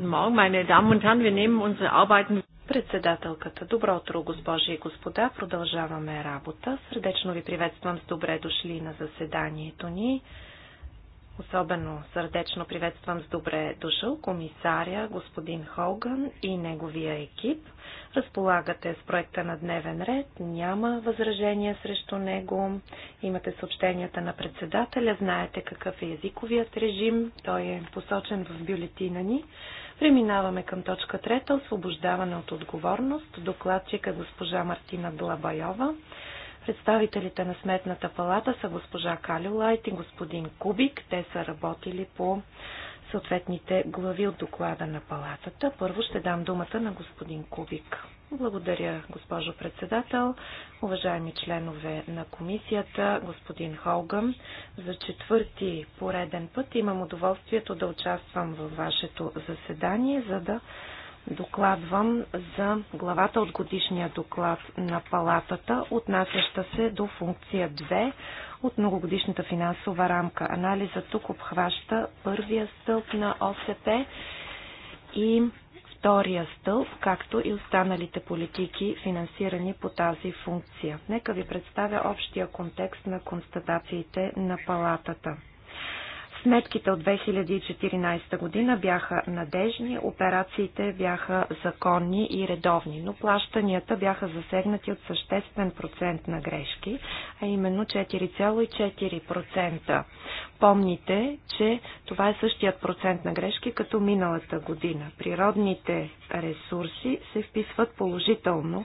Guten Morgen, meine Damen und Herren. Wir nehmen unsere Arbeiten. Председателката. Добро утро, госпожи и господа. Продължаваме работа. Сърдечно ви приветствам с добре дошли на заседанието ни. Особено сърдечно приветствам с добре дошъл комисаря господин Холган и неговия екип. Разполагате с проекта на дневен ред, няма възражения срещу него, имате съобщенията на председателя, знаете какъв е езиковият режим, той е посочен в бюлетина ни. Преминаваме към точка трета – освобождаване от отговорност. Докладчика е госпожа Мартина Длабайова. Представителите на Сметната палата са госпожа Лайт и господин Кубик. Те са работили по съответните глави от доклада на палатата. Първо ще дам думата на господин Кубик. Благодаря, госпожо председател, уважаеми членове на комисията, господин Холгъм. За четвърти пореден път имам удоволствието да участвам във вашето заседание, за да докладвам за главата от годишния доклад на палатата, отнасяща се до функция 2 от многогодишната финансова рамка. Анализът тук обхваща първия стълб на ОСП и втория стълб, както и останалите политики, финансирани по тази функция. Нека ви представя общия контекст на констатациите на палатата. Сметките от 2014 година бяха надежни, операциите бяха законни и редовни, но плащанията бяха засегнати от съществен процент на грешки, а именно 4,4%. Помните, че това е същият процент на грешки като миналата година. Природните ресурси се вписват положително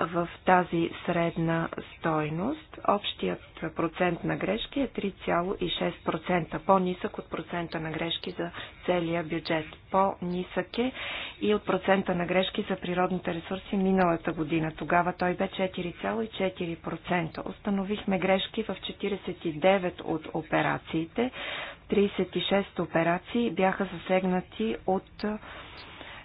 в тази средна стойност. Общият процент на грешки е 3,6%, по-нисък от процента на грешки за целия бюджет. По-нисък е и от процента на грешки за природните ресурси миналата година. Тогава той бе 4,4%. Установихме грешки в 49 от операциите. 36 операции бяха засегнати от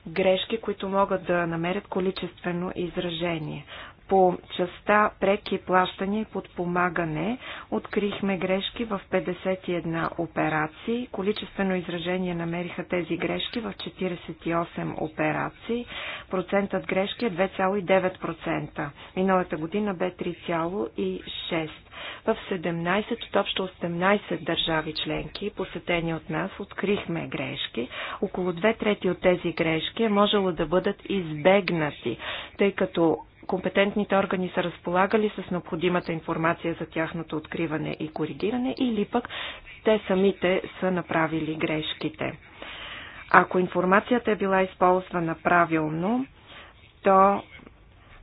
грешки, които могат да намерят количествено изражение. По частта преки плащания и подпомагане открихме грешки в 51 операции. Количествено изражение намериха тези грешки в 48 операции. Процентът грешки е 2,9%. Миналата година бе 3,6%. В 17 от общо 18 държави членки, посетени от нас, открихме грешки. Около две трети от тези грешки е можело да бъдат избегнати, тъй като компетентните органи са разполагали с необходимата информация за тяхното откриване и коригиране или пък те самите са направили грешките. Ако информацията е била използвана правилно, то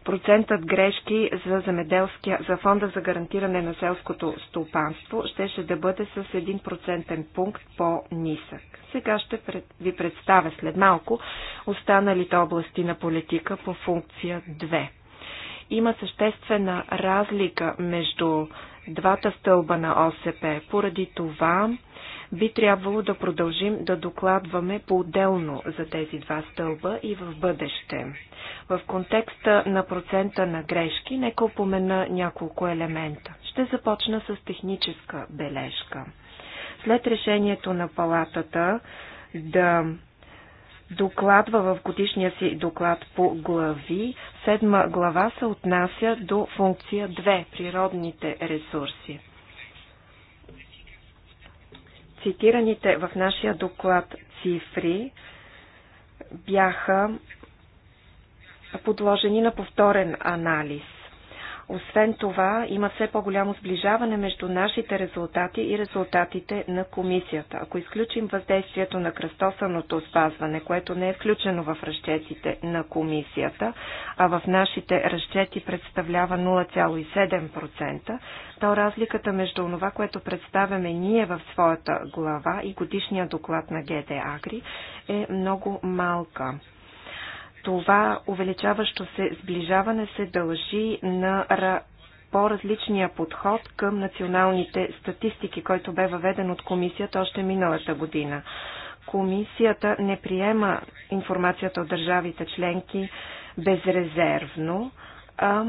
процентът грешки за, земеделския, за фонда за гарантиране на селското стопанство щеше да бъде с 1 процентен пункт по-нисък. Сега ще ви представя след малко останалите области на политика по функция 2. Има съществена разлика между двата стълба на ОСП. Поради това би трябвало да продължим да докладваме по-отделно за тези два стълба и в бъдеще. В контекста на процента на грешки, нека упомена няколко елемента. Ще започна с техническа бележка. След решението на палатата да докладва в годишния си доклад по глави. Седма глава се отнася до функция 2 природните ресурси. Цитираните в нашия доклад цифри бяха подложени на повторен анализ. Освен това, има все по-голямо сближаване между нашите резултати и резултатите на комисията. Ако изключим въздействието на кръстосаното спазване, което не е включено в разчетите на комисията, а в нашите разчети представлява 0,7%, то разликата между това, което представяме ние в своята глава и годишния доклад на ГД Агри е много малка. Това увеличаващо се сближаване се дължи на по-различния подход към националните статистики, който бе въведен от комисията още миналата година. Комисията не приема информацията от държавите членки безрезервно, а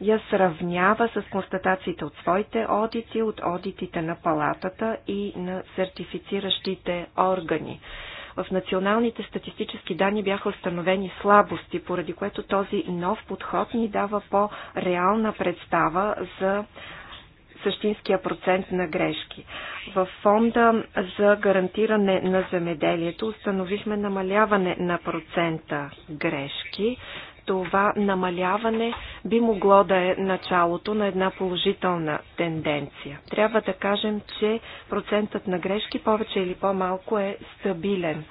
я сравнява с констатациите от своите одити, от одитите на палатата и на сертифициращите органи. В националните статистически данни бяха установени слабости, поради което този нов подход ни дава по-реална представа за същинския процент на грешки. В фонда за гарантиране на земеделието установихме намаляване на процента грешки това намаляване би могло да е началото на една положителна тенденция. Трябва да кажем, че процентът на грешки повече или по-малко е стабилен.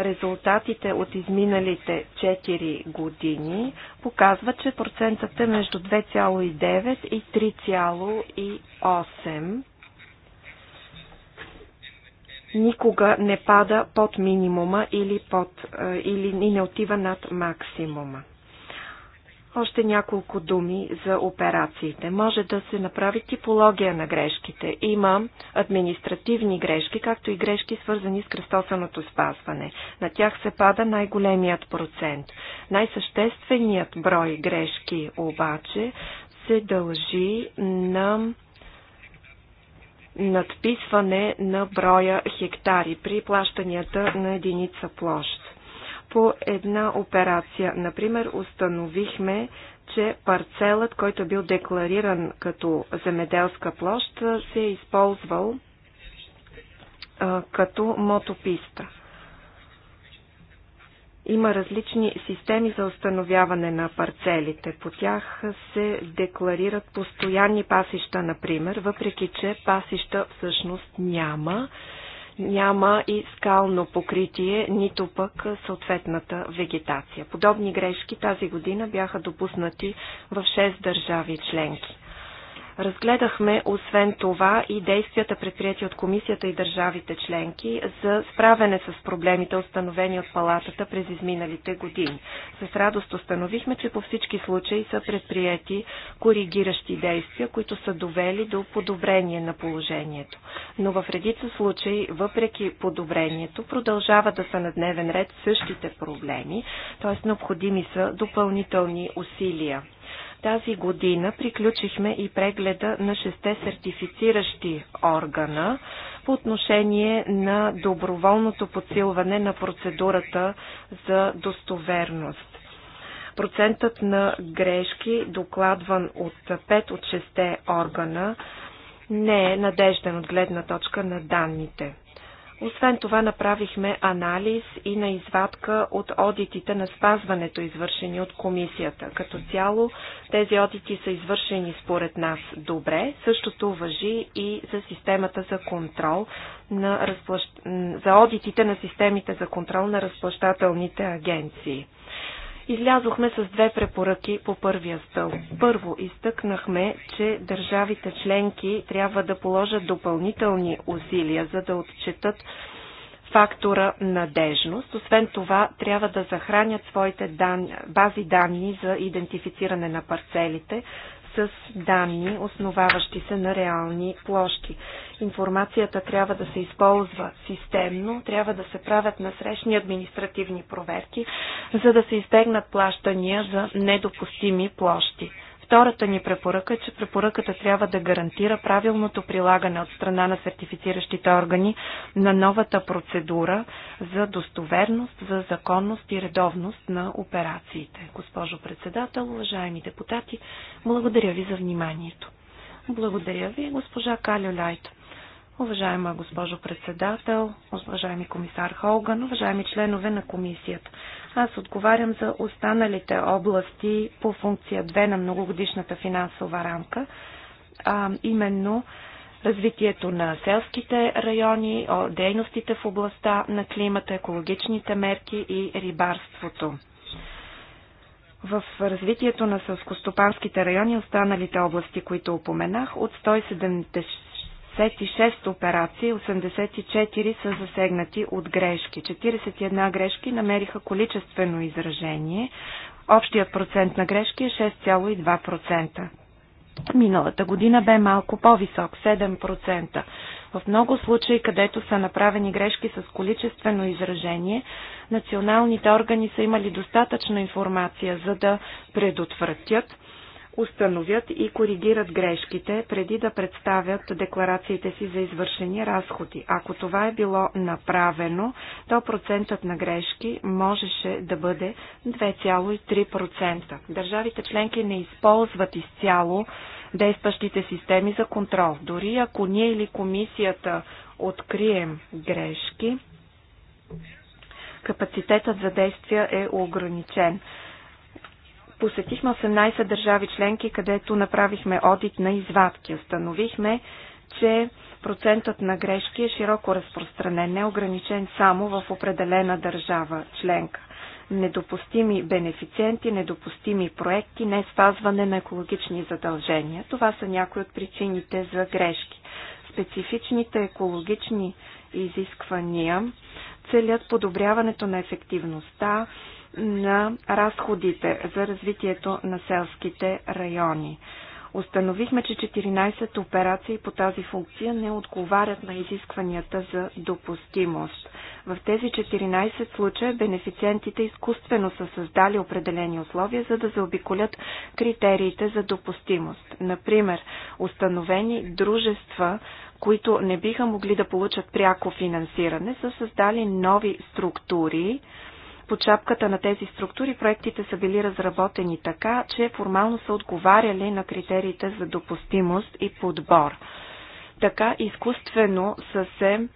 Резултатите от изминалите 4 години показват, че процентът е между 2,9 и 3,8 никога не пада под минимума или, под, е, или не отива над максимума. Още няколко думи за операциите. Може да се направи типология на грешките. Има административни грешки, както и грешки свързани с кръстосаното спазване. На тях се пада най-големият процент. Най-същественият брой грешки обаче се дължи на надписване на броя хектари при плащанията на единица площ по една операция. Например, установихме, че парцелът, който е бил деклариран като земеделска площ, се е използвал а, като мотописта. Има различни системи за установяване на парцелите. По тях се декларират постоянни пасища, например, въпреки че пасища всъщност няма няма и скално покритие, нито пък съответната вегетация. Подобни грешки тази година бяха допуснати в 6 държави членки. Разгледахме освен това и действията предприяти от комисията и държавите членки за справяне с проблемите, установени от палатата през изминалите години. С радост установихме, че по всички случаи са предприяти коригиращи действия, които са довели до подобрение на положението. Но в редица случаи, въпреки подобрението, продължава да са на дневен ред същите проблеми, т.е. необходими са допълнителни усилия. Тази година приключихме и прегледа на шесте сертифициращи органа по отношение на доброволното подсилване на процедурата за достоверност. Процентът на грешки, докладван от 5 от 6 органа, не е надежден от гледна точка на данните. Освен това направихме анализ и на извадка от одитите на спазването, извършени от комисията. Като цяло тези одити са извършени според нас добре. Същото въжи и за системата за контрол на разплащ... за одитите на системите за контрол на разплащателните агенции. Излязохме с две препоръки по първия стълб. Първо, изтъкнахме, че държавите членки трябва да положат допълнителни усилия, за да отчетат фактора надежност. Освен това, трябва да захранят своите дан... бази данни за идентифициране на парцелите с данни, основаващи се на реални площи. Информацията трябва да се използва системно, трябва да се правят насрещни административни проверки, за да се избегнат плащания за недопустими площи. Втората ни препоръка е, че препоръката трябва да гарантира правилното прилагане от страна на сертифициращите органи на новата процедура за достоверност, за законност и редовност на операциите. Госпожо председател, уважаеми депутати, благодаря ви за вниманието. Благодаря ви, госпожа Калю Лайт. Уважаема госпожо председател, уважаеми комисар Холган, уважаеми членове на комисията. Аз отговарям за останалите области по функция 2 на многогодишната финансова рамка, а, именно развитието на селските райони, дейностите в областта на климата, екологичните мерки и рибарството. В развитието на селскостопанските райони останалите области, които упоменах, от 170 56 операции, 84 са засегнати от грешки. 41 грешки намериха количествено изражение. Общият процент на грешки е 6,2%. Миналата година бе малко по-висок 7%. В много случаи, където са направени грешки с количествено изражение, националните органи са имали достатъчна информация, за да предотвратят установят и коригират грешките преди да представят декларациите си за извършени разходи. Ако това е било направено, то процентът на грешки можеше да бъде 2,3%. Държавите членки не използват изцяло действащите системи за контрол. Дори ако ние или комисията открием грешки, капацитетът за действия е ограничен. Посетихме 18 държави членки, където направихме одит на извадки. Установихме, че процентът на грешки е широко разпространен, не ограничен само в определена държава членка. Недопустими бенефициенти, недопустими проекти, не спазване на екологични задължения. Това са някои от причините за грешки. Специфичните екологични изисквания целят подобряването на ефективността, на разходите за развитието на селските райони. Установихме, че 14 операции по тази функция не отговарят на изискванията за допустимост. В тези 14 случая бенефициентите изкуствено са създали определени условия, за да заобиколят критериите за допустимост. Например, установени дружества, които не биха могли да получат пряко финансиране, са създали нови структури, под шапката на тези структури проектите са били разработени така, че формално са отговаряли на критериите за допустимост и подбор. Така изкуствено са се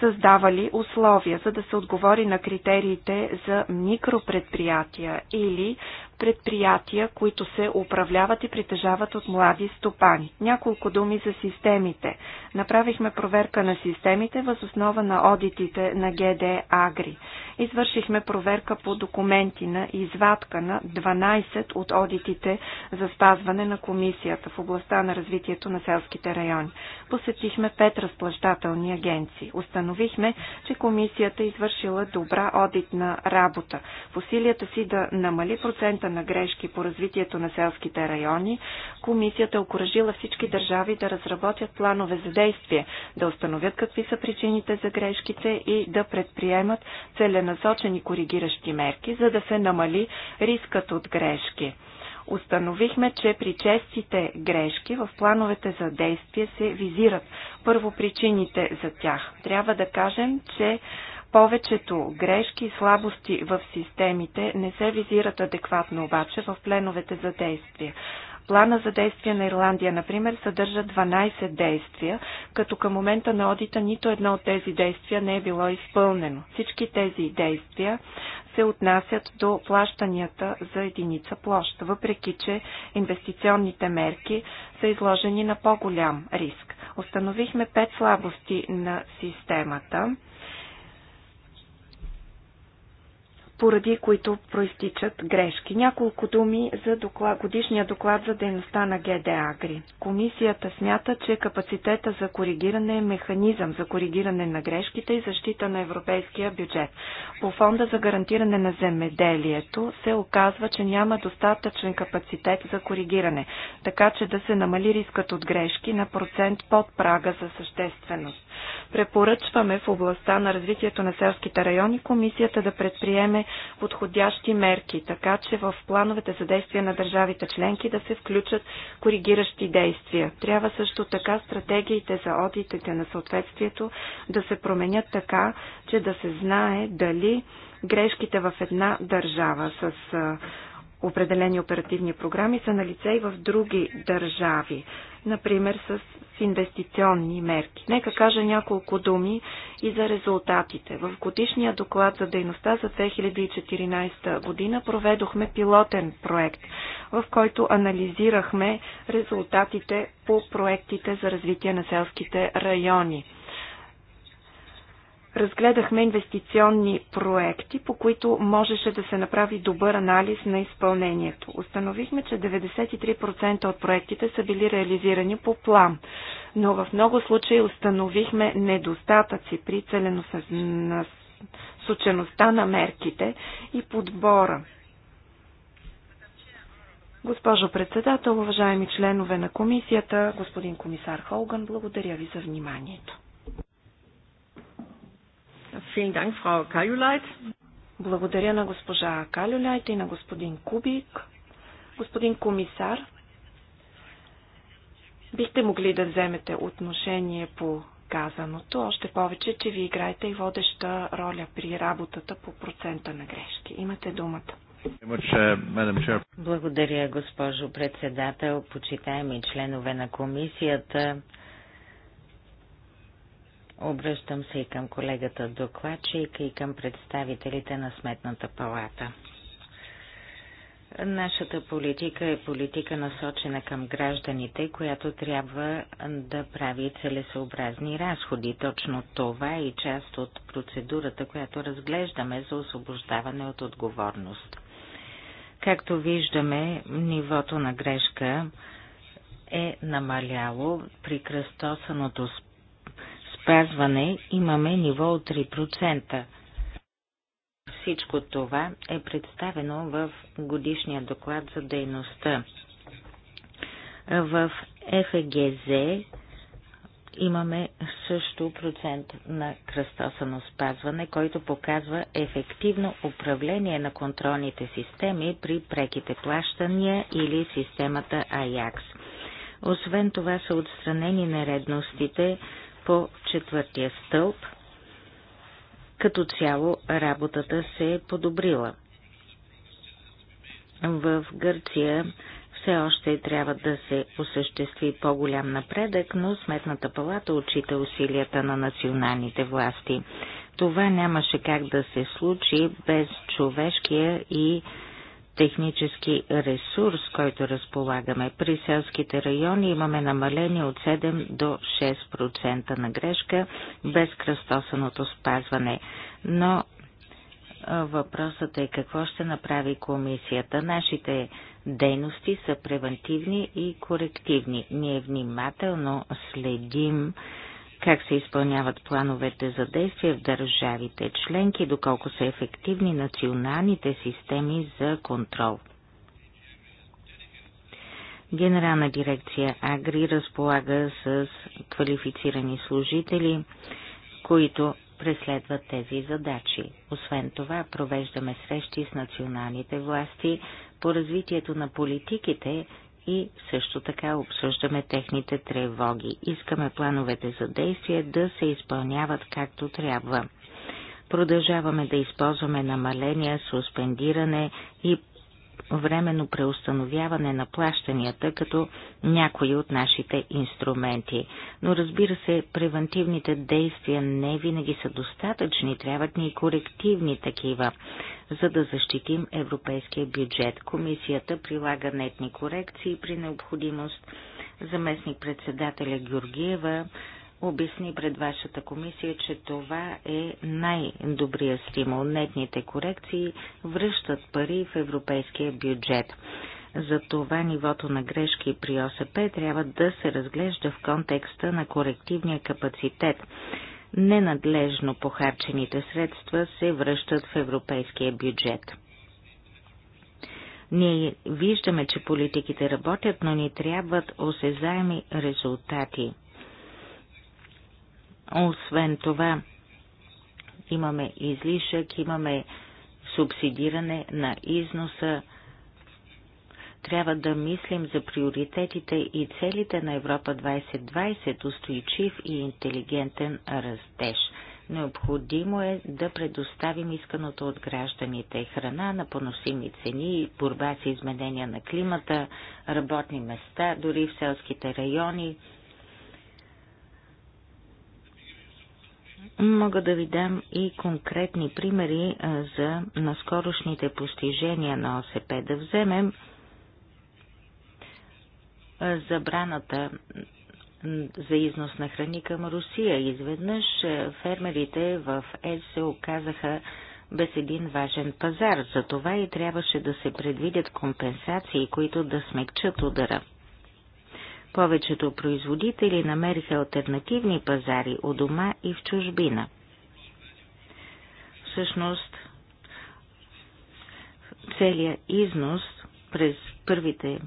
създавали условия, за да се отговори на критериите за микропредприятия или предприятия, които се управляват и притежават от млади стопани. Няколко думи за системите. Направихме проверка на системите въз основа на одитите на ГД Агри извършихме проверка по документи на извадка на 12 от одитите за спазване на комисията в областта на развитието на селските райони. Посетихме 5 разплащателни агенции. Установихме, че комисията е извършила добра одитна работа. В усилията си да намали процента на грешки по развитието на селските райони, комисията е окоръжила всички държави да разработят планове за действие, да установят какви са причините за грешките и да предприемат целен целенасочени коригиращи мерки, за да се намали рискът от грешки. Установихме, че при честите грешки в плановете за действие се визират първо причините за тях. Трябва да кажем, че повечето грешки и слабости в системите не се визират адекватно обаче в пленовете за действие. Плана за действие на Ирландия, например, съдържа 12 действия, като към момента на одита нито едно от тези действия не е било изпълнено. Всички тези действия се отнасят до плащанията за единица площ, въпреки че инвестиционните мерки са изложени на по-голям риск. Установихме пет слабости на системата. поради които проистичат грешки. Няколко думи за доклад, годишния доклад за дейността на ГДАгри, Комисията смята, че капацитета за коригиране е механизъм за коригиране на грешките и защита на европейския бюджет. По фонда за гарантиране на земеделието се оказва, че няма достатъчен капацитет за коригиране, така че да се намали рискът от грешки на процент под прага за същественост. Препоръчваме в областта на развитието на селските райони комисията да предприеме подходящи мерки, така че в плановете за действие на държавите членки да се включат коригиращи действия. Трябва също така стратегиите за одитите на съответствието да се променят така, че да се знае дали грешките в една държава с определени оперативни програми са на лице и в други държави например с инвестиционни мерки. Нека кажа няколко думи и за резултатите. В годишния доклад за дейността за 2014 година проведохме пилотен проект, в който анализирахме резултатите по проектите за развитие на селските райони разгледахме инвестиционни проекти, по които можеше да се направи добър анализ на изпълнението. Установихме, че 93% от проектите са били реализирани по план, но в много случаи установихме недостатъци при целенасочеността на мерките и подбора. Госпожо председател, уважаеми членове на комисията, господин комисар Холган, благодаря ви за вниманието. Vielen Dank, Frau Благодаря на госпожа Калюляйт и на господин Кубик. Господин комисар, бихте могли да вземете отношение по казаното, още повече, че ви играете и водеща роля при работата по процента на грешки. Имате думата. Благодаря, госпожо председател, почитаеми членове на комисията. Обръщам се и към колегата докладчик и към представителите на Сметната палата. Нашата политика е политика насочена към гражданите, която трябва да прави целесообразни разходи. Точно това е и част от процедурата, която разглеждаме за освобождаване от отговорност. Както виждаме, нивото на грешка е намаляло при кръстосаното здравеопазване имаме ниво от 3%. Всичко това е представено в годишния доклад за дейността. В ФГЗ имаме също процент на кръстосано спазване, който показва ефективно управление на контролните системи при преките плащания или системата АЯКС. Освен това са отстранени нередностите по четвъртия стълб. Като цяло работата се е подобрила. В Гърция все още трябва да се осъществи по-голям напредък, но Сметната палата отчита усилията на националните власти. Това нямаше как да се случи без човешкия и технически ресурс, който разполагаме. При селските райони имаме намаление от 7 до 6% на грешка без кръстосаното спазване. Но въпросът е какво ще направи комисията. Нашите дейности са превентивни и корективни. Ние внимателно следим как се изпълняват плановете за действие в държавите членки, доколко са ефективни националните системи за контрол. Генерална дирекция Агри разполага с квалифицирани служители, които преследват тези задачи. Освен това, провеждаме срещи с националните власти по развитието на политиките и също така обсъждаме техните тревоги. Искаме плановете за действие да се изпълняват както трябва. Продължаваме да използваме намаления, суспендиране и временно преустановяване на плащанията като някои от нашите инструменти. Но разбира се, превентивните действия не винаги са достатъчни, трябват ни и корективни такива, за да защитим европейския бюджет. Комисията прилага нетни корекции при необходимост. Заместник председателя Георгиева обясни пред вашата комисия, че това е най добрия стимул. Нетните корекции връщат пари в европейския бюджет. За това нивото на грешки при ОСП трябва да се разглежда в контекста на корективния капацитет. Ненадлежно похарчените средства се връщат в европейския бюджет. Ние виждаме, че политиките работят, но ни трябват осезаеми резултати – освен това, имаме излишък, имаме субсидиране на износа. Трябва да мислим за приоритетите и целите на Европа 2020, устойчив и интелигентен растеж. Необходимо е да предоставим исканото от гражданите храна на поносими цени, борба с изменения на климата, работни места, дори в селските райони – Мога да ви дам и конкретни примери за наскорошните постижения на ОСП. Да вземем забраната за износ на храни към Русия. Изведнъж фермерите в ЕС се оказаха без един важен пазар. За това и трябваше да се предвидят компенсации, които да смекчат удара. Повечето производители намериха альтернативни пазари у дома и в чужбина. Всъщност, целият износ през първите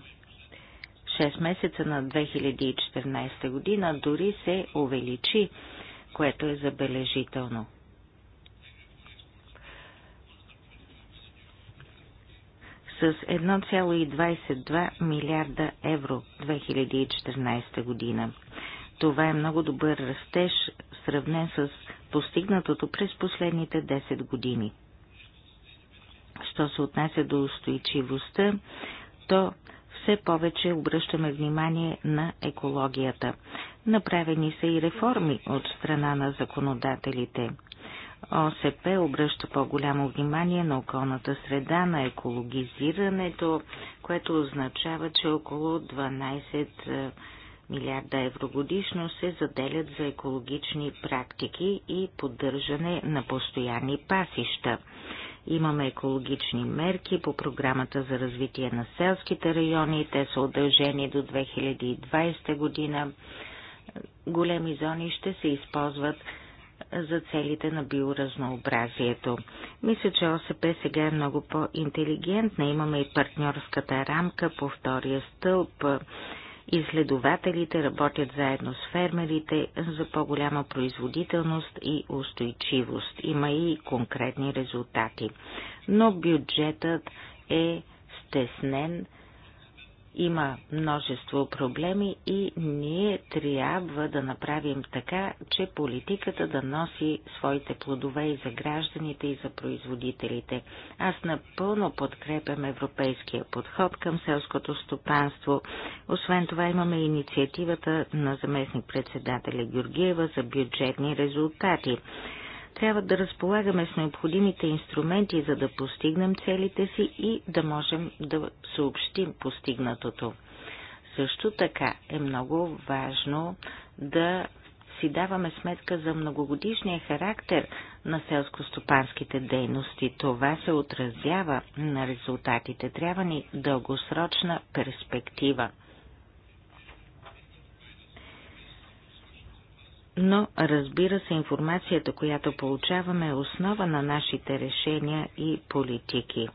6 месеца на 2014 година дори се увеличи, което е забележително. с 1,22 милиарда евро 2014 година. Това е много добър растеж, сравнен с постигнатото през последните 10 години. Що се отнася до устойчивостта, то все повече обръщаме внимание на екологията. Направени са и реформи от страна на законодателите – ОСП обръща по-голямо внимание на околната среда, на екологизирането, което означава, че около 12 е, милиарда евро годишно се заделят за екологични практики и поддържане на постоянни пасища. Имаме екологични мерки по програмата за развитие на селските райони. Те са удължени до 2020 година. Големи зони ще се използват за целите на биоразнообразието. Мисля, че ОСП сега е много по-интелигентна. Имаме и партньорската рамка по втория стълб. Изследователите работят заедно с фермерите за по-голяма производителност и устойчивост. Има и конкретни резултати. Но бюджетът е стеснен има множество проблеми и ние трябва да направим така, че политиката да носи своите плодове и за гражданите, и за производителите. Аз напълно подкрепям европейския подход към селското стопанство. Освен това имаме инициативата на заместник председателя Георгиева за бюджетни резултати трябва да разполагаме с необходимите инструменти, за да постигнем целите си и да можем да съобщим постигнатото. Също така е много важно да си даваме сметка за многогодишния характер на селско-стопанските дейности. Това се отразява на резултатите. Трябва ни дългосрочна перспектива. но разбира се, информацията, която получаваме е основа на нашите решения и политики.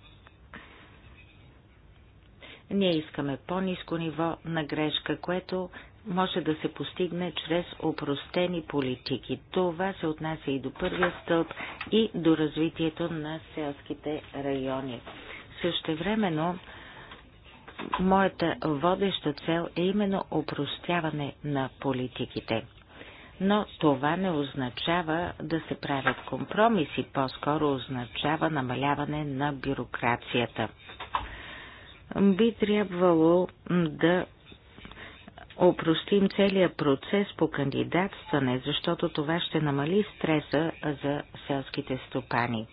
Ние искаме по-низко ниво на грешка, което може да се постигне чрез опростени политики. Това се отнася и до първия стълб и до развитието на селските райони. Същевременно, моята водеща цел е именно опростяване на политиките но това не означава да се правят компромиси, по-скоро означава намаляване на бюрокрацията. Би трябвало да опростим целият процес по кандидатстване, защото това ще намали стреса за селските стопани.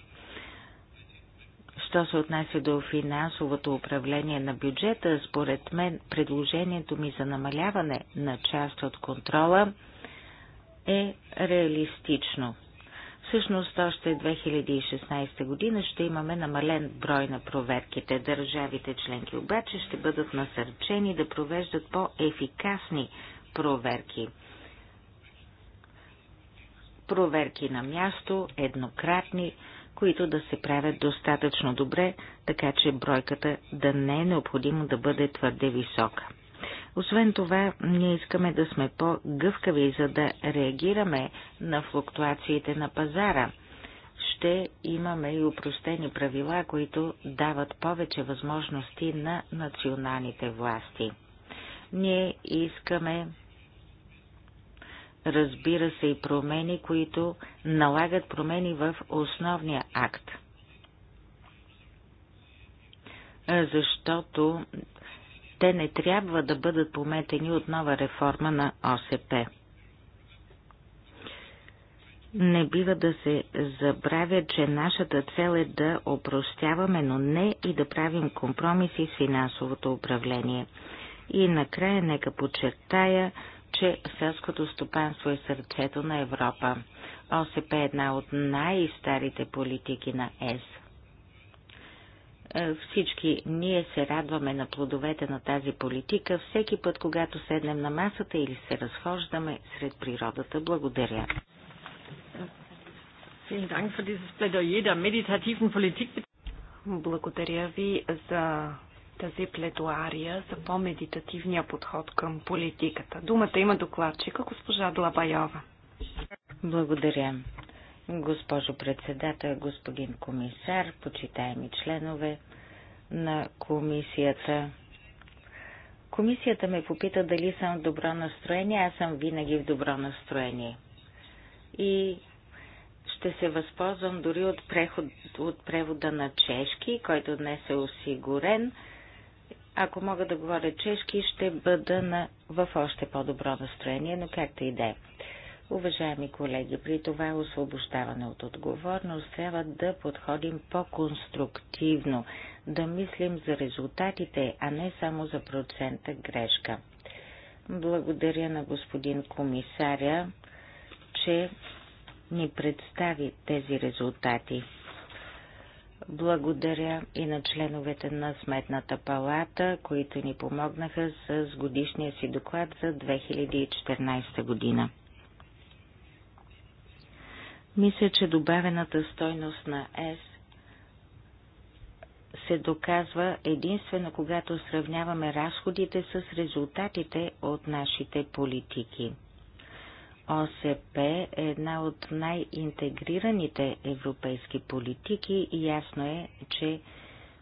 Що се отнася до финансовото управление на бюджета, според мен предложението ми за намаляване на част от контрола – е реалистично. Всъщност още 2016 година ще имаме намален брой на проверките. Държавите членки обаче ще бъдат насърчени да провеждат по-ефикасни проверки. Проверки на място, еднократни, които да се правят достатъчно добре, така че бройката да не е необходимо да бъде твърде висока. Освен това, ние искаме да сме по-гъвкави, за да реагираме на флуктуациите на пазара. Ще имаме и упростени правила, които дават повече възможности на националните власти. Ние искаме разбира се и промени, които налагат промени в основния акт. Защото те не трябва да бъдат пометени от нова реформа на ОСП. Не бива да се забравя, че нашата цел е да опростяваме, но не и да правим компромиси с финансовото управление. И накрая нека подчертая, че селското стопанство е сърцето на Европа. ОСП е една от най-старите политики на ЕС. Е, всички ние се радваме на плодовете на тази политика всеки път, когато седнем на масата или се разхождаме сред природата. Благодаря. Благодаря ви за тази пледуария за по-медитативния подход към политиката. Думата има докладчика госпожа Длабайова. Благодаря. Госпожо председател, господин комисар, почитаеми членове на комисията. Комисията ме попита дали съм в добро настроение. Аз съм винаги в добро настроение. И ще се възползвам дори от, преход, от превода на чешки, който днес е осигурен. Ако мога да говоря чешки, ще бъда на, в още по-добро настроение, но както и да е. Уважаеми колеги, при това освобождаване от отговорност трябва да подходим по-конструктивно, да мислим за резултатите, а не само за процента грешка. Благодаря на господин комисаря, че ни представи тези резултати. Благодаря и на членовете на Сметната палата, които ни помогнаха с годишния си доклад за 2014 година. Мисля, че добавената стойност на ЕС се доказва единствено когато сравняваме разходите с резултатите от нашите политики. ОСП е една от най-интегрираните европейски политики и ясно е, че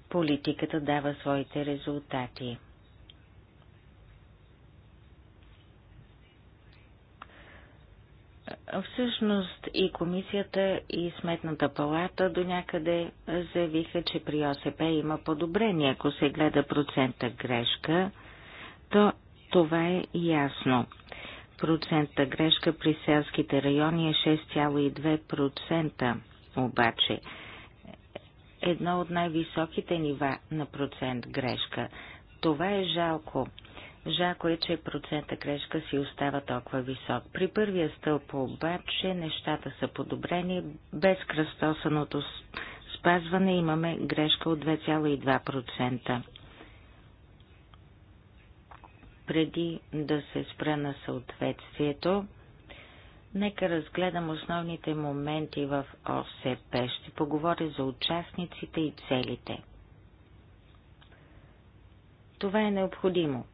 политиката дава своите резултати. Всъщност и комисията, и сметната палата до някъде заявиха, че при ОСП има подобрение. Ако се гледа процента грешка, то това е ясно. Процента грешка при селските райони е 6,2%. Обаче, едно от най-високите нива на процент грешка. Това е жалко. Жако е, че процента грешка си остава толкова висок. При първия стълб обаче нещата са подобрени. Без кръстосаното спазване имаме грешка от 2,2%. Преди да се спра на съответствието, нека разгледам основните моменти в ОСП. Ще поговоря за участниците и целите. Това е необходимо –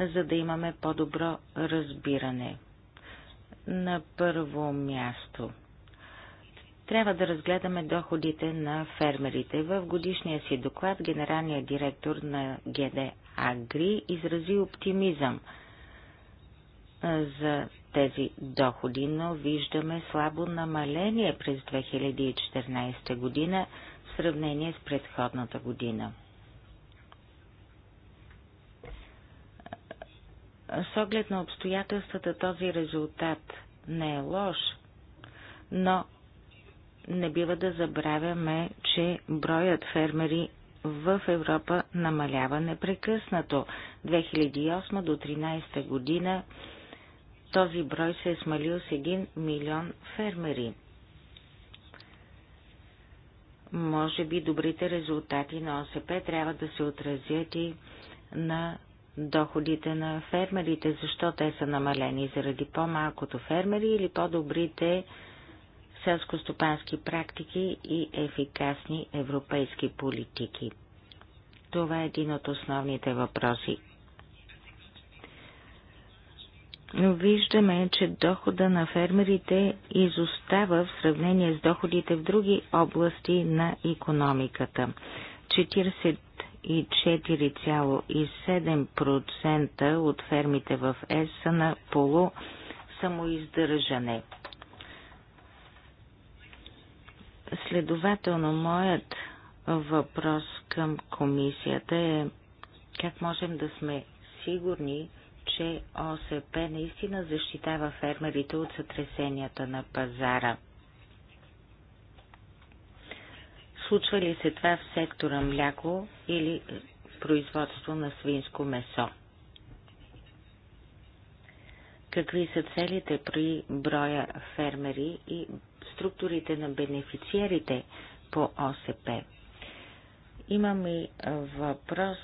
за да имаме по-добро разбиране. На първо място трябва да разгледаме доходите на фермерите. В годишния си доклад генералният директор на ГД Агри изрази оптимизъм за тези доходи, но виждаме слабо намаление през 2014 година в сравнение с предходната година. С оглед на обстоятелствата този резултат не е лош, но не бива да забравяме, че броят фермери в Европа намалява непрекъснато. 2008 до 2013 година този брой се е смалил с 1 милион фермери. Може би добрите резултати на ОСП трябва да се отразят и на доходите на фермерите. Защо те са намалени? Заради по-малкото фермери или по-добрите селскостопански практики и ефикасни европейски политики? Това е един от основните въпроси. Но виждаме, че дохода на фермерите изостава в сравнение с доходите в други области на економиката. 40 и 4,7% от фермите в ЕС са на полу самоиздържане. Следователно, моят въпрос към комисията е как можем да сме сигурни, че ОСП наистина защитава фермерите от сътресенията на пазара – Случва ли се това в сектора мляко или производство на свинско месо? Какви са целите при броя фермери и структурите на бенефициерите по ОСП? Имам и въпрос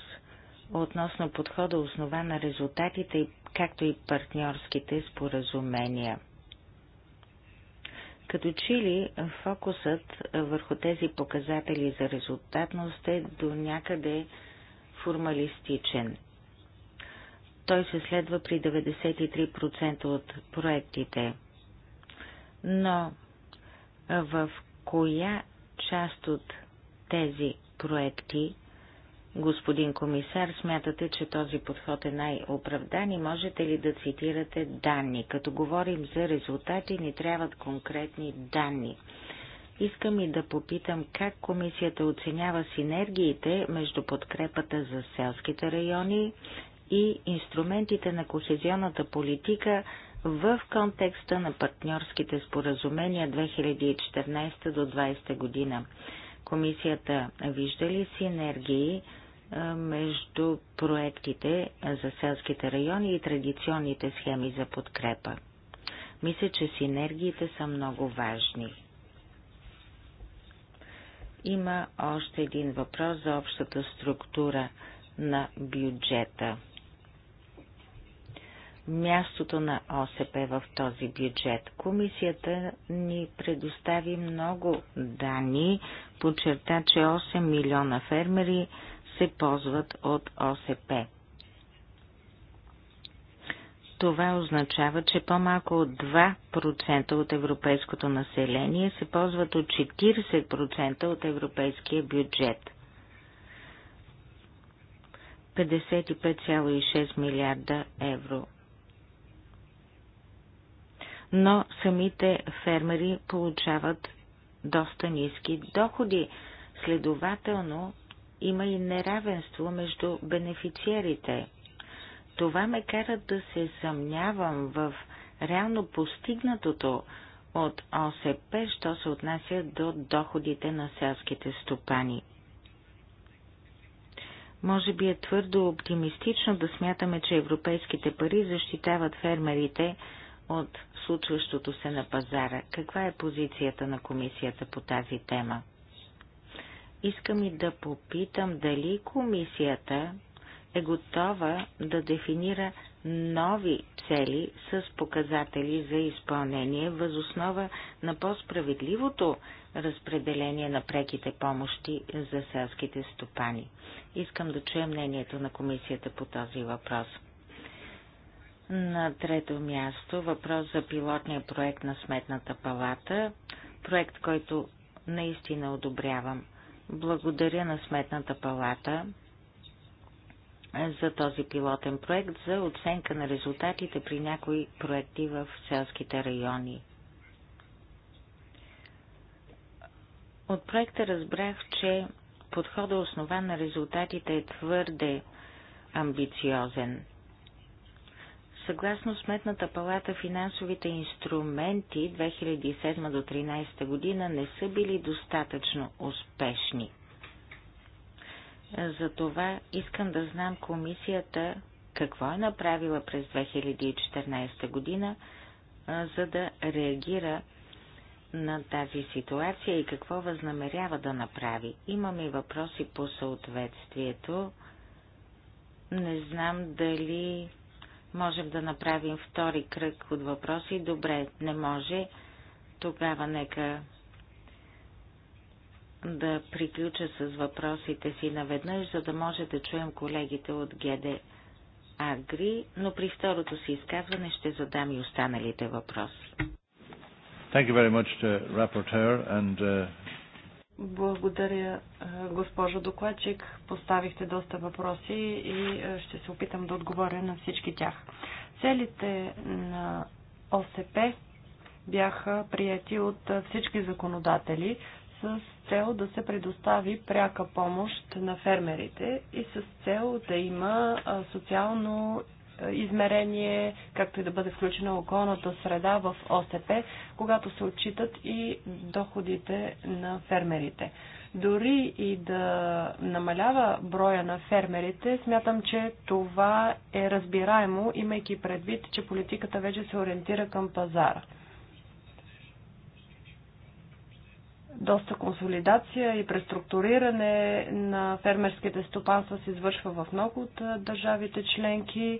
относно подхода основа на резултатите, както и партньорските споразумения. Като че ли фокусът върху тези показатели за резултатност е до някъде формалистичен. Той се следва при 93% от проектите. Но в коя част от тези проекти господин комисар, смятате, че този подход е най-оправдан и можете ли да цитирате данни? Като говорим за резултати, ни трябват конкретни данни. Искам и да попитам как комисията оценява синергиите между подкрепата за селските райони и инструментите на кохезионната политика в контекста на партньорските споразумения 2014 до 2020 година комисията вижда ли синергии между проектите за селските райони и традиционните схеми за подкрепа? Мисля, че синергиите са много важни. Има още един въпрос за общата структура на бюджета – мястото на ОСП в този бюджет. Комисията ни предостави много данни, подчерта, че 8 милиона фермери се ползват от ОСП. Това означава, че по-малко от 2% от европейското население се ползват от 40% от европейския бюджет. 55,6 милиарда евро но самите фермери получават доста ниски доходи. Следователно, има и неравенство между бенефициерите. Това ме кара да се съмнявам в реално постигнатото от ОСП, що се отнася до доходите на селските стопани. Може би е твърдо оптимистично да смятаме, че европейските пари защитават фермерите от случващото се на пазара. Каква е позицията на комисията по тази тема? Искам и да попитам дали комисията е готова да дефинира нови цели с показатели за изпълнение възоснова на по-справедливото разпределение на преките помощи за селските стопани. Искам да чуя мнението на комисията по този въпрос. На трето място въпрос за пилотния проект на Сметната палата, проект, който наистина одобрявам. Благодаря на Сметната палата за този пилотен проект за оценка на резултатите при някои проекти в селските райони. От проекта разбрах, че подходът основан на резултатите е твърде амбициозен. Съгласно Сметната палата, финансовите инструменти 2007 до 2013 година не са били достатъчно успешни. Затова искам да знам комисията какво е направила през 2014 година, за да реагира на тази ситуация и какво възнамерява да направи. Имаме и въпроси по съответствието. Не знам дали Можем да направим втори кръг от въпроси. Добре, не може. Тогава нека да приключа с въпросите си наведнъж, за да може да чуем колегите от ГД Агри, но при второто си изказване ще задам и останалите въпроси. Thank you very much to uh, Rapporteur and uh, благодаря, госпожо докладчик. Поставихте доста въпроси и ще се опитам да отговоря на всички тях. Целите на ОСП бяха прияти от всички законодатели с цел да се предостави пряка помощ на фермерите и с цел да има социално измерение, както и да бъде включена околната среда в ОСП, когато се отчитат и доходите на фермерите. Дори и да намалява броя на фермерите, смятам, че това е разбираемо, имайки предвид, че политиката вече се ориентира към пазара. доста консолидация и преструктуриране на фермерските стопанства се извършва в много от държавите членки,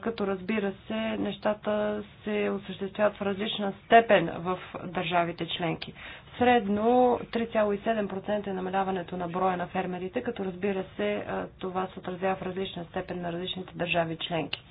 като разбира се, нещата се осъществяват в различна степен в държавите членки. Средно 3,7% е намаляването на броя на фермерите, като разбира се, това се отразява в различна степен на различните държави членки.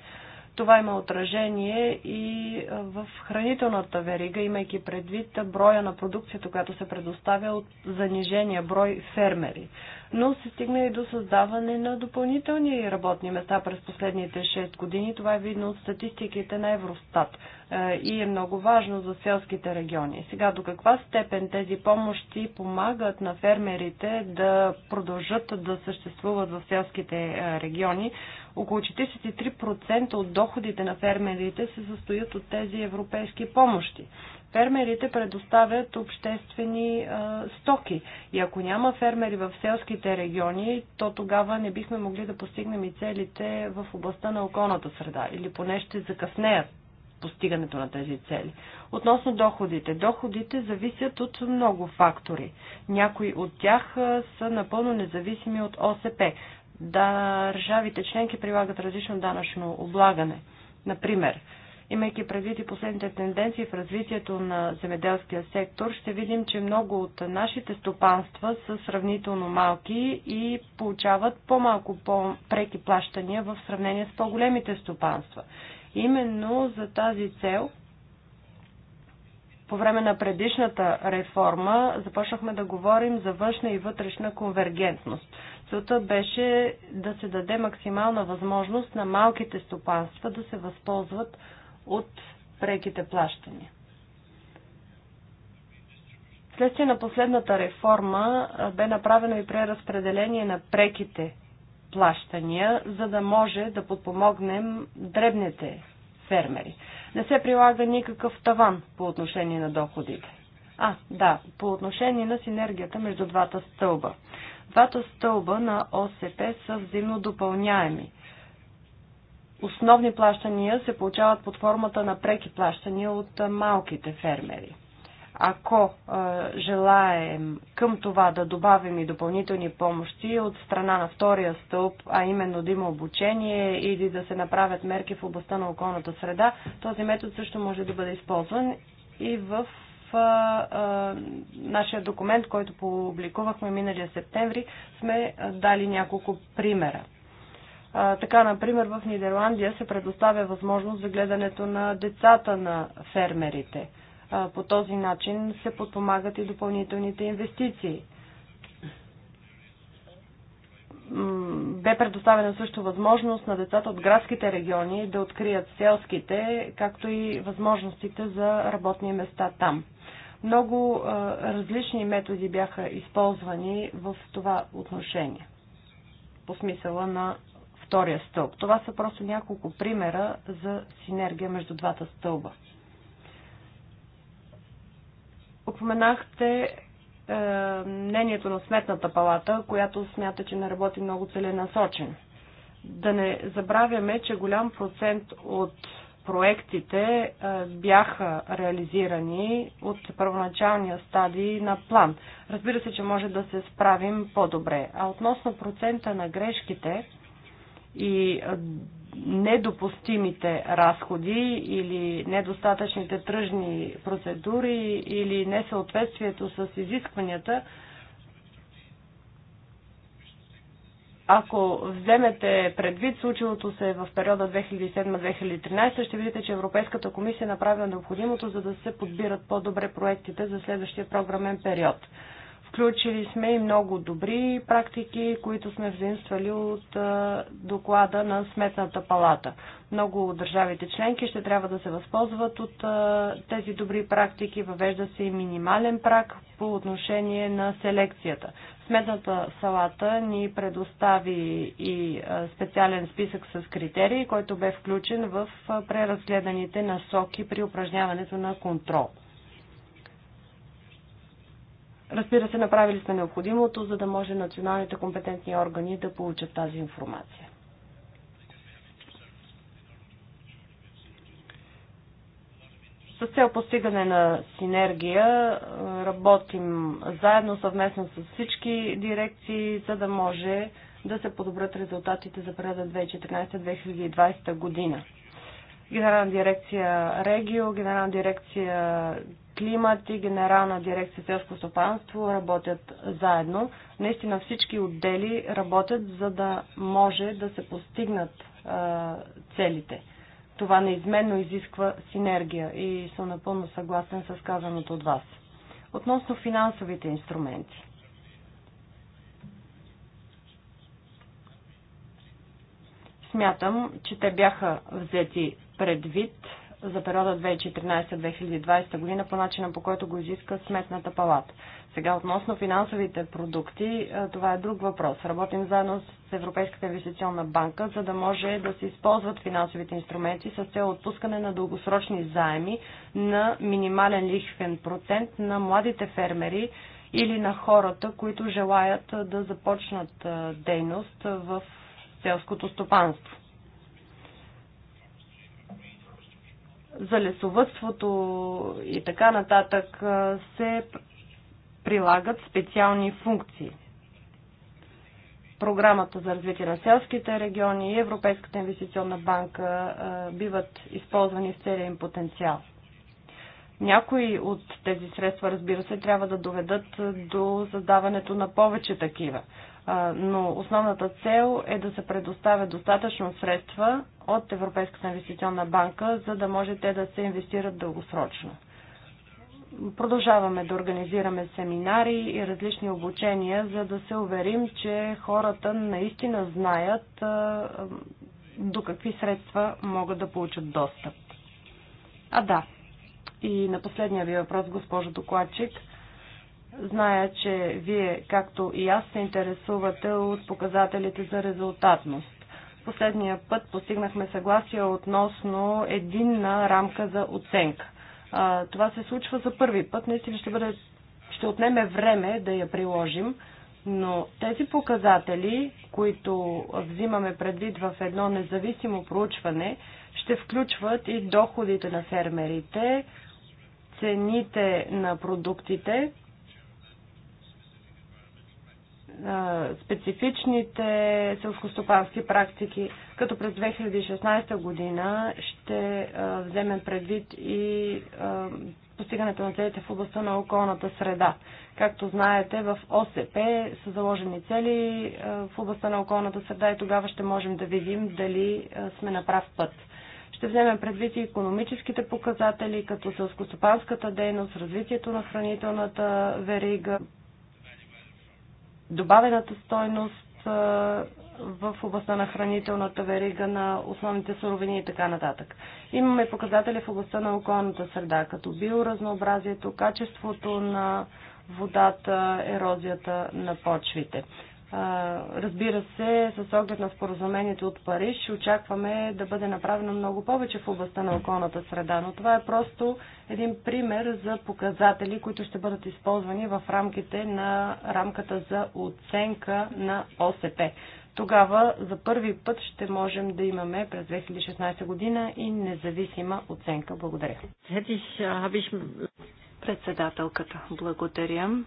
Това има отражение и в хранителната верига, имайки предвид броя на продукцията, която се предоставя от занижения брой фермери но се стигна и до създаване на допълнителни работни места през последните 6 години. Това е видно от статистиките на Евростат е, и е много важно за селските региони. Сега до каква степен тези помощи помагат на фермерите да продължат да съществуват в селските е, региони? Около 43% от доходите на фермерите се състоят от тези европейски помощи. Фермерите предоставят обществени а, стоки и ако няма фермери в селските региони, то тогава не бихме могли да постигнем и целите в областта на околната среда или поне ще закъснеят постигането на тези цели. Относно доходите. Доходите зависят от много фактори. Някои от тях са напълно независими от ОСП. Държавите членки прилагат различно данъчно облагане. Например, Имайки предвид и последните тенденции в развитието на земеделския сектор, ще видим, че много от нашите стопанства са сравнително малки и получават по-малко по-преки плащания в сравнение с по-големите стопанства. Именно за тази цел по време на предишната реформа започнахме да говорим за външна и вътрешна конвергентност. Целта беше да се даде максимална възможност на малките стопанства да се възползват от преките плащания. Вследствие на последната реформа бе направено и преразпределение на преките плащания, за да може да подпомогнем дребните фермери. Не се прилага никакъв таван по отношение на доходите. А, да, по отношение на синергията между двата стълба. Двата стълба на ОСП са взаимно допълняеми основни плащания се получават под формата на преки плащания от малките фермери. Ако желаем към това да добавим и допълнителни помощи от страна на втория стълб, а именно да има обучение или да се направят мерки в областта на околната среда, този метод също може да бъде използван и в нашия документ, който публикувахме миналия септември, сме дали няколко примера. Така, например, в Нидерландия се предоставя възможност за гледането на децата на фермерите. По този начин се подпомагат и допълнителните инвестиции. Бе предоставена също възможност на децата от градските региони да открият селските, както и възможностите за работни места там. Много различни методи бяха използвани в това отношение по смисъла на втория стълб. Това са просто няколко примера за синергия между двата стълба. Упоменахте е, мнението на Сметната палата, която смята, че не работи много целенасочен. Да не забравяме, че голям процент от проектите е, бяха реализирани от първоначалния стадий на план. Разбира се, че може да се справим по-добре. А относно процента на грешките, и недопустимите разходи или недостатъчните тръжни процедури или несъответствието с изискванията, ако вземете предвид случилото се в периода 2007-2013, ще видите, че Европейската комисия направила необходимото, за да се подбират по-добре проектите за следващия програмен период. Включили сме и много добри практики, които сме взаимствали от доклада на Сметната палата. Много държавите членки ще трябва да се възползват от тези добри практики. Въвежда се и минимален прак по отношение на селекцията. Сметната салата ни предостави и специален списък с критерии, който бе включен в преразгледаните насоки при упражняването на контрол. Разбира се, направили сме необходимото, за да може националните компетентни органи да получат тази информация. С цел постигане на синергия е, работим заедно съвместно с всички дирекции, за да може да се подобрят резултатите за периода 2014-2020 година. Генерална дирекция Регио, Генерална дирекция климат и Генерална дирекция селско стопанство работят заедно. Наистина всички отдели работят, за да може да се постигнат а, целите. Това неизменно изисква синергия и съм напълно съгласен с казаното от вас. Относно финансовите инструменти. Смятам, че те бяха взети предвид за периода 2014-2020 година по начина по който го изиска Сметната палата. Сега относно финансовите продукти, е, това е друг въпрос. Работим заедно с Европейската инвестиционна банка, за да може да се използват финансовите инструменти с цел отпускане на дългосрочни заеми на минимален лихвен процент на младите фермери или на хората, които желаят е, да започнат е, дейност в селското стопанство. за лесовътството и така нататък се прилагат специални функции. Програмата за развитие на селските региони и Европейската инвестиционна банка биват използвани в целия им потенциал. Някои от тези средства, разбира се, трябва да доведат до създаването на повече такива но основната цел е да се предоставят достатъчно средства от Европейската инвестиционна банка, за да може те да се инвестират дългосрочно. Продължаваме да организираме семинари и различни обучения, за да се уверим, че хората наистина знаят до какви средства могат да получат достъп. А да, и на последния ви въпрос, госпожо докладчик – Зная, че вие, както и аз, се интересувате от показателите за резултатност. Последния път постигнахме съгласие относно единна рамка за оценка. това се случва за първи път. Наистина ще, бъде, ще отнеме време да я приложим, но тези показатели, които взимаме предвид в едно независимо проучване, ще включват и доходите на фермерите, цените на продуктите, специфичните селскостопански практики, като през 2016 година ще вземем предвид и постигането на целите в областта на околната среда. Както знаете, в ОСП са заложени цели в областта на околната среда и тогава ще можем да видим дали сме на прав път. Ще вземем предвид и економическите показатели, като селскостопанската дейност, развитието на хранителната верига, добавената стойност в областта на хранителната верига на основните суровини и така нататък. Имаме показатели в областта на околната среда, като биоразнообразието, качеството на водата, ерозията на почвите. Разбира се, с оглед на споразумението от Париж, очакваме да бъде направено много повече в областта на околната среда, но това е просто един пример за показатели, които ще бъдат използвани в рамките на рамката за оценка на ОСП. Тогава за първи път ще можем да имаме през 2016 година и независима оценка. Благодаря. Председателката, благодаря.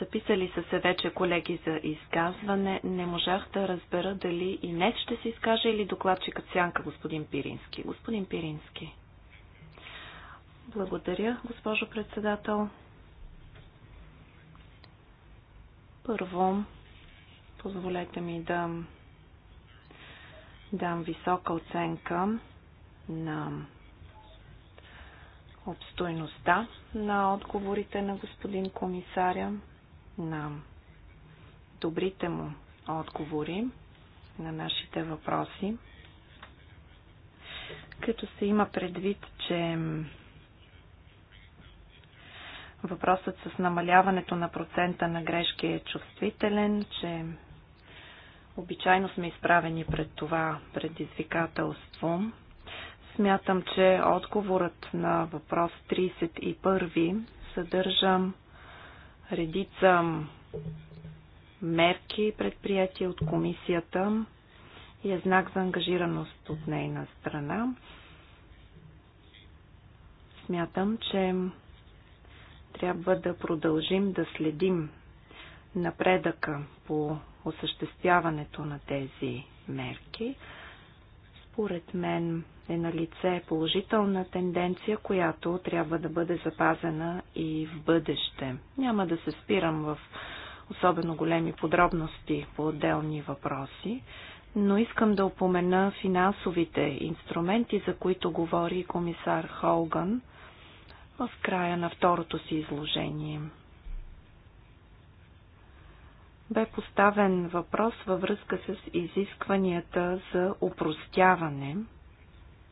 Записали са се вече колеги за изказване. Не можах да разбера дали и не ще се изкаже или докладчикът Сянка, господин Пирински. Господин Пирински. Благодаря, госпожо председател. Първо, позволете ми да дам висока оценка на обстойността на отговорите на господин комисаря на добрите му отговори на нашите въпроси, като се има предвид, че въпросът с намаляването на процента на грешки е чувствителен, че обичайно сме изправени пред това предизвикателство. Смятам, че отговорът на въпрос 31 съдържа редица мерки, предприятия от комисията и е знак за ангажираност от нейна страна. Смятам, че трябва да продължим да следим напредъка по осъществяването на тези мерки. Според мен е на лице положителна тенденция, която трябва да бъде запазена и в бъдеще. Няма да се спирам в особено големи подробности по отделни въпроси, но искам да упомена финансовите инструменти, за които говори комисар Холган в края на второто си изложение. Бе поставен въпрос във връзка с изискванията за упростяване –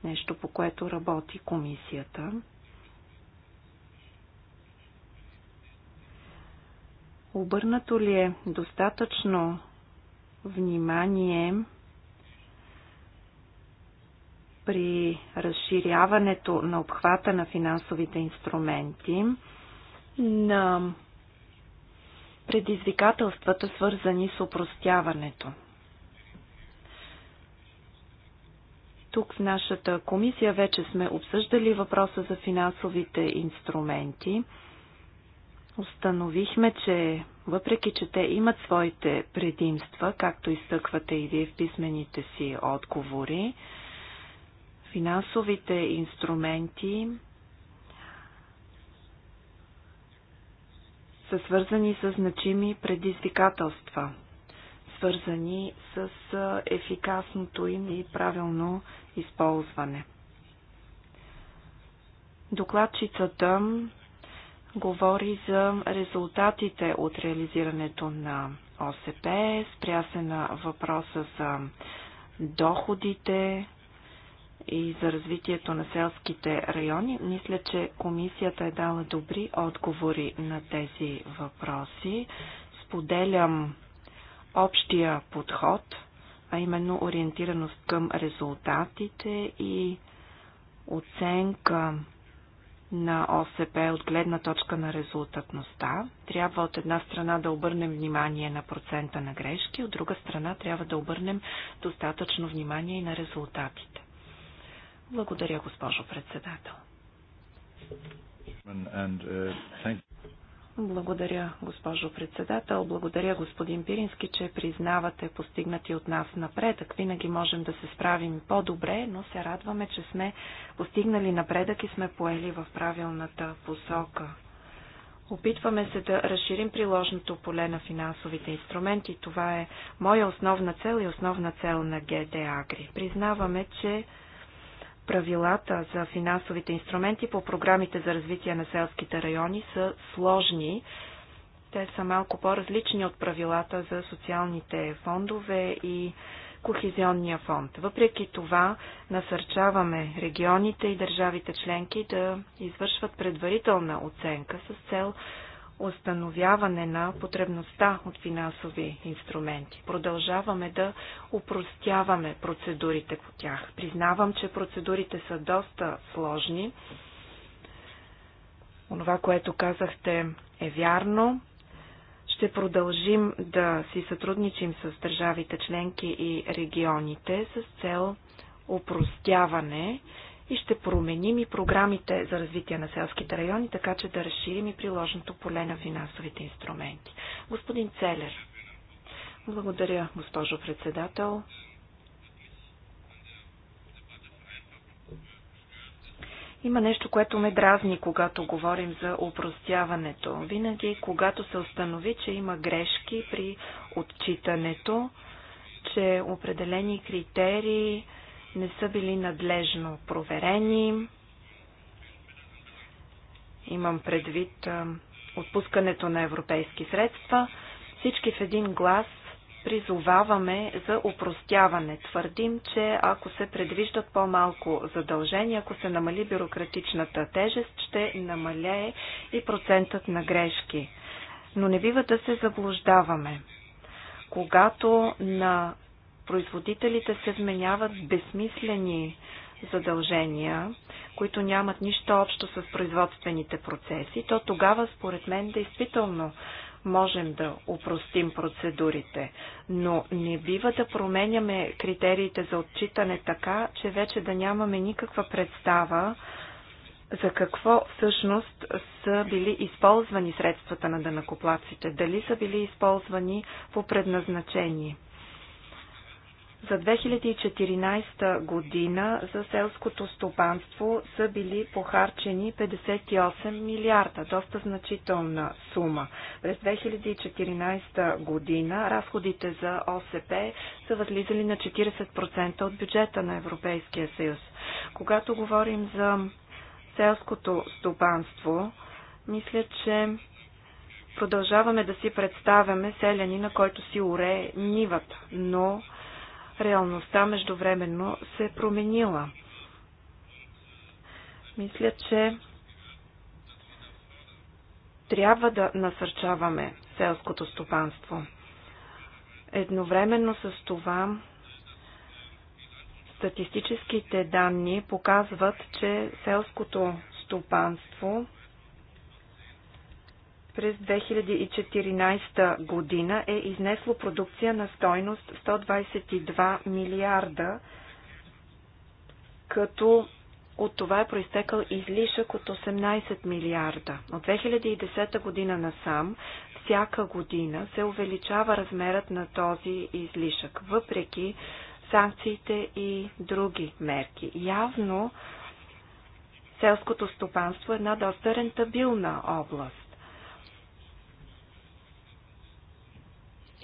нещо по което работи комисията. Обърнато ли е достатъчно внимание при разширяването на обхвата на финансовите инструменти на предизвикателствата, свързани с упростяването? Тук в нашата комисия вече сме обсъждали въпроса за финансовите инструменти. Установихме, че въпреки, че те имат своите предимства, както изтъквате и вие в писмените си отговори, финансовите инструменти са свързани с значими предизвикателства свързани с ефикасното им и правилно използване. Докладчицата говори за резултатите от реализирането на ОСП, спря се на въпроса за доходите и за развитието на селските райони. Мисля, че комисията е дала добри отговори на тези въпроси. Споделям общия подход, а именно ориентираност към резултатите и оценка на ОСП от гледна точка на резултатността. Трябва от една страна да обърнем внимание на процента на грешки, от друга страна трябва да обърнем достатъчно внимание и на резултатите. Благодаря, госпожо председател. And, uh, благодаря, госпожо председател. Благодаря, господин Пирински, че признавате постигнати от нас напредък. Винаги можем да се справим по-добре, но се радваме, че сме постигнали напредък и сме поели в правилната посока. Опитваме се да разширим приложното поле на финансовите инструменти. Това е моя основна цел и основна цел на ГД Агри. Признаваме, че правилата за финансовите инструменти по програмите за развитие на селските райони са сложни. Те са малко по-различни от правилата за социалните фондове и Кохезионния фонд. Въпреки това, насърчаваме регионите и държавите членки да извършват предварителна оценка с цел установяване на потребността от финансови инструменти. Продължаваме да упростяваме процедурите по тях. Признавам, че процедурите са доста сложни. Онова, което казахте е вярно. Ще продължим да си сътрудничим с държавите членки и регионите с цел упростяване и ще променим и програмите за развитие на селските райони, така че да разширим и приложното поле на финансовите инструменти. Господин Целер. Благодаря, госпожо председател. Има нещо, което ме дразни, когато говорим за упростяването. Винаги, когато се установи, че има грешки при отчитането, че определени критерии не са били надлежно проверени. Имам предвид отпускането на европейски средства. Всички в един глас призоваваме за упростяване. Твърдим, че ако се предвиждат по-малко задължения, ако се намали бюрократичната тежест, ще намалее и процентът на грешки. Но не бива да се заблуждаваме. Когато на производителите се вменяват безсмислени задължения, които нямат нищо общо с производствените процеси, то тогава според мен действително можем да упростим процедурите, но не бива да променяме критериите за отчитане така, че вече да нямаме никаква представа за какво всъщност са били използвани средствата на дънакоплаците, дали са били използвани по предназначение. За 2014 година за селското стопанство са били похарчени 58 милиарда, доста значителна сума. През 2014 година разходите за ОСП са възлизали на 40% от бюджета на Европейския съюз. Когато говорим за селското стопанство, мисля, че продължаваме да си представяме селянина, който си уре нивата, но реалността междувременно се е променила. Мисля, че трябва да насърчаваме селското стопанство. Едновременно с това статистическите данни показват, че селското стопанство през 2014 година е изнесло продукция на стойност 122 милиарда, като от това е проистекал излишък от 18 милиарда. От 2010 година насам, всяка година се увеличава размерът на този излишък, въпреки санкциите и други мерки. Явно селското стопанство е една доста рентабилна област.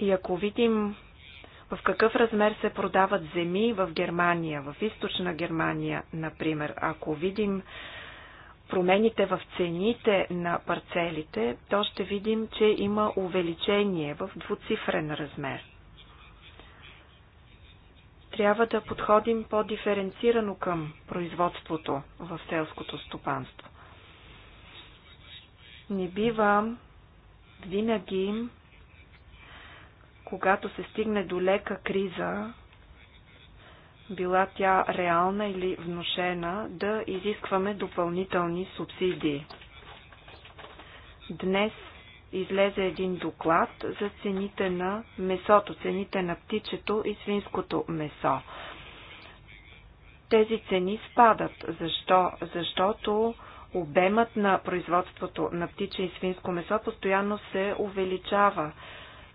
И ако видим в какъв размер се продават земи в Германия, в източна Германия, например, ако видим промените в цените на парцелите, то ще видим, че има увеличение в двуцифрен размер. Трябва да подходим по-диференцирано към производството в селското стопанство. Не бива винаги когато се стигне до лека криза, била тя реална или внушена, да изискваме допълнителни субсидии. Днес излезе един доклад за цените на месото, цените на птичето и свинското месо. Тези цени спадат. Защо? Защото обемът на производството на птиче и свинско месо постоянно се увеличава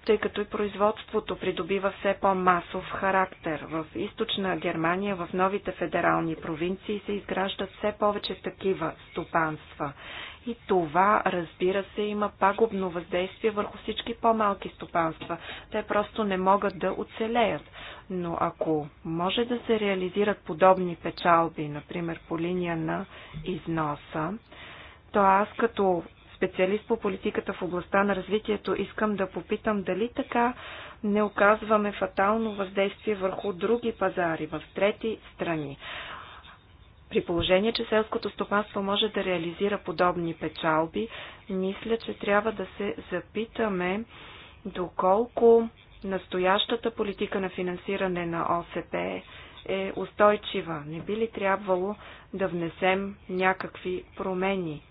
тъй като и производството придобива все по-масов характер. В източна Германия, в новите федерални провинции се изграждат все повече такива стопанства. И това, разбира се, има пагубно въздействие върху всички по-малки стопанства. Те просто не могат да оцелеят. Но ако може да се реализират подобни печалби, например по линия на износа, то аз като специалист по политиката в областта на развитието, искам да попитам дали така не оказваме фатално въздействие върху други пазари в трети страни. При положение, че селското стопанство може да реализира подобни печалби, мисля, че трябва да се запитаме доколко настоящата политика на финансиране на ОСП е устойчива. Не би ли трябвало да внесем някакви промени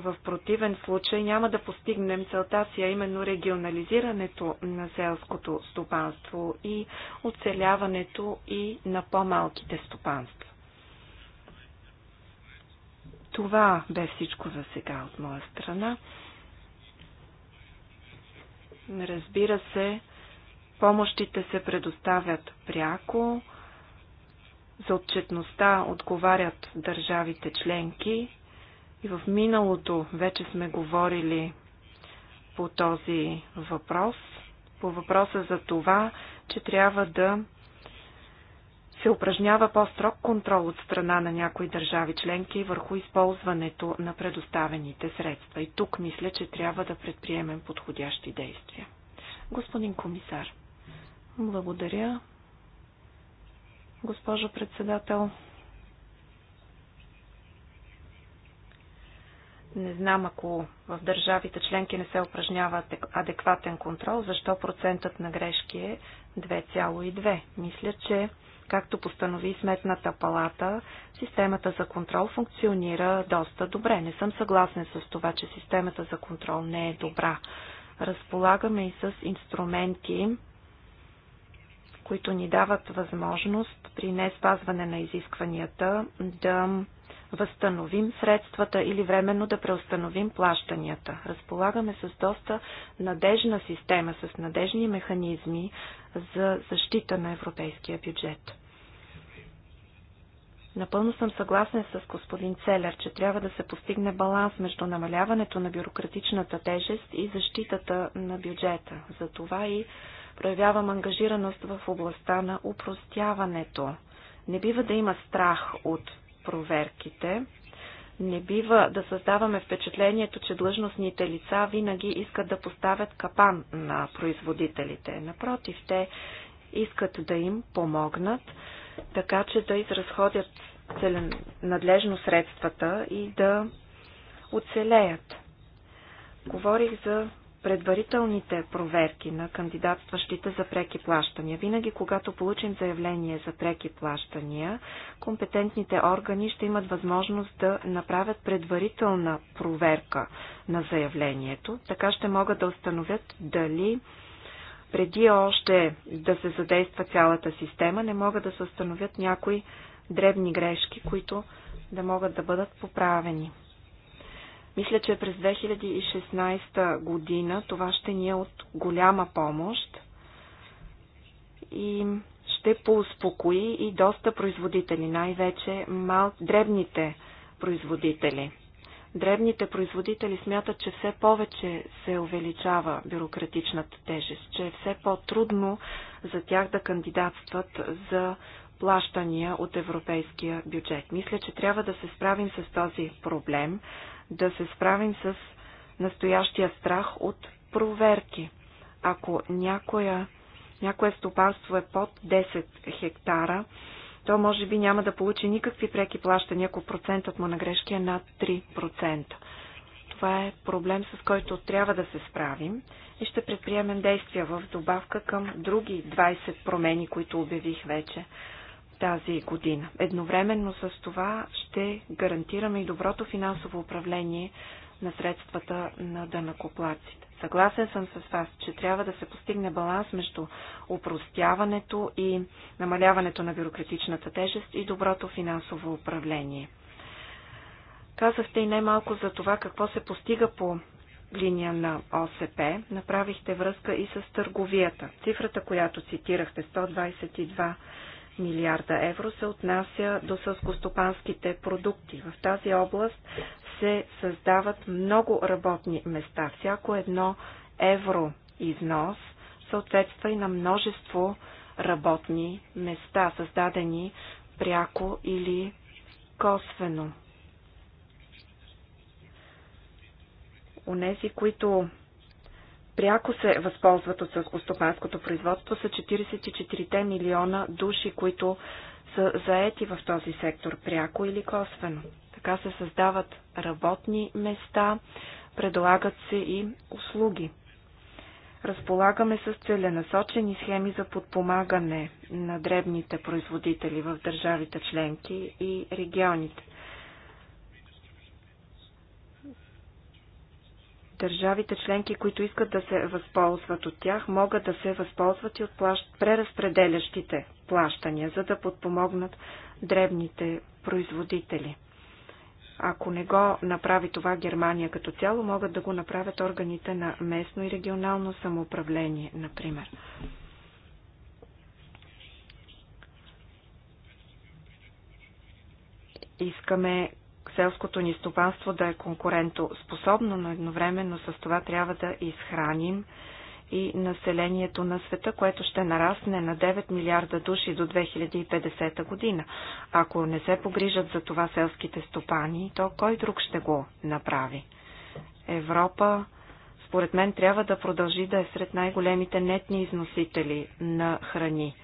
в противен случай няма да постигнем целта си, а именно регионализирането на селското стопанство и оцеляването и на по-малките стопанства. Това бе всичко за сега от моя страна. Разбира се, помощите се предоставят пряко, за отчетността отговарят държавите членки, и в миналото вече сме говорили по този въпрос, по въпроса за това, че трябва да се упражнява по-строг контрол от страна на някои държави членки върху използването на предоставените средства. И тук мисля, че трябва да предприемем подходящи действия. Господин комисар, благодаря. Госпожо председател, Не знам ако в държавите членки не се упражнява адекватен контрол, защо процентът на грешки е 2,2. Мисля, че както постанови Сметната палата, системата за контрол функционира доста добре. Не съм съгласен с това, че системата за контрол не е добра. Разполагаме и с инструменти, които ни дават възможност при неспазване на изискванията да възстановим средствата или временно да преустановим плащанията. Разполагаме с доста надежна система, с надежни механизми за защита на европейския бюджет. Напълно съм съгласен с господин Целер, че трябва да се постигне баланс между намаляването на бюрократичната тежест и защитата на бюджета. Затова и проявявам ангажираност в областта на упростяването. Не бива да има страх от проверките. Не бива да създаваме впечатлението, че длъжностните лица винаги искат да поставят капан на производителите. Напротив, те искат да им помогнат, така че да изразходят надлежно средствата и да оцелеят. Говорих за предварителните проверки на кандидатстващите за преки плащания. Винаги, когато получим заявление за преки плащания, компетентните органи ще имат възможност да направят предварителна проверка на заявлението. Така ще могат да установят дали преди още да се задейства цялата система, не могат да се установят някои дребни грешки, които да могат да бъдат поправени. Мисля, че през 2016 година това ще ни е от голяма помощ и ще поуспокои и доста производители, най-вече мал... дребните производители. Дребните производители смятат, че все повече се увеличава бюрократичната тежест, че е все по-трудно за тях да кандидатстват за плащания от европейския бюджет. Мисля, че трябва да се справим с този проблем, да се справим с настоящия страх от проверки. Ако някоя, някое стопанство е под 10 хектара, то може би няма да получи никакви преки плащания, ако процентът му на грешки е над 3%. Това е проблем, с който трябва да се справим и ще предприемем действия в добавка към други 20 промени, които обявих вече тази година. Едновременно с това ще гарантираме и доброто финансово управление на средствата на дънакоплаците. Съгласен съм с вас, че трябва да се постигне баланс между упростяването и намаляването на бюрократичната тежест и доброто финансово управление. Казахте и най-малко за това какво се постига по линия на ОСП. Направихте връзка и с търговията. Цифрата, която цитирахте, 122 милиарда евро се отнася до сълскостопанските продукти. В тази област се създават много работни места. Всяко едно евро износ съответства и на множество работни места, създадени пряко или косвено. Унези, които пряко се възползват от селскостопанското производство са 44 милиона души, които са заети в този сектор пряко или косвено. Така се създават работни места, предлагат се и услуги. Разполагаме с целенасочени схеми за подпомагане на дребните производители в държавите членки и регионите. Държавите членки, които искат да се възползват от тях, могат да се възползват и от плащ... преразпределящите плащания, за да подпомогнат дребните производители. Ако не го направи това Германия като цяло, могат да го направят органите на местно и регионално самоуправление, например. Искаме селското ни стопанство да е конкурентоспособно, но едновременно с това трябва да изхраним и населението на света, което ще нарасне на 9 милиарда души до 2050 година. Ако не се погрижат за това селските стопани, то кой друг ще го направи? Европа, според мен, трябва да продължи да е сред най-големите нетни износители на храни.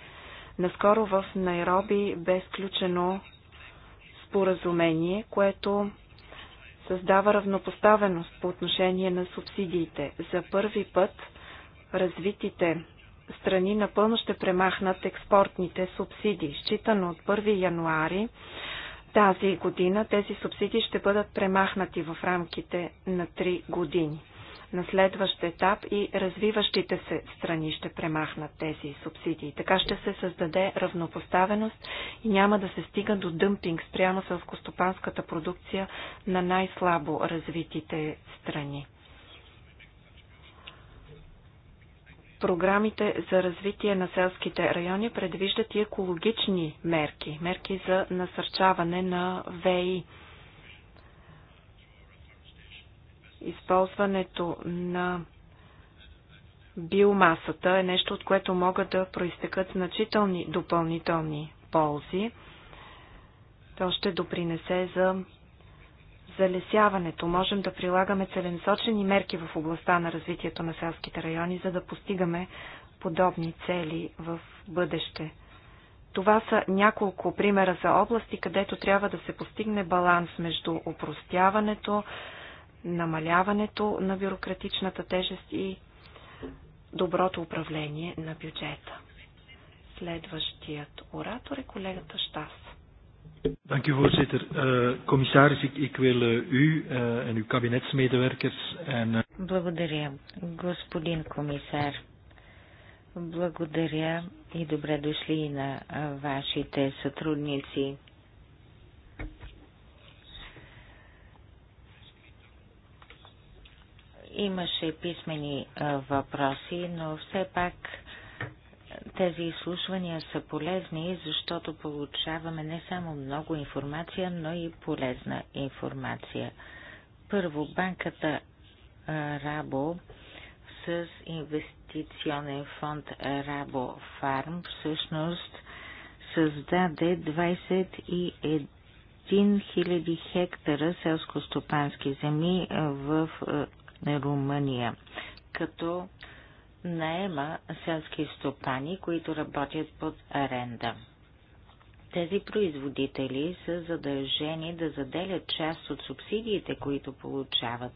Наскоро в Найроби бе сключено споразумение, което създава равнопоставеност по отношение на субсидиите. За първи път развитите страни напълно ще премахнат експортните субсидии. Считано от 1 януари тази година тези субсидии ще бъдат премахнати в рамките на 3 години на следващ етап и развиващите се страни ще премахнат тези субсидии. Така ще се създаде равнопоставеност и няма да се стига до дъмпинг спрямо селскостопанската продукция на най-слабо развитите страни. Програмите за развитие на селските райони предвиждат и екологични мерки, мерки за насърчаване на ВИ. използването на биомасата е нещо, от което могат да проистекат значителни допълнителни ползи. То ще допринесе за залесяването. Можем да прилагаме целенасочени мерки в областта на развитието на селските райони, за да постигаме подобни цели в бъдеще. Това са няколко примера за области, където трябва да се постигне баланс между опростяването, намаляването на бюрократичната тежест и доброто управление на бюджета. Следващият оратор е колегата Штас. Dank u voorzitter. Uh, commissaris, ik, ik wil uh, u uh, en uw kabinetsmedewerkers en... Uh... Благодаря, господин комисар. Благодаря и добре дошли на вашите сътрудници. Имаше писмени въпроси, но все пак тези изслушвания са полезни, защото получаваме не само много информация, но и полезна информация. Първо, банката Рабо с инвестиционен фонд Рабо Фарм всъщност създаде 21 000 хектара селско-стопански земи в Румъния, като наема селски стопани, които работят под аренда. Тези производители са задължени да заделят част от субсидиите, които получават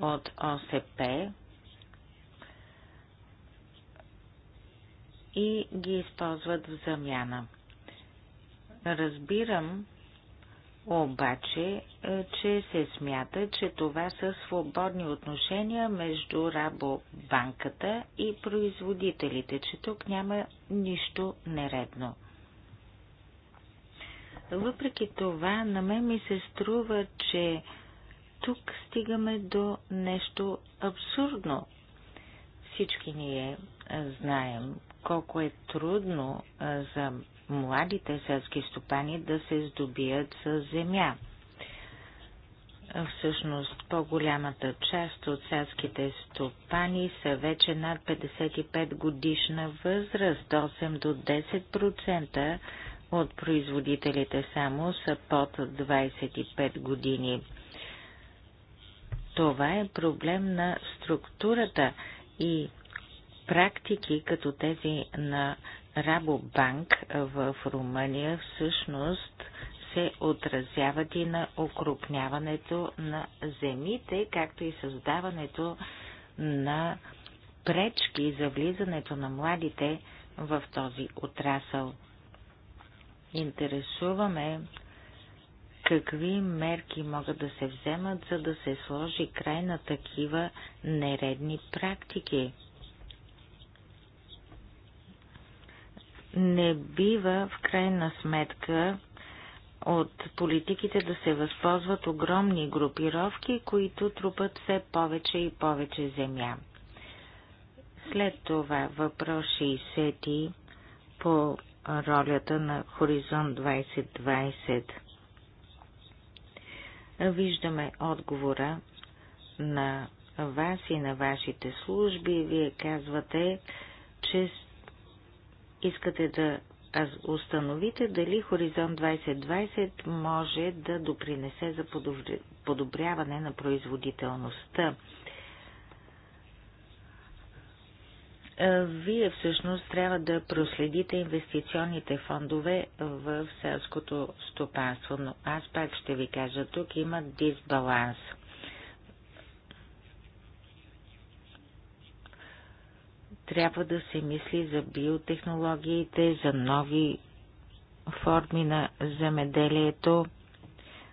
от ОСП и ги използват в замяна. Разбирам, обаче, е, че се смята, че това са свободни отношения между Рабобанката и производителите, че тук няма нищо нередно. Въпреки това, на мен ми се струва, че тук стигаме до нещо абсурдно. Всички ние знаем колко е трудно за младите селски стопани да се здобият с земя. Всъщност, по-голямата част от селските стопани са вече над 55 годишна възраст. 8 до 10% от производителите само са под 25 години. Това е проблем на структурата и практики като тези на Рабобанк в Румъния всъщност се отразяват и на окрупняването на земите, както и създаването на пречки за влизането на младите в този отрасъл. Интересуваме какви мерки могат да се вземат, за да се сложи край на такива нередни практики. не бива в крайна сметка от политиките да се възползват огромни групировки, които трупат все повече и повече земя. След това въпрос 60 по ролята на Хоризонт 2020. Виждаме отговора на вас и на вашите служби. Вие казвате, че искате да установите дали Хоризонт 2020 може да допринесе за подобряване на производителността. Вие всъщност трябва да проследите инвестиционните фондове в селското стопанство, но аз пак ще ви кажа, тук има дисбаланс – Трябва да се мисли за биотехнологиите, за нови форми на земеделието,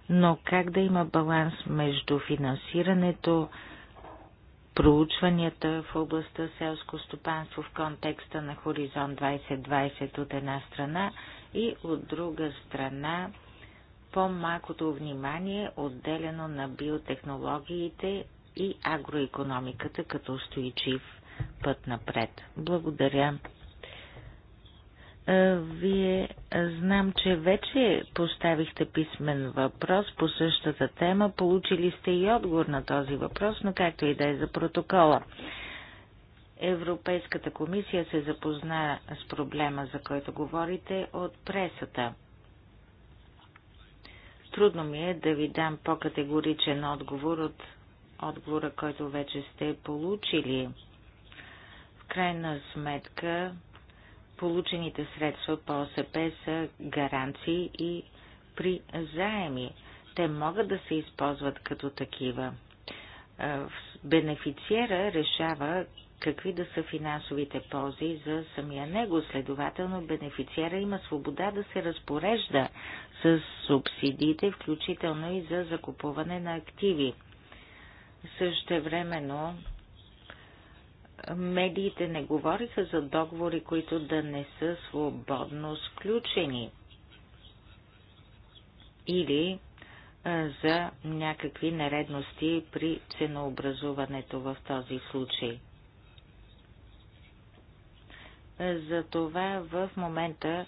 но как да има баланс между финансирането, проучванията в областта селско стопанство в контекста на Хоризонт 2020 от една страна и от друга страна по-малкото внимание отделено на биотехнологиите и агроекономиката като устойчив път напред. Благодаря. Е, вие е, знам, че вече поставихте писмен въпрос по същата тема. Получили сте и отговор на този въпрос, но както и да е за протокола. Европейската комисия се запозна с проблема, за който говорите, от пресата. Трудно ми е да ви дам по-категоричен отговор от отговора, който вече сте получили крайна сметка получените средства по ОСП са гаранции и при заеми. Те могат да се използват като такива. Е, бенефициера решава какви да са финансовите ползи за самия него. Следователно, бенефициера има свобода да се разпорежда с субсидиите, включително и за закупуване на активи. Също времено медиите не говориха за договори, които да не са свободно сключени или за някакви нередности при ценообразуването в този случай. Затова в момента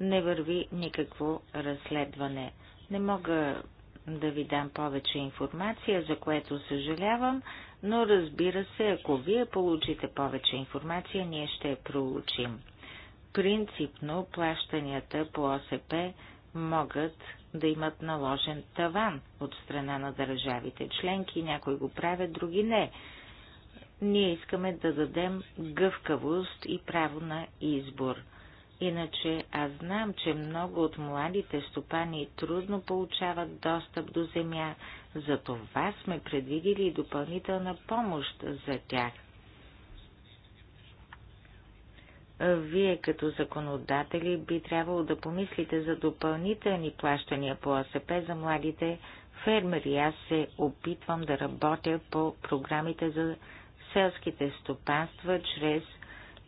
не върви никакво разследване. Не мога да ви дам повече информация, за което съжалявам, но разбира се, ако вие получите повече информация, ние ще я проучим. Принципно плащанията по ОСП могат да имат наложен таван от страна на държавите членки, някои го правят, други не. Ние искаме да дадем гъвкавост и право на избор – Иначе аз знам, че много от младите стопани трудно получават достъп до земя, затова сме предвидили и допълнителна помощ за тях. Вие като законодатели би трябвало да помислите за допълнителни плащания по АСП за младите фермери. Аз се опитвам да работя по програмите за селските стопанства чрез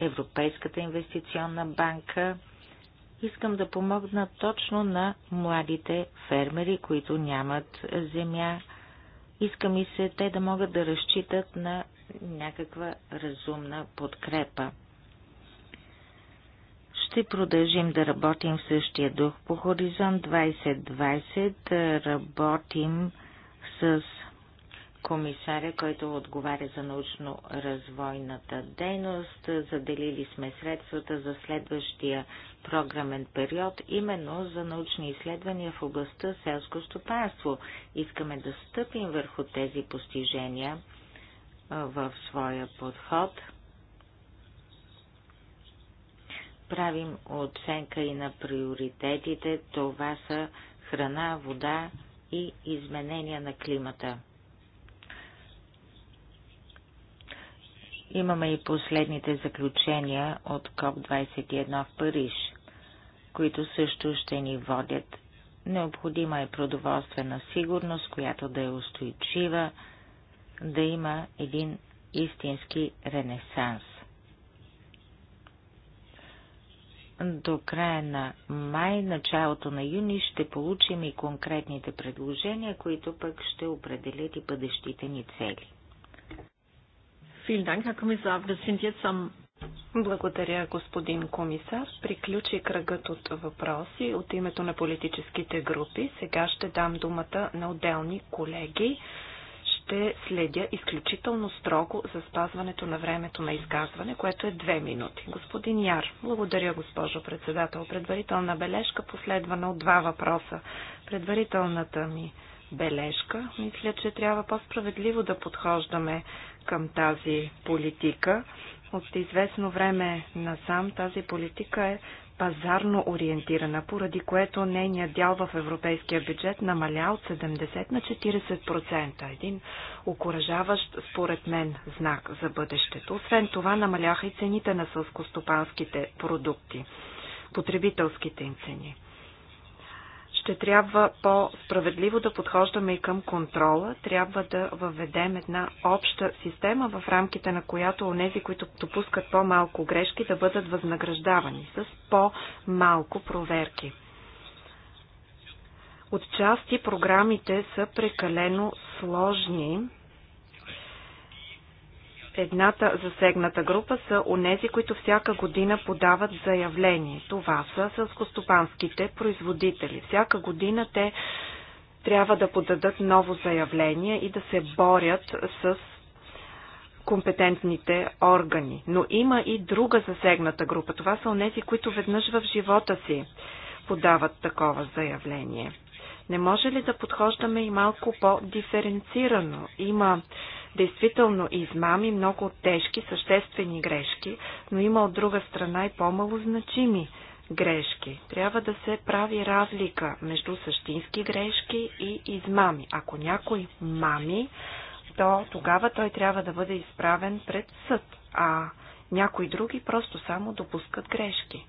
Европейската инвестиционна банка. Искам да помогна точно на младите фермери, които нямат земя. Искам и се те да могат да разчитат на някаква разумна подкрепа. Ще продължим да работим в същия дух. По Хоризонт 2020 работим с комисаря, който отговаря за научно-развойната дейност. Заделили сме средствата за следващия програмен период, именно за научни изследвания в областта селско стопанство. Искаме да стъпим върху тези постижения в своя подход. Правим оценка и на приоритетите. Това са храна, вода и изменения на климата. Имаме и последните заключения от КОП-21 в Париж, които също ще ни водят. Необходима е продоволствена сигурност, която да е устойчива, да има един истински ренесанс. До края на май, началото на юни ще получим и конкретните предложения, които пък ще определят и бъдещите ни цели. Vielen Dank, Herr Kommissar. Wir sind jetzt am благодаря, господин комисар. Приключи кръгът от въпроси от името на политическите групи. Сега ще дам думата на отделни колеги. Ще следя изключително строго за спазването на времето на изказване, което е две минути. Господин Яр, благодаря, госпожо председател. Предварителна бележка, последвана от два въпроса. Предварителната ми бележка. Мисля, че трябва по-справедливо да подхождаме към тази политика. От известно време насам тази политика е пазарно ориентирана, поради което нейният дял в европейския бюджет намаля от 70 на 40%. Един окоръжаващ, според мен, знак за бъдещето. Освен това, намаляха и цените на сълскостопанските продукти, потребителските им цени. Ще трябва по-справедливо да подхождаме и към контрола. Трябва да въведем една обща система, в рамките на която онези, които допускат по-малко грешки, да бъдат възнаграждавани с по-малко проверки. Отчасти програмите са прекалено сложни Едната засегната група са онези, които всяка година подават заявление. Това са сълскостопанските производители. Всяка година те трябва да подадат ново заявление и да се борят с компетентните органи. Но има и друга засегната група. Това са онези, които веднъж в живота си подават такова заявление. Не може ли да подхождаме и малко по-диференцирано? Има действително измами, много тежки, съществени грешки, но има от друга страна и по-малозначими грешки. Трябва да се прави разлика между същински грешки и измами. Ако някой мами, то тогава той трябва да бъде изправен пред съд, а някои други просто само допускат грешки.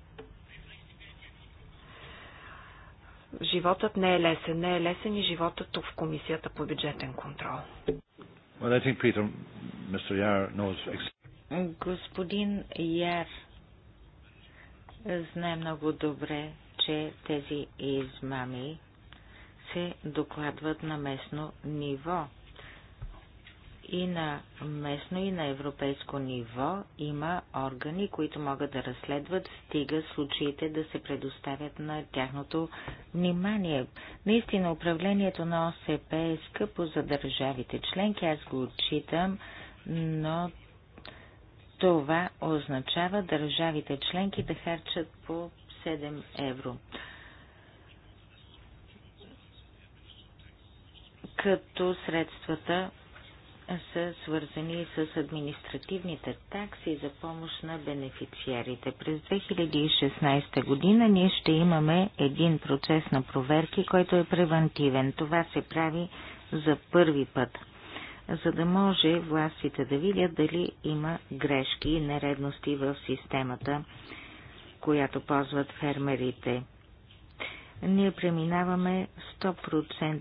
Животът не е лесен, не е лесен и животът тук в Комисията по бюджетен контрол. Well, I think Peter, Mr. Yar knows... Господин Яр знае много добре, че тези измами се докладват на местно ниво и на местно и на европейско ниво има органи, които могат да разследват, стига случаите да се предоставят на тяхното внимание. Наистина, управлението на ОСП е скъпо за държавите членки, аз го отчитам, но това означава държавите членки да харчат по 7 евро. Като средствата са свързани с административните такси за помощ на бенефициарите. През 2016 година ние ще имаме един процес на проверки, който е превентивен. Това се прави за първи път, за да може властите да видят дали има грешки и нередности в системата, която ползват фермерите. Ние преминаваме 100%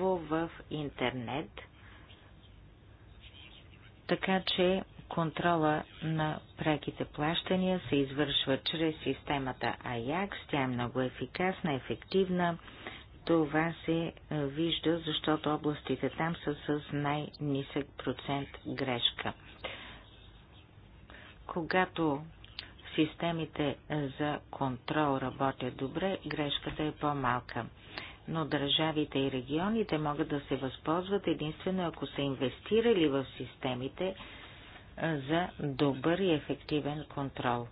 в интернет – така че контрола на преките плащания се извършва чрез системата AJAX. Тя е много ефикасна, ефективна. Това се е, вижда, защото областите там са с най-нисък процент грешка. Когато системите за контрол работят добре, грешката е по-малка но държавите и регионите могат да се възползват единствено ако са инвестирали в системите за добър и ефективен контрол.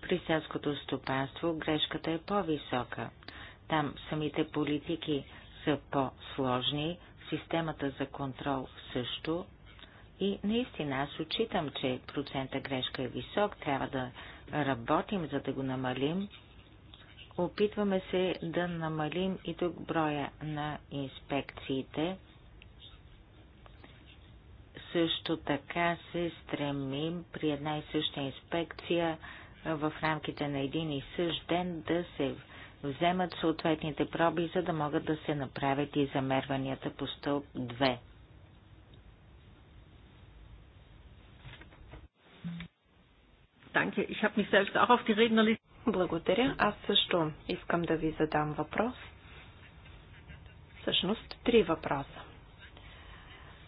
При селското стопанство грешката е по-висока. Там самите политики са по-сложни, системата за контрол също. И наистина аз отчитам, че процента грешка е висок, трябва да работим, за да го намалим, Опитваме се да намалим и тук броя на инспекциите. Също така се стремим при една и съща инспекция в рамките на един и същ ден да се вземат съответните проби, за да могат да се направят и замерванията по стълб 2. Danke. Ich habe mich selbst auch auf die Rednerliste. Благодаря. Аз също искам да ви задам въпрос. Всъщност три въпроса.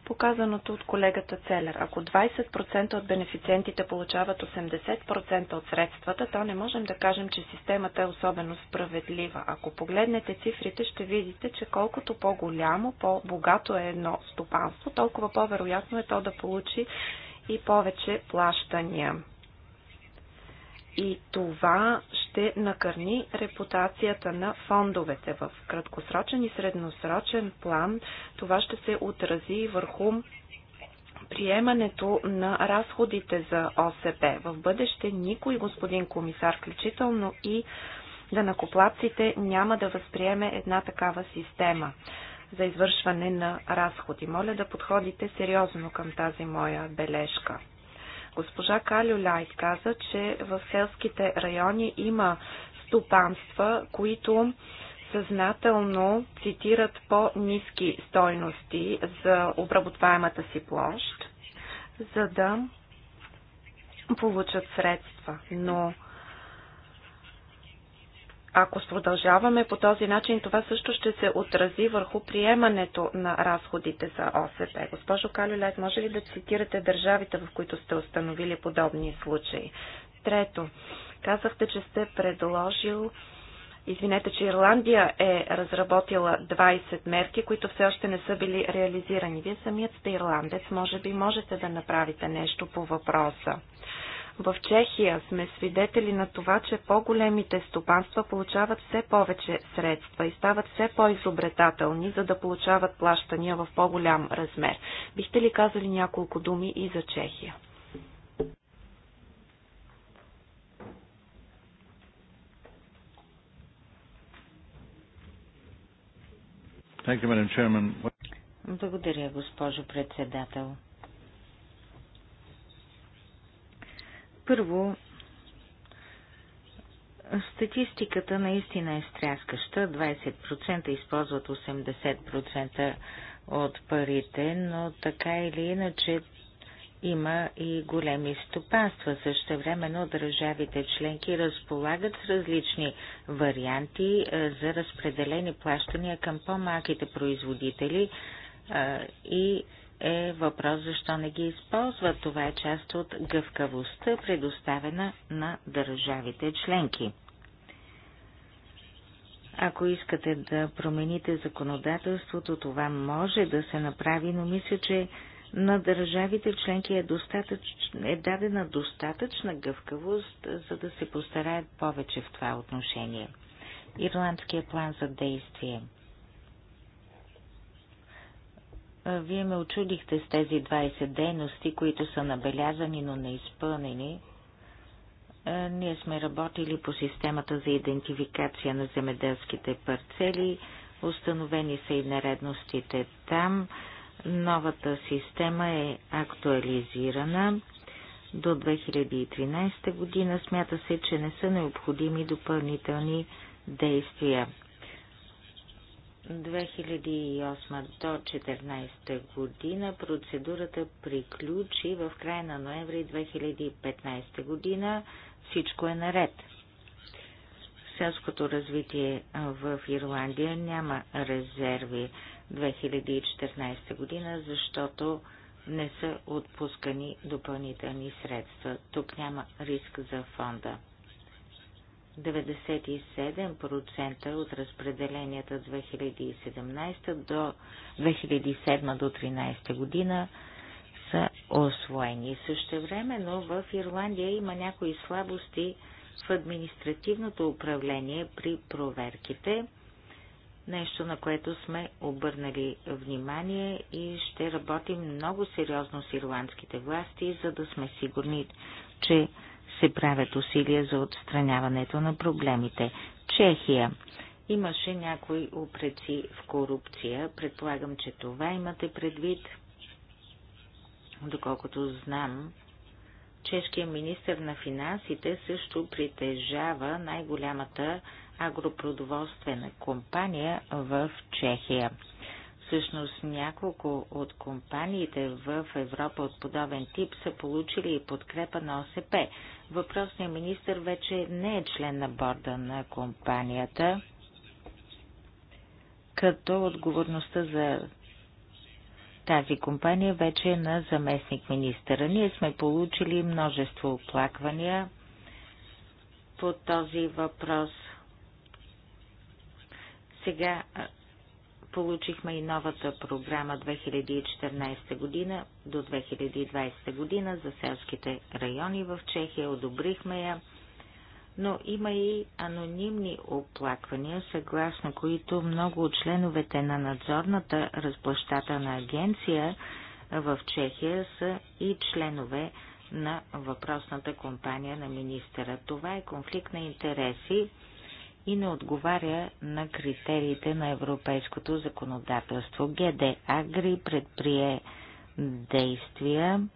Показаното от колегата Целер. Ако 20% от бенефициентите получават 80% от средствата, то не можем да кажем, че системата е особено справедлива. Ако погледнете цифрите, ще видите, че колкото по-голямо, по-богато е едно стопанство, толкова по-вероятно е то да получи и повече плащания. И това ще накърни репутацията на фондовете в краткосрочен и средносрочен план. Това ще се отрази върху приемането на разходите за ОСП. В бъдеще никой, господин комисар, включително и да накоплаците няма да възприеме една такава система за извършване на разходи. Моля да подходите сериозно към тази моя бележка. Госпожа Калюля изказа, че в селските райони има стопанства, които съзнателно цитират по-низки стойности за обработваемата си площ, за да получат средства. Но ако продължаваме по този начин, това също ще се отрази върху приемането на разходите за ОСП. Госпожо Калюлет, може ли да цитирате държавите, в които сте установили подобни случаи? Трето, казахте, че сте предложил Извинете, че Ирландия е разработила 20 мерки, които все още не са били реализирани. Вие самият сте ирландец, може би можете да направите нещо по въпроса. В Чехия сме свидетели на това, че по-големите стопанства получават все повече средства и стават все по-изобретателни, за да получават плащания в по-голям размер. Бихте ли казали няколко думи и за Чехия? Благодаря, госпожо председател. Първо, статистиката наистина е стряскаща. 20% използват 80% от парите, но така или иначе има и големи стопанства. Също времено държавите членки разполагат с различни варианти за разпределени плащания към по-малките производители и е въпрос защо не ги използват. Това е част от гъвкавостта, предоставена на държавите членки. Ако искате да промените законодателството, това може да се направи, но мисля, че на държавите членки е, достатъч, е дадена достатъчна гъвкавост, за да се постараят повече в това отношение. Ирландския план за действие – вие ме очудихте с тези 20 дейности, които са набелязани, но не изпълнени. Ние сме работили по системата за идентификация на земеделските парцели. Установени са и нередностите там. Новата система е актуализирана. До 2013 година смята се, че не са необходими допълнителни действия. 2008 до 2014 година. Процедурата приключи в края на ноември 2015 година. Всичко е наред. Селското развитие в Ирландия няма резерви 2014 година, защото не са отпускани допълнителни средства. Тук няма риск за фонда. 97% от разпределенията 2017 до 2007 до 2013 година са освоени. но в Ирландия има някои слабости в административното управление при проверките, нещо на което сме обърнали внимание и ще работим много сериозно с ирландските власти, за да сме сигурни, че се правят усилия за отстраняването на проблемите. Чехия. Имаше някои упреци в корупция. Предполагам, че това имате предвид. Доколкото знам, чешкият министр на финансите също притежава най-голямата агропродоволствена компания в Чехия. Всъщност няколко от компаниите в Европа от подобен тип са получили и подкрепа на ОСП. Въпросният министр вече не е член на борда на компанията, като отговорността за тази компания вече е на заместник министъра. Ние сме получили множество оплаквания по този въпрос. Сега Получихме и новата програма 2014 година до 2020 година за селските райони в Чехия. Одобрихме я но има и анонимни оплаквания, съгласно които много от членовете на надзорната разплащателна агенция в Чехия са и членове на въпросната компания на министъра. Това е конфликт на интереси и не отговаря на критериите на европейското законодателство. ГД Агри предприе действия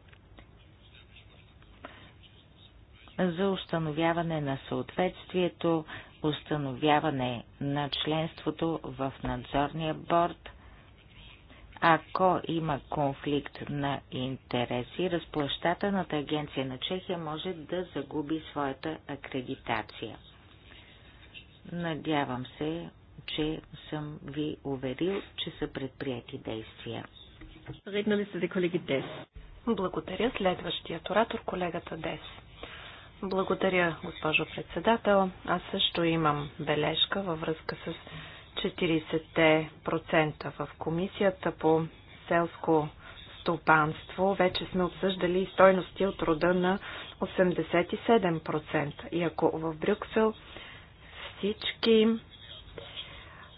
за установяване на съответствието, установяване на членството в надзорния борт, ако има конфликт на интереси, разплащателната агенция на Чехия може да загуби своята акредитация. Надявам се, че съм ви уверил, че са предприяти действия. ли сте колеги Дес. Благодаря. Следващият оратор, колегата Дес. Благодаря, госпожо председател. Аз също имам бележка във връзка с 40% в комисията по селско стопанство. Вече сме обсъждали стойности от рода на 87%. И ако в Брюксел всички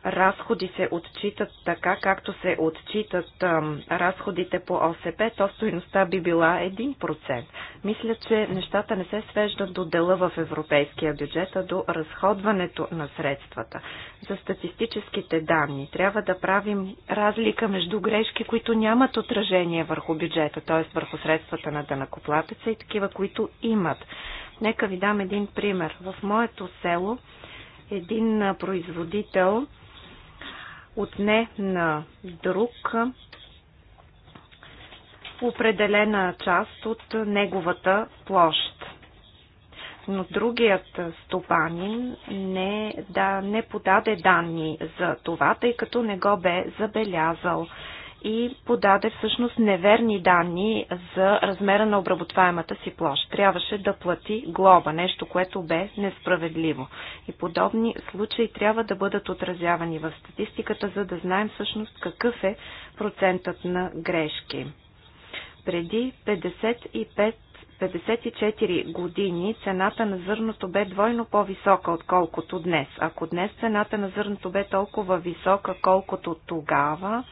разходи се отчитат така, както се отчитат а, разходите по ОСП, то стоиността би била 1%. Мисля, че нещата не се свеждат до дела в европейския бюджет, а до разходването на средствата. За статистическите данни трябва да правим разлика между грешки, които нямат отражение върху бюджета, т.е. върху средствата на данакоплатеца и такива, които имат. Нека ви дам един пример. В моето село един производител отне на друг определена част от неговата площ. Но другият стопанин не, да, не подаде данни за това, тъй като не го бе забелязал и подаде всъщност неверни данни за размера на обработваемата си площ. Трябваше да плати глоба, нещо, което бе несправедливо. И подобни случаи трябва да бъдат отразявани в статистиката, за да знаем всъщност какъв е процентът на грешки. Преди 55 54 години цената на зърното бе двойно по-висока, отколкото днес. Ако днес цената на зърното бе толкова висока, колкото тогава,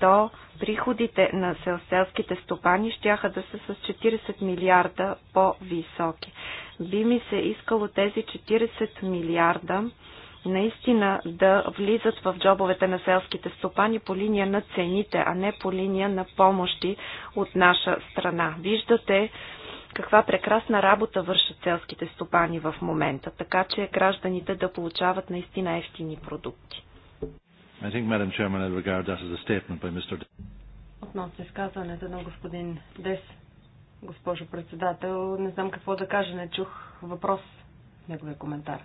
то приходите на селските стопани щяха да са с 40 милиарда по-високи. Би ми се искало тези 40 милиарда наистина да влизат в джобовете на селските стопани по линия на цените, а не по линия на помощи от наша страна. Виждате каква прекрасна работа вършат селските стопани в момента, така че гражданите да получават наистина ефтини продукти. I think, Madam Chairman, I regard that as a statement by Mr. Относно изказването на господин Дес, госпожо председател, не знам какво да кажа, не чух въпрос неговия коментар.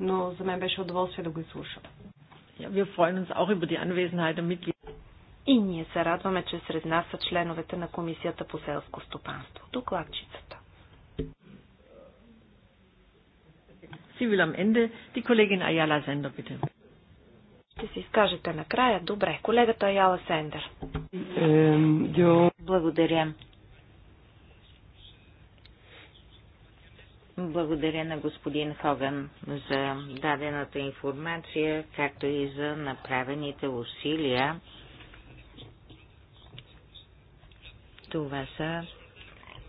Но за мен беше удоволствие да го изслушам. и ние се радваме, че сред нас са членовете на Комисията по селско стопанство. Докладчицата. Си вилам енде, ти колегин Аяла Ayala ще се изкажете накрая. Добре. Колегата Яла Сендер. Благодаря. Благодаря на господин Хоган за дадената информация, както и за направените усилия. Това са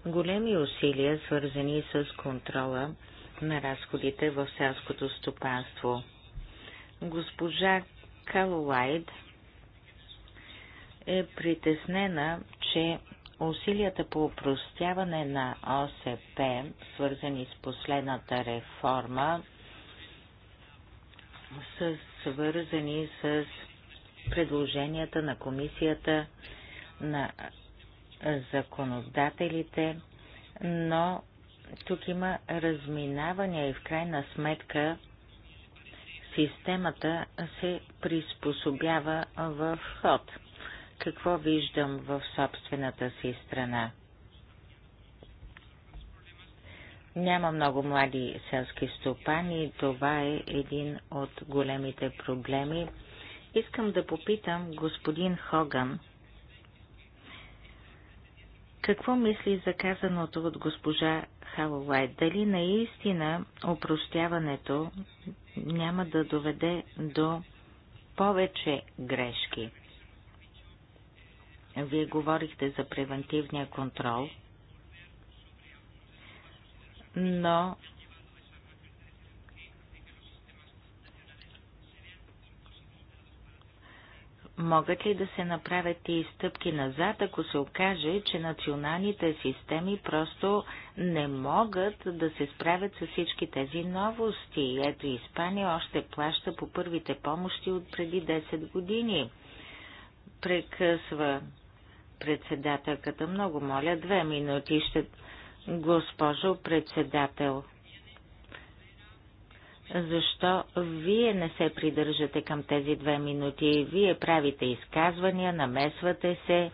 големи усилия, свързани с контрола на разходите в селското стопанство. Госпожа Калолайд е притеснена, че усилията по упростяване на ОСП, свързани с последната реформа, са свързани с предложенията на комисията на законодателите, но тук има разминавания и в крайна сметка системата се приспособява в ход. Какво виждам в собствената си страна? Няма много млади селски стопани. Това е един от големите проблеми. Искам да попитам господин Хоган, какво мисли за казаното от госпожа Халовай? Дали наистина опростяването няма да доведе до повече грешки? Вие говорихте за превентивния контрол, но Могат ли да се направят и стъпки назад, ако се окаже, че националните системи просто не могат да се справят с всички тези новости? Ето Испания още плаща по първите помощи от преди 10 години. Прекъсва председателката. Много моля, две минути ще... Госпожо председател, защо вие не се придържате към тези две минути. Вие правите изказвания, намесвате се.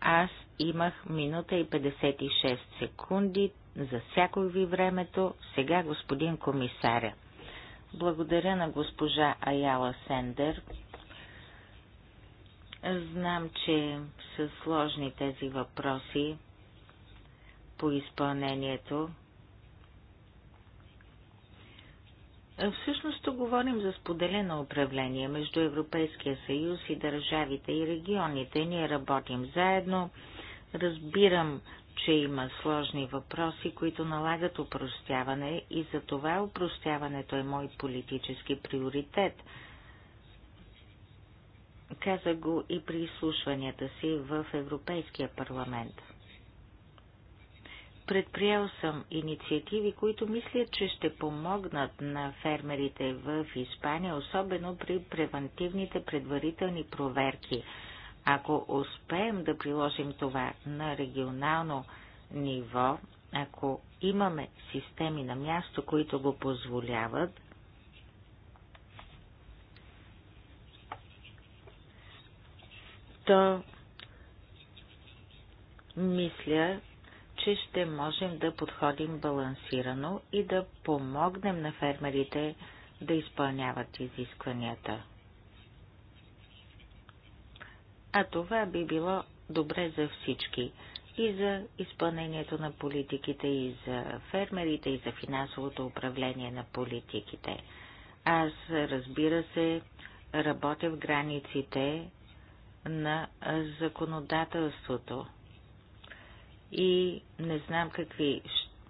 Аз имах минута и 56 секунди, засякох ви времето, сега господин комисаря. Благодаря на госпожа Аяла Сендер. Знам, че са сложни тези въпроси по изпълнението Всъщност то говорим за споделено управление между Европейския съюз и държавите и регионите. Ние работим заедно. Разбирам, че има сложни въпроси, които налагат упростяване и за това упростяването е мой политически приоритет. Каза го и при изслушванията си в Европейския парламент. Предприел съм инициативи, които мисля, че ще помогнат на фермерите в Испания, особено при превентивните предварителни проверки. Ако успеем да приложим това на регионално ниво, ако имаме системи на място, които го позволяват, то мисля, че ще можем да подходим балансирано и да помогнем на фермерите да изпълняват изискванията. А това би било добре за всички и за изпълнението на политиките, и за фермерите, и за финансовото управление на политиките. Аз, разбира се, работя в границите на законодателството и не знам какви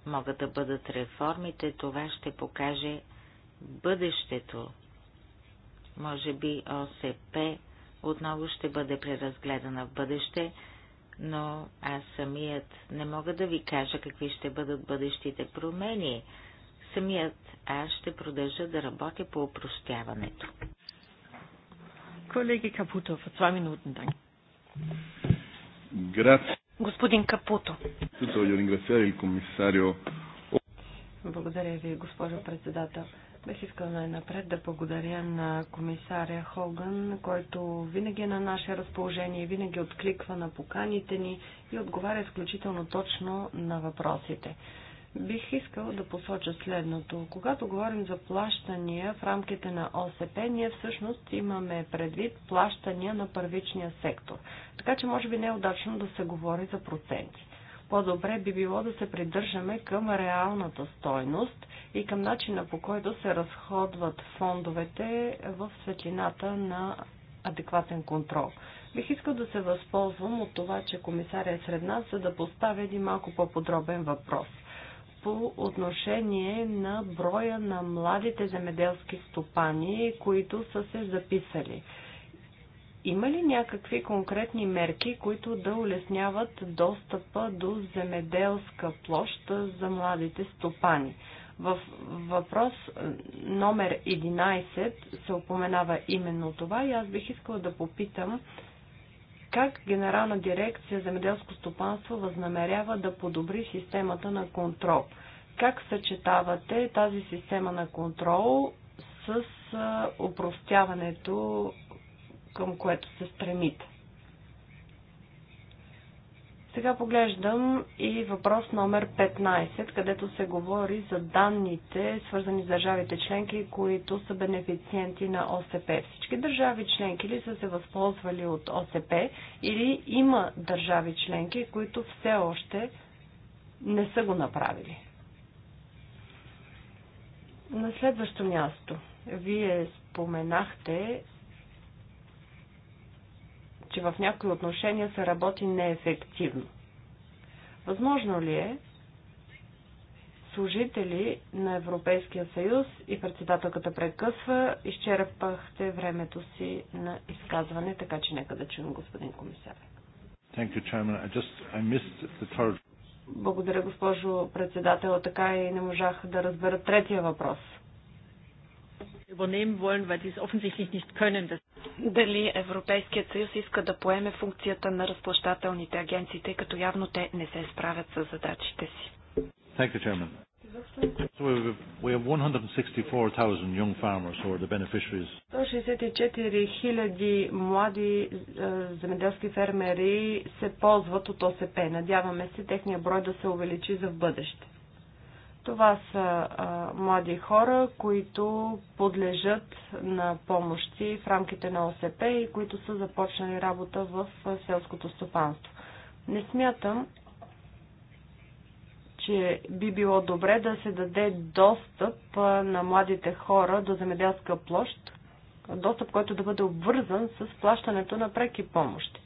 могат да бъдат реформите, това ще покаже бъдещето. Може би ОСП отново ще бъде преразгледана в бъдеще, но аз самият не мога да ви кажа какви ще бъдат бъдещите промени. Самият аз ще продължа да работя по упростяването. Колеги Капутов, 2 минути, дан. Grazie. Господин Капуто. Благодаря ви, госпожо председател. Бих искал най-напред да благодаря на комисаря Хоган, който винаги е на наше разположение, винаги откликва на поканите ни и отговаря изключително точно на въпросите. Бих искал да посоча следното. Когато говорим за плащания в рамките на ОСП, ние всъщност имаме предвид плащания на първичния сектор. Така че може би не е удачно да се говори за проценти. По-добре би било да се придържаме към реалната стойност и към начина по който се разходват фондовете в светлината на адекватен контрол. Бих искал да се възползвам от това, че комисаря е сред нас, за да поставя един малко по-подробен въпрос – по отношение на броя на младите земеделски стопани, които са се записали. Има ли някакви конкретни мерки, които да улесняват достъпа до земеделска площ за младите стопани? В въпрос номер 11 се упоменава именно това и аз бих искала да попитам как Генерална дирекция земеделско стопанство възнамерява да подобри системата на контрол? Как съчетавате тази система на контрол с упростяването, към което се стремите? Сега поглеждам и въпрос номер 15, където се говори за данните, свързани с държавите членки, които са бенефициенти на ОСП. Всички държави членки ли са се възползвали от ОСП или има държави членки, които все още не са го направили? На следващо място, вие споменахте че в някои отношения се работи неефективно. Възможно ли е служители на Европейския съюз и председателката прекъсва, изчерпахте времето си на изказване, така че нека да чуем господин комисар. Благодаря, госпожо председател. Така и не можах да разбера третия въпрос. Übernehmen wollen, weil sie es offensichtlich nicht können. Das дали Европейският съюз иска да поеме функцията на разплащателните агенции, тъй като явно те не се справят с задачите си. Благодаря, 164 хиляди млади земеделски фермери се ползват от ОСП. Надяваме се техния брой да се увеличи за в бъдеще. Това са а, млади хора, които подлежат на помощи в рамките на ОСП и които са започнали работа в селското стопанство. Не смятам, че би било добре да се даде достъп на младите хора до земеделска площ, достъп, който да бъде обвързан с плащането на преки помощи.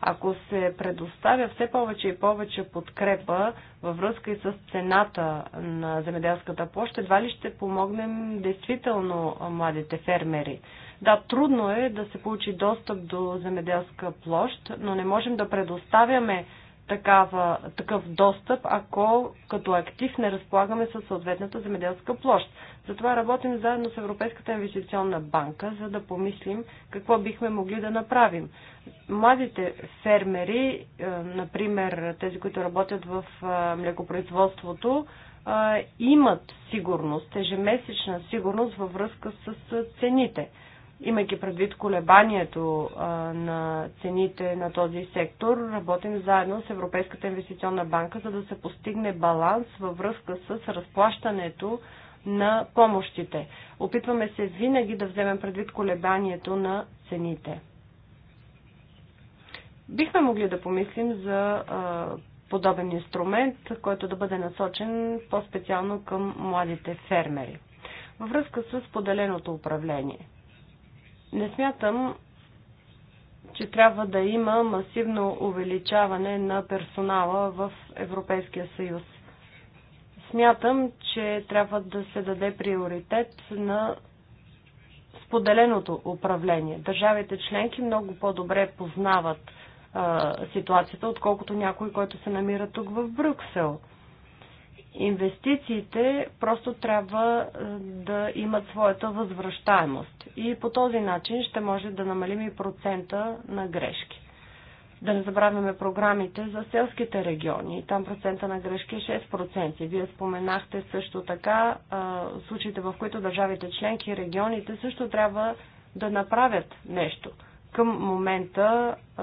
Ако се предоставя все повече и повече подкрепа във връзка и с цената на земеделската площ, едва ли ще помогнем действително младите фермери. Да, трудно е да се получи достъп до земеделска площ, но не можем да предоставяме такава, такъв достъп, ако като актив не разполагаме със съответната земеделска площ. Затова работим заедно с Европейската инвестиционна банка, за да помислим какво бихме могли да направим. Младите фермери, е, например тези, които работят в е, млекопроизводството, е, имат сигурност, ежемесечна сигурност във връзка с цените. Имайки предвид колебанието на цените на този сектор, работим заедно с Европейската инвестиционна банка, за да се постигне баланс във връзка с разплащането на помощите. Опитваме се винаги да вземем предвид колебанието на цените. Бихме могли да помислим за подобен инструмент, който да бъде насочен по-специално към младите фермери. Във връзка с поделеното управление. Не смятам, че трябва да има масивно увеличаване на персонала в Европейския съюз. Смятам, че трябва да се даде приоритет на споделеното управление. Държавите членки много по-добре познават а, ситуацията, отколкото някой, който се намира тук в Брюксел инвестициите просто трябва е, да имат своята възвръщаемост. И по този начин ще може да намалим и процента на грешки. Да не забравяме програмите за селските региони. Там процента на грешки е 6%. Вие споменахте също така е, случаите, в които държавите членки и регионите също трябва да направят нещо. Към момента е,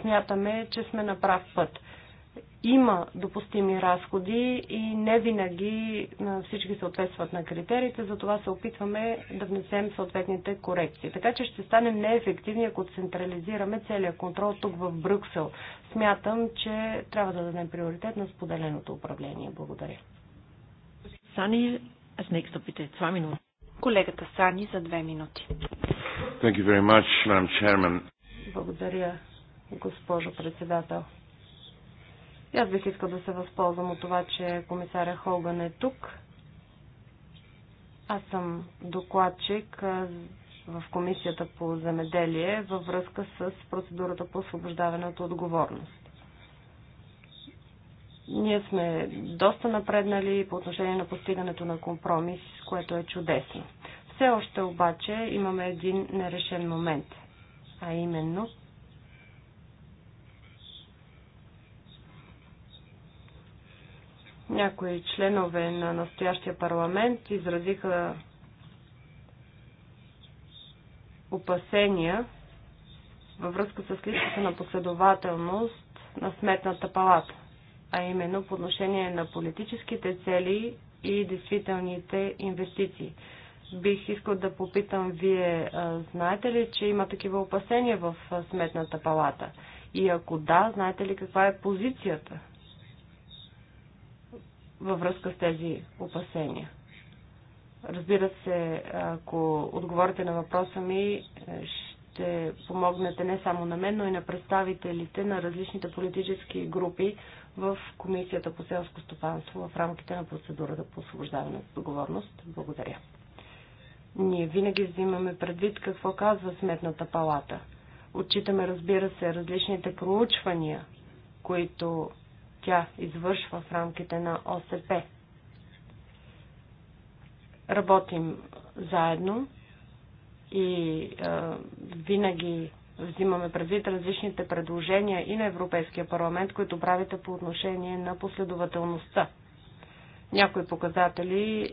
смятаме, че сме на прав път има допустими разходи и не винаги всички съответстват на критериите, затова се опитваме да внесем съответните корекции. Така че ще станем неефективни, ако централизираме целия контрол тук в Брюксел. Смятам, че трябва да дадем приоритет на споделеното управление. Благодаря. Сани, аз не екстопите. Това минути. Колегата Сани за две минути. Thank you very much, Madam Chairman. Благодаря, госпожо председател. И аз бих искал да се възползвам от това, че комисаря Холган е тук. Аз съм докладчик в Комисията по земеделие във връзка с процедурата по освобождаване от отговорност. Ние сме доста напреднали по отношение на постигането на компромис, което е чудесно. Все още обаче имаме един нерешен момент, а именно Някои членове на настоящия парламент изразиха опасения във връзка с липсата на последователност на сметната палата, а именно по отношение на политическите цели и действителните инвестиции. Бих искал да попитам, вие знаете ли, че има такива опасения в сметната палата? И ако да, знаете ли каква е позицията във връзка с тези опасения. Разбира се, ако отговорите на въпроса ми, ще помогнете не само на мен, но и на представителите на различните политически групи в Комисията по селско стопанство в рамките на процедурата по освобождаване от договорност. Благодаря. Ние винаги взимаме предвид какво казва Сметната палата. Отчитаме, разбира се, различните проучвания, които тя извършва в рамките на ОСП. Работим заедно и е, винаги взимаме предвид различните предложения и на Европейския парламент, които правите по отношение на последователността. Някои показатели е,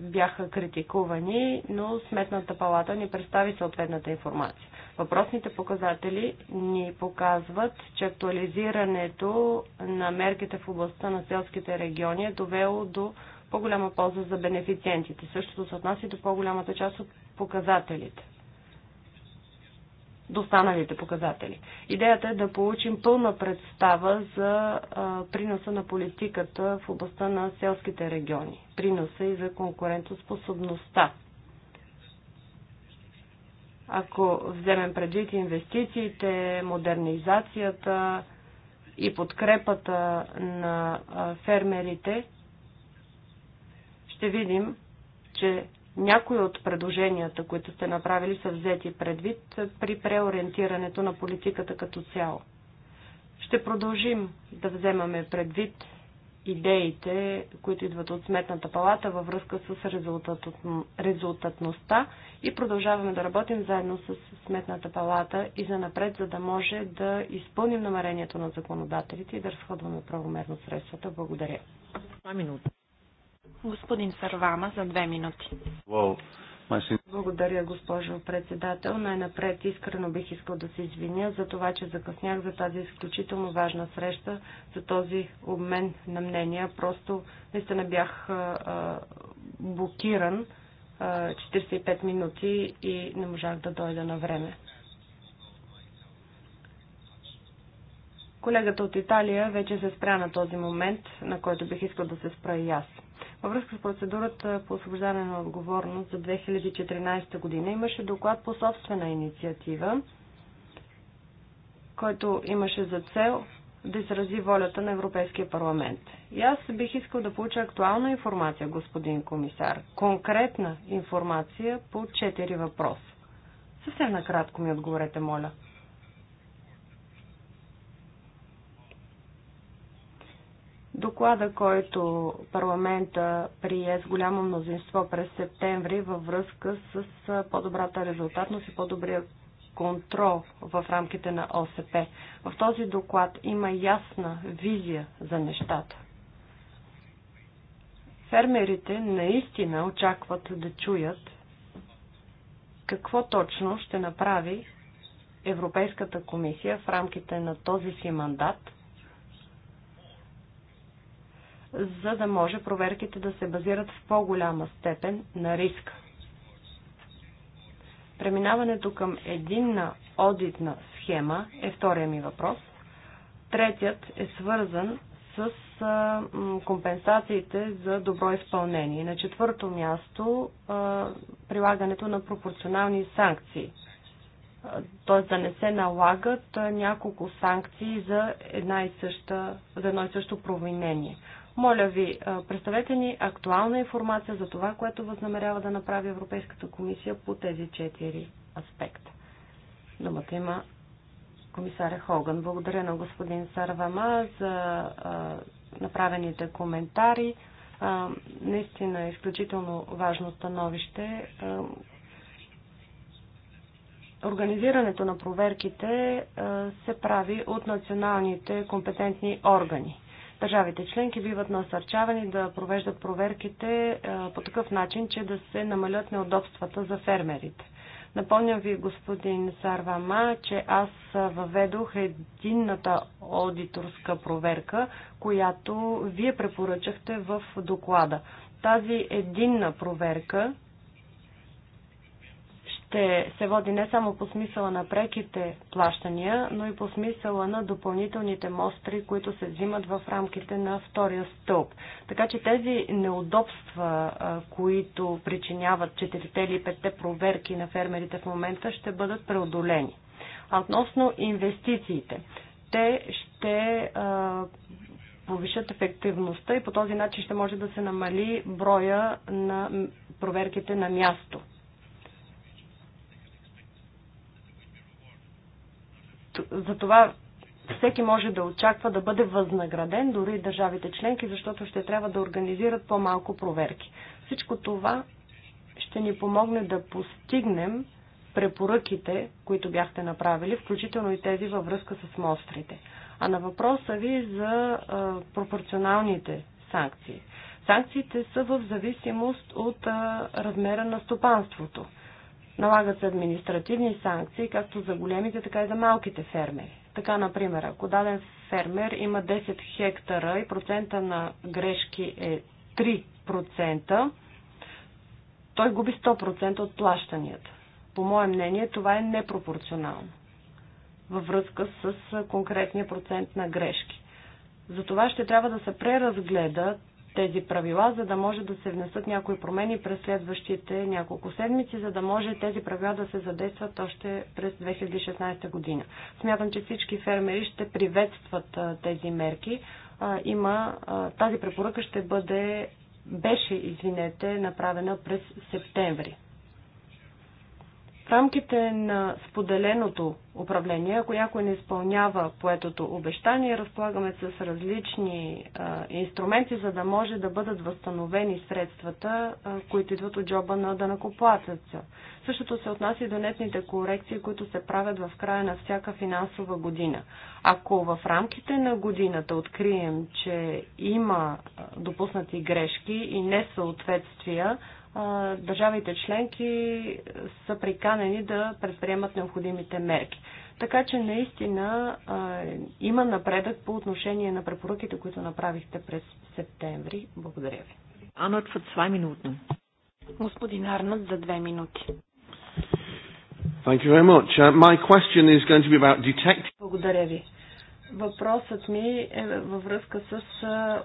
бяха критикувани, но Сметната палата ни представи съответната информация. Въпросните показатели ни показват, че актуализирането на мерките в областта на селските региони е довело до по-голяма полза за бенефициентите. Същото се отнася и до по-голямата част от показателите. До останалите показатели. Идеята е да получим пълна представа за а, приноса на политиката в областта на селските региони. Приноса и за конкурентоспособността ако вземем предвид инвестициите, модернизацията и подкрепата на фермерите, ще видим, че някои от предложенията, които сте направили, са взети предвид при преориентирането на политиката като цяло. Ще продължим да вземаме предвид идеите, които идват от Сметната палата във връзка с резултатността и продължаваме да работим заедно с Сметната палата и за напред, за да може да изпълним намерението на законодателите и да разходваме правомерно средствата. Благодаря. Господин Сарвама за две минути. Wow. Благодаря, госпожо председател. Най-напред искрено бих искал да се извиня за това, че закъснях за тази изключително важна среща, за този обмен на мнения. Просто наистина бях блокиран 45 минути и не можах да дойда на време. Колегата от Италия вече се спря на този момент, на който бих искал да се спра и аз. Във връзка с процедурата по освобождане на отговорност за 2014 година имаше доклад по собствена инициатива, който имаше за цел да изрази волята на Европейския парламент. И аз бих искал да получа актуална информация, господин комисар, конкретна информация по четири въпроса. Съвсем накратко ми отговорете, моля. Доклада, който парламента прие с голямо мнозинство през септември във връзка с по-добрата резултатност и по-добрия контрол в рамките на ОСП. В този доклад има ясна визия за нещата. Фермерите наистина очакват да чуят какво точно ще направи Европейската комисия в рамките на този си мандат – за да може проверките да се базират в по-голяма степен на риска. Преминаването към единна одитна схема е втория ми въпрос. Третият е свързан с компенсациите за добро изпълнение. На четвърто място прилагането на пропорционални санкции. Т.е. да не се налагат няколко санкции за, една и съща, за едно и също провинение. Моля ви, представете ни актуална информация за това, което възнамерява да направи Европейската комисия по тези четири аспекта. Думата има комисаря Хоган. Благодаря на господин Сарвама за направените коментари. наистина е изключително важно становище. организирането на проверките се прави от националните компетентни органи. Държавите членки биват насърчавани да провеждат проверките е, по такъв начин, че да се намалят неудобствата за фермерите. Напомням ви, господин Сарвама, че аз въведох единната аудиторска проверка, която вие препоръчахте в доклада. Тази единна проверка ще се води не само по смисъла на преките плащания, но и по смисъла на допълнителните мостри, които се взимат в рамките на втория стълб. Така че тези неудобства, които причиняват 4 или 5 проверки на фермерите в момента, ще бъдат преодолени. А относно инвестициите, те ще повишат ефективността и по този начин ще може да се намали броя на проверките на място Затова всеки може да очаква да бъде възнаграден, дори и държавите членки, защото ще трябва да организират по-малко проверки. Всичко това ще ни помогне да постигнем препоръките, които бяхте направили, включително и тези във връзка с мострите. А на въпроса ви за а, пропорционалните санкции. Санкциите са в зависимост от а, размера на стопанството. Налагат се административни санкции, както за големите, така и за малките фермери. Така, например, ако даден фермер има 10 хектара и процента на грешки е 3%, той губи 100% от плащанията. По мое мнение, това е непропорционално във връзка с конкретния процент на грешки. Затова ще трябва да се преразгледат тези правила, за да може да се внесат някои промени през следващите няколко седмици, за да може тези правила да се задействат още през 2016 година. Смятам, че всички фермери ще приветстват тези мерки. Има, тази препоръка ще бъде, беше, извинете, направена през септември. В рамките на споделеното управление, ако някой не изпълнява поетото обещание, разполагаме с различни а, инструменти, за да може да бъдат възстановени средствата, а, които идват от джоба на данакоплатеца. Същото се отнася и до нетните корекции, които се правят в края на всяка финансова година. Ако в рамките на годината открием, че има допуснати грешки и несъответствия, държавите членки са приканени да предприемат необходимите мерки. Така че наистина има напредък по отношение на препоръките, които направихте през септември. Благодаря ви. Арнот за два минути. Господин Арнат, за две минути. Thank you very much. Uh, my question is going to be about Благодаря ви. Въпросът ми е във връзка с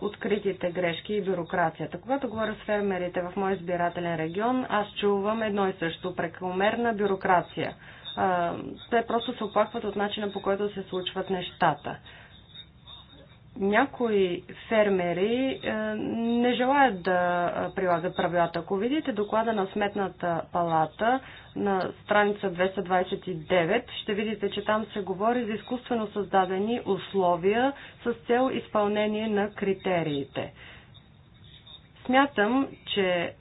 откритите грешки и бюрокрацията. Когато говоря с фермерите в мой избирателен регион, аз чувам едно и също прекомерна бюрокрация. Те просто се оплакват от начина по който се случват нещата някои фермери е, не желаят да е, прилагат правилата. Ако видите доклада на Сметната палата на страница 229, ще видите, че там се говори за изкуствено създадени условия с цел изпълнение на критериите. Смятам, че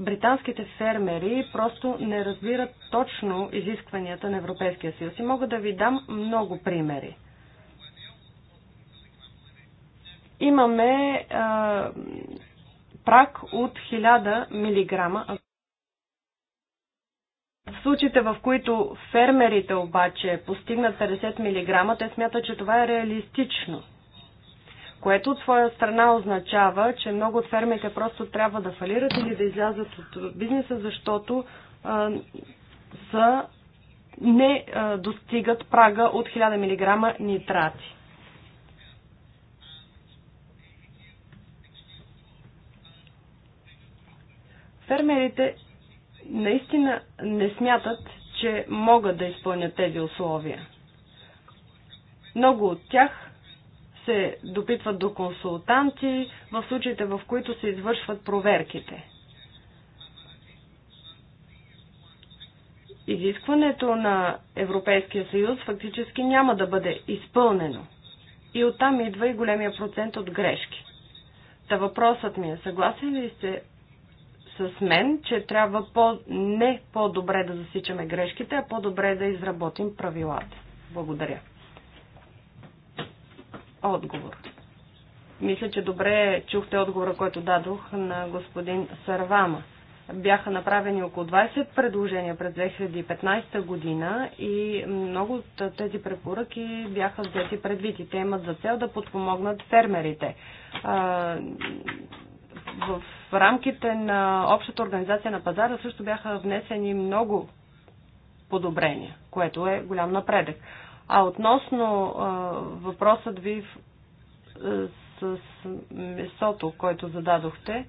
британските фермери просто не разбират точно изискванията на Европейския съюз и мога да ви дам много примери. имаме а, прак от 1000 мг. В случаите, в които фермерите обаче постигнат 50 мг, те смятат, че това е реалистично което от своя страна означава, че много от фермите просто трябва да фалират или да излязат от бизнеса, защото а, са, не а, достигат прага от 1000 мг нитрати. Фермерите наистина не смятат, че могат да изпълнят тези условия. Много от тях се допитват до консултанти в случаите, в които се извършват проверките. Изискването на Европейския съюз фактически няма да бъде изпълнено. И оттам идва и големия процент от грешки. Та въпросът ми е, съгласен ли сте с мен, че трябва по, не по-добре да засичаме грешките, а по-добре да изработим правилата. Благодаря. Отговор. Мисля, че добре чухте отговора, който дадох на господин Сарвама. Бяха направени около 20 предложения през 2015 година и много от тези препоръки бяха взети предвид и те имат за цел да подпомогнат фермерите в рамките на общата организация на пазара също бяха внесени много подобрения, което е голям напредък. А относно а, въпросът ви а, с, месото, което зададохте,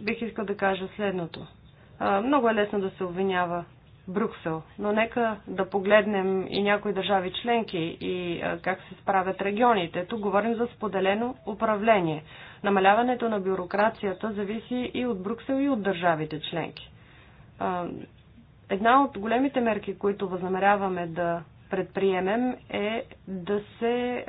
бих искал да кажа следното. А, много е лесно да се обвинява Брюксел. Но нека да погледнем и някои държави членки и как се справят регионите. Тук говорим за споделено управление. Намаляването на бюрокрацията зависи и от Брюксел, и от държавите членки. Една от големите мерки, които възнамеряваме да предприемем е да се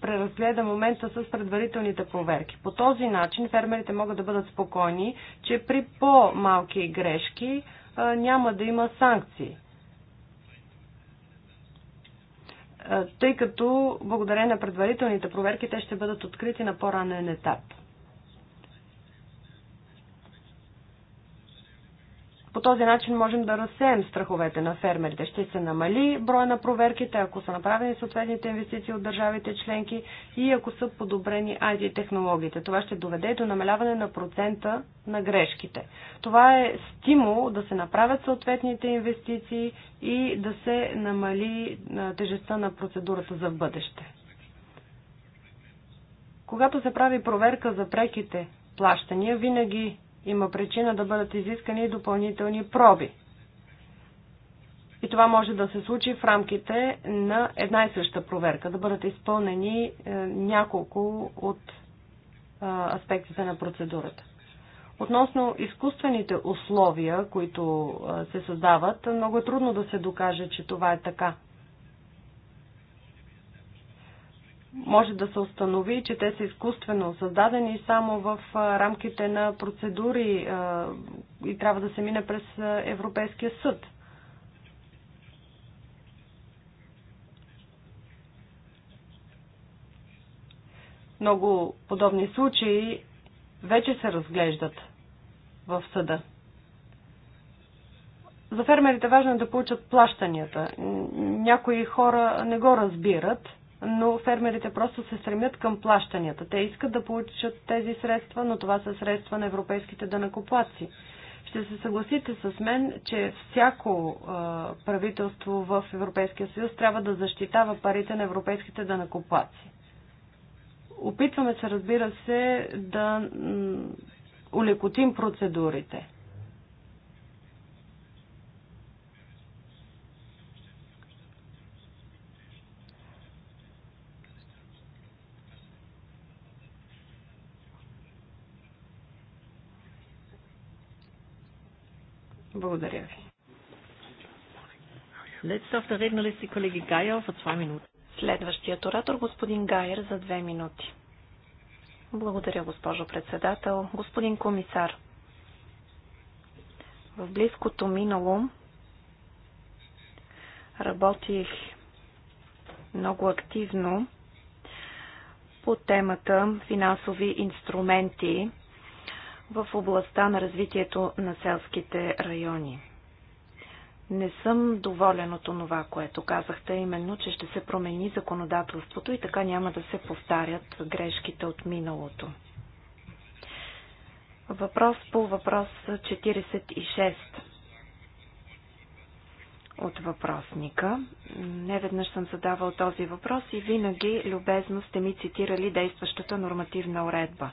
преразгледа момента с предварителните проверки. По този начин фермерите могат да бъдат спокойни, че при по-малки грешки няма да има санкции. Тъй като благодарение на предварителните проверки те ще бъдат открити на по-ранен етап. По този начин можем да разсеем страховете на фермерите. Ще се намали броя на проверките, ако са направени съответните инвестиции от държавите членки и ако са подобрени IT технологиите. Това ще доведе до намаляване на процента на грешките. Това е стимул да се направят съответните инвестиции и да се намали тежестта на процедурата за в бъдеще. Когато се прави проверка за преките плащания, винаги има причина да бъдат изискани допълнителни проби. И това може да се случи в рамките на една и съща проверка, да бъдат изпълнени е, няколко от е, аспектите на процедурата. Относно изкуствените условия, които е, се създават, много е трудно да се докаже, че това е така. може да се установи, че те са изкуствено създадени само в рамките на процедури и трябва да се мине през Европейския съд. Много подобни случаи вече се разглеждат в съда. За фермерите важно е да получат плащанията. Някои хора не го разбират – но фермерите просто се стремят към плащанията. Те искат да получат тези средства, но това са средства на европейските данакоплаци. Ще се съгласите с мен, че всяко правителство в Европейския съюз трябва да защитава парите на европейските данакоплаци. Опитваме се, разбира се, да улекотим процедурите. Благодаря ви. Следващият оратор господин Гайер за две минути. Благодаря, госпожо председател. Господин комисар, в близкото минало работих много активно по темата финансови инструменти в областта на развитието на селските райони. Не съм доволен от това, което казахте, именно, че ще се промени законодателството и така няма да се повтарят грешките от миналото. Въпрос по въпрос 46 от въпросника. Не веднъж съм задавал този въпрос и винаги любезно сте ми цитирали действащата нормативна уредба.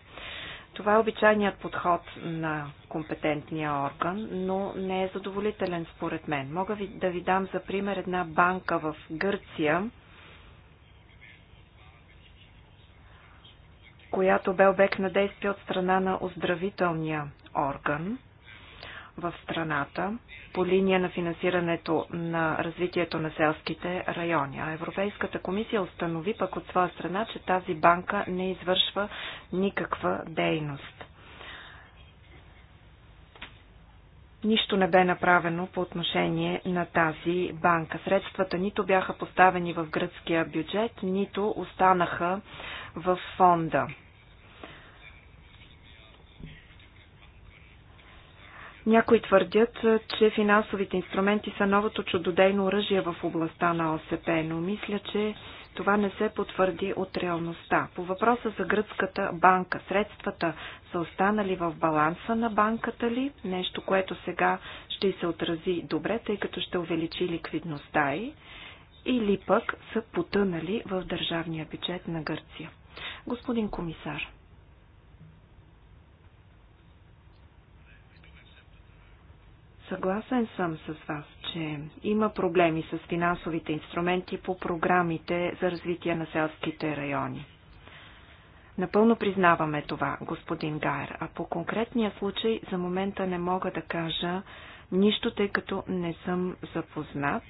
Това е обичайният подход на компетентния орган, но не е задоволителен според мен. Мога ви, да ви дам за пример една банка в Гърция, която бе обект на действие от страна на оздравителния орган в страната по линия на финансирането на развитието на селските райони. А Европейската комисия установи пък от своя страна, че тази банка не извършва никаква дейност. нищо не бе направено по отношение на тази банка. Средствата нито бяха поставени в гръцкия бюджет, нито останаха в фонда. Някои твърдят, че финансовите инструменти са новото чудодейно оръжие в областта на ОСП, но мисля, че това не се потвърди от реалността. По въпроса за гръцката банка, средствата са останали в баланса на банката ли? Нещо, което сега ще се отрази добре, тъй като ще увеличи ликвидността й. Или пък са потънали в държавния бюджет на Гърция. Господин комисар. Съгласен съм с вас, че има проблеми с финансовите инструменти по програмите за развитие на селските райони. Напълно признаваме това, господин Гайер, а по конкретния случай за момента не мога да кажа нищо, тъй като не съм запознат.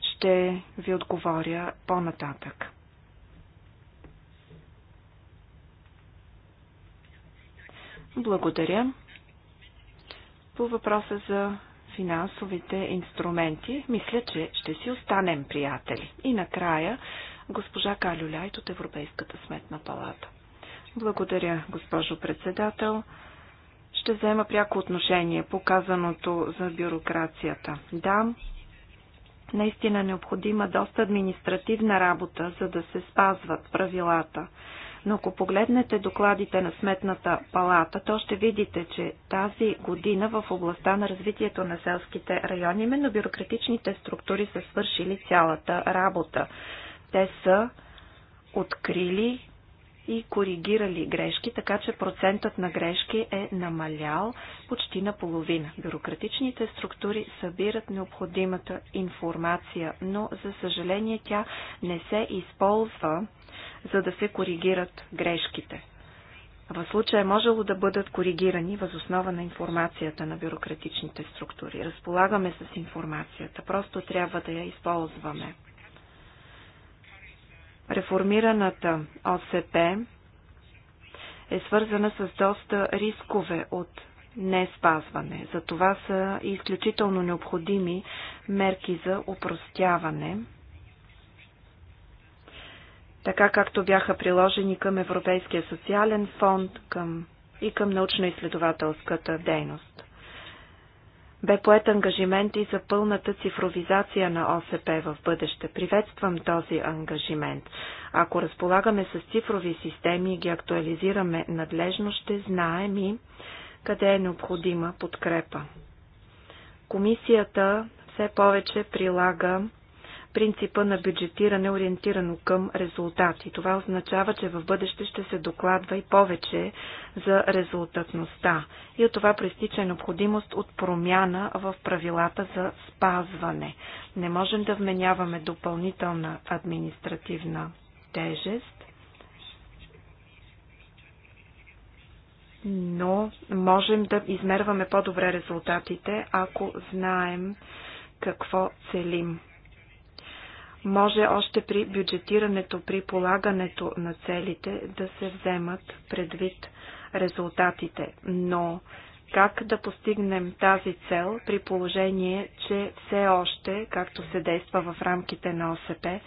Ще ви отговоря по-нататък. Благодаря. По въпроса за финансовите инструменти, мисля, че ще си останем приятели. И накрая, госпожа Калюляйт от Европейската сметна палата. Благодаря, госпожо председател. Ще взема пряко отношение по казаното за бюрокрацията. Да, наистина необходима доста административна работа, за да се спазват правилата. Но ако погледнете докладите на Сметната палата, то ще видите, че тази година в областта на развитието на селските райони, именно бюрократичните структури са свършили цялата работа. Те са открили и коригирали грешки, така че процентът на грешки е намалял почти на половина. Бюрократичните структури събират необходимата информация, но за съжаление тя не се използва, за да се коригират грешките. В случая е можело да бъдат коригирани възоснова на информацията на бюрократичните структури. Разполагаме с информацията, просто трябва да я използваме. Реформираната ОСП е свързана с доста рискове от не спазване. За това са изключително необходими мерки за упростяване, така както бяха приложени към Европейския социален фонд към и към научно-изследователската дейност бе поет ангажимент и за пълната цифровизация на ОСП в бъдеще. Приветствам този ангажимент. Ако разполагаме с цифрови системи и ги актуализираме надлежно, ще знаем и къде е необходима подкрепа. Комисията все повече прилага принципа на бюджетиране ориентирано към резултати. Това означава, че в бъдеще ще се докладва и повече за резултатността. И от това престича необходимост от промяна в правилата за спазване. Не можем да вменяваме допълнителна административна тежест, но можем да измерваме по-добре резултатите, ако знаем какво целим може още при бюджетирането, при полагането на целите да се вземат предвид резултатите. Но как да постигнем тази цел при положение, че все още, както се действа в рамките на ОСП,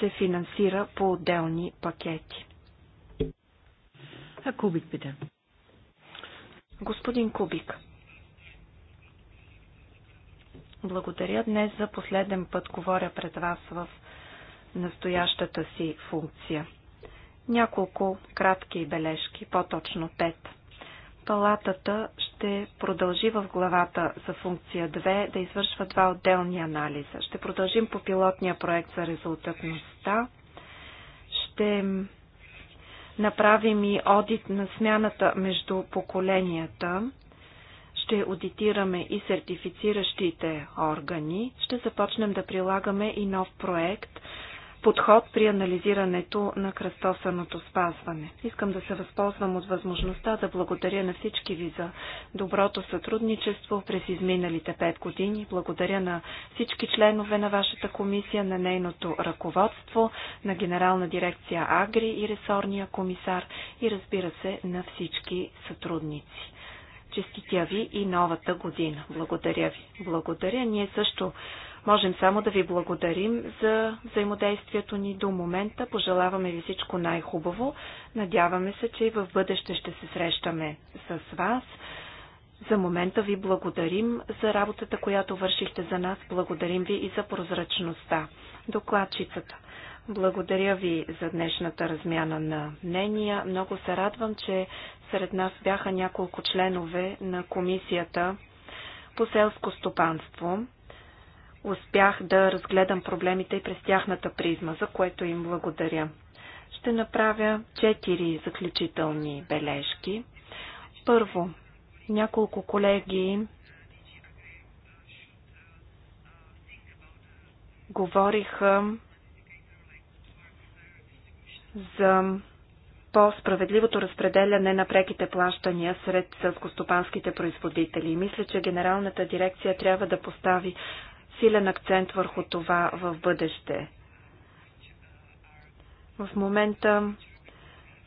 се финансира по отделни пакети? А Кубик, Господин Кубик. Благодаря. Днес за последен път говоря пред вас в настоящата си функция. Няколко кратки бележки, по-точно пет. Палатата ще продължи в главата за функция 2 да извършва два отделни анализа. Ще продължим по пилотния проект за резултатността. Ще направим и одит на смяната между поколенията ще аудитираме и сертифициращите органи, ще започнем да прилагаме и нов проект подход при анализирането на кръстосаното спазване. Искам да се възползвам от възможността да благодаря на всички ви за доброто сътрудничество през изминалите пет години. Благодаря на всички членове на вашата комисия, на нейното ръководство, на генерална дирекция Агри и ресорния комисар и разбира се на всички сътрудници. Честитя ви и новата година. Благодаря ви. Благодаря. Ние също можем само да ви благодарим за взаимодействието ни до момента. Пожелаваме ви всичко най-хубаво. Надяваме се, че и в бъдеще ще се срещаме с вас. За момента ви благодарим за работата, която вършихте за нас. Благодарим ви и за прозрачността. Докладчицата. Благодаря ви за днешната размяна на мнения. Много се радвам, че сред нас бяха няколко членове на комисията по селско стопанство. Успях да разгледам проблемите и през тяхната призма, за което им благодаря. Ще направя четири заключителни бележки. Първо, няколко колеги говориха за по-справедливото разпределяне на преките плащания сред селскостопанските производители. Мисля, че Генералната дирекция трябва да постави силен акцент върху това в бъдеще. В момента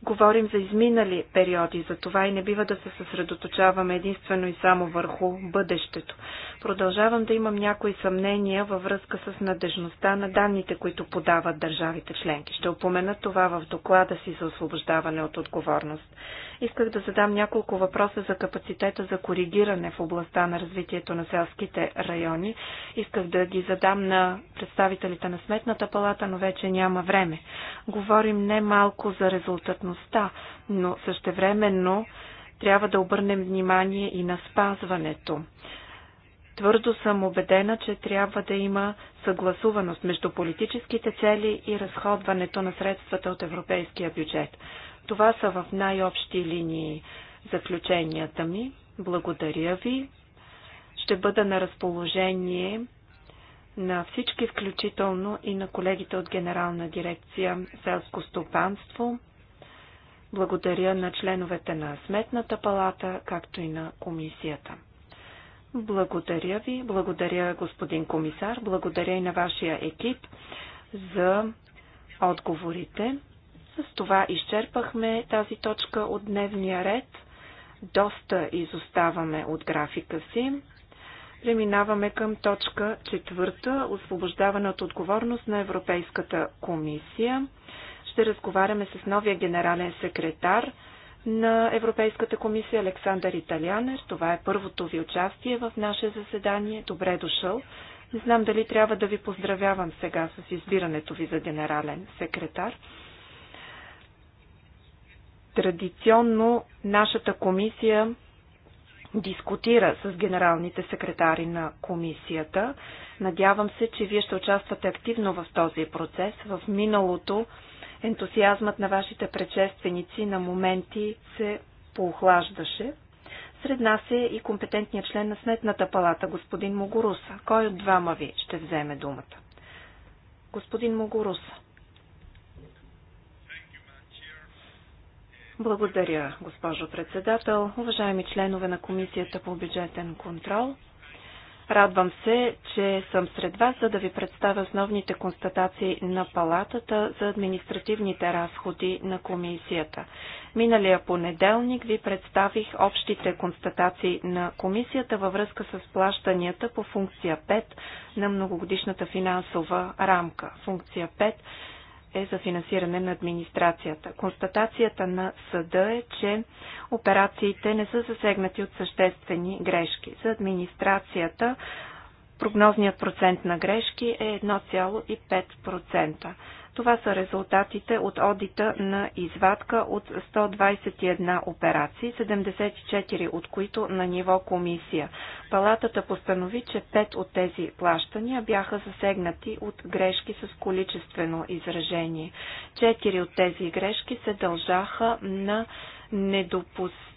Говорим за изминали периоди, за това и не бива да се съсредоточаваме единствено и само върху бъдещето. Продължавам да имам някои съмнения във връзка с надежността на данните, които подават държавите членки. Ще опомена това в доклада си за освобождаване от отговорност. Исках да задам няколко въпроса за капацитета за коригиране в областта на развитието на селските райони. Исках да ги задам на представителите на Сметната палата, но вече няма време. Говорим не малко за резултатност прозрачността, но същевременно трябва да обърнем внимание и на спазването. Твърдо съм убедена, че трябва да има съгласуваност между политическите цели и разходването на средствата от европейския бюджет. Това са в най-общи линии заключенията ми. Благодаря ви. Ще бъда на разположение на всички, включително и на колегите от Генерална дирекция селско стопанство. Благодаря на членовете на Сметната палата, както и на комисията. Благодаря ви, благодаря господин комисар, благодаря и на вашия екип за отговорите. С това изчерпахме тази точка от дневния ред. Доста изоставаме от графика си. Преминаваме към точка четвърта – освобождаване от отговорност на Европейската комисия. Ще разговаряме с новия генерален секретар на Европейската комисия Александър Италианер. Това е първото ви участие в наше заседание. Добре дошъл. Не знам дали трябва да ви поздравявам сега с избирането ви за генерален секретар. Традиционно нашата комисия дискутира с генералните секретари на комисията. Надявам се, че вие ще участвате активно в този процес. В миналото ентусиазмът на вашите предшественици на моменти се поохлаждаше. Сред нас е и компетентният член на Сметната палата, господин Могоруса. Кой от двама ви ще вземе думата? Господин Могоруса. Благодаря, госпожо председател. Уважаеми членове на Комисията по бюджетен контрол, Радвам се, че съм сред вас, за да ви представя основните констатации на палатата за административните разходи на комисията. Миналия понеделник ви представих общите констатации на комисията във връзка с плащанията по функция 5 на многогодишната финансова рамка. Функция 5 е за финансиране на администрацията. Констатацията на съда е, че операциите не са засегнати от съществени грешки. За администрацията прогнозният процент на грешки е 1,5%. Това са резултатите от одита на извадка от 121 операции, 74 от които на ниво комисия. Палатата постанови, че 5 от тези плащания бяха засегнати от грешки с количествено изражение. 4 от тези грешки се дължаха на недопустимост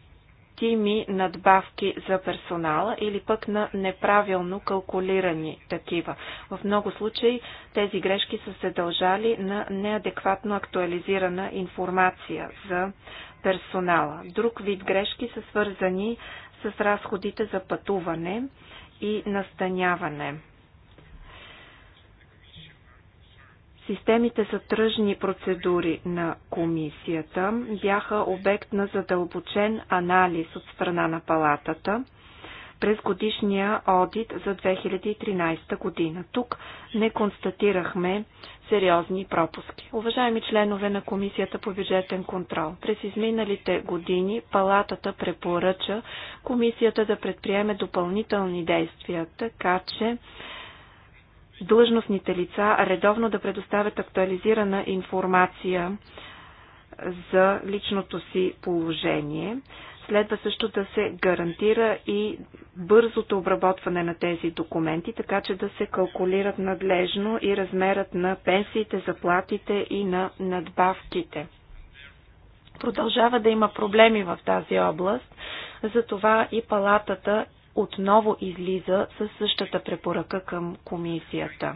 допустими надбавки за персонала или пък на неправилно калкулирани такива. В много случаи тези грешки са се дължали на неадекватно актуализирана информация за персонала. Друг вид грешки са свързани с разходите за пътуване и настаняване. Системите за тръжни процедури на комисията бяха обект на задълбочен анализ от страна на палатата през годишния одит за 2013 година. Тук не констатирахме сериозни пропуски. Уважаеми членове на Комисията по бюджетен контрол, през изминалите години палатата препоръча Комисията да предприеме допълнителни действия, така че длъжностните лица редовно да предоставят актуализирана информация за личното си положение. Следва също да се гарантира и бързото обработване на тези документи, така че да се калкулират надлежно и размерът на пенсиите, заплатите и на надбавките. Продължава да има проблеми в тази област, затова и палатата отново излиза със същата препоръка към комисията.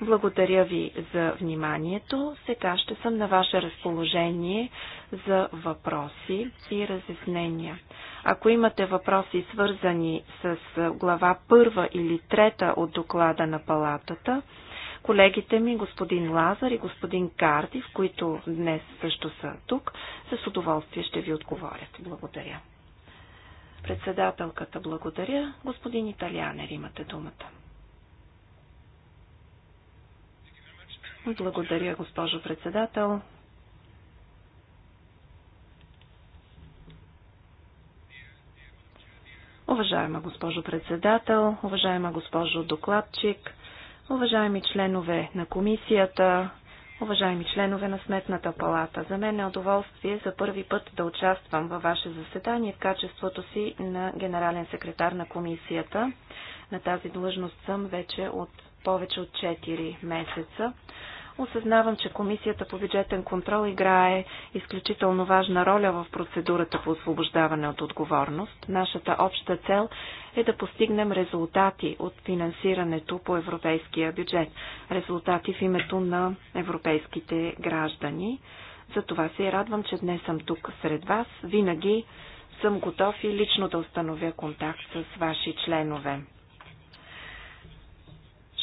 Благодаря ви за вниманието. Сега ще съм на ваше разположение за въпроси и разяснения. Ако имате въпроси свързани с глава първа или трета от доклада на палатата, колегите ми, господин Лазар и господин Карди, в които днес също са тук, с удоволствие ще ви отговорят. Благодаря. Председателката благодаря. Господин Италианер, имате думата. Благодаря, госпожо председател. Уважаема госпожо председател, уважаема госпожо докладчик, уважаеми членове на комисията, Уважаеми членове на Сметната палата, за мен е удоволствие за първи път да участвам във ваше заседание в качеството си на генерален секретар на комисията. На тази длъжност съм вече от повече от 4 месеца. Осъзнавам, че Комисията по бюджетен контрол играе изключително важна роля в процедурата по освобождаване от отговорност. Нашата обща цел е да постигнем резултати от финансирането по европейския бюджет. Резултати в името на европейските граждани. За това се и радвам, че днес съм тук сред вас. Винаги съм готов и лично да установя контакт с ваши членове.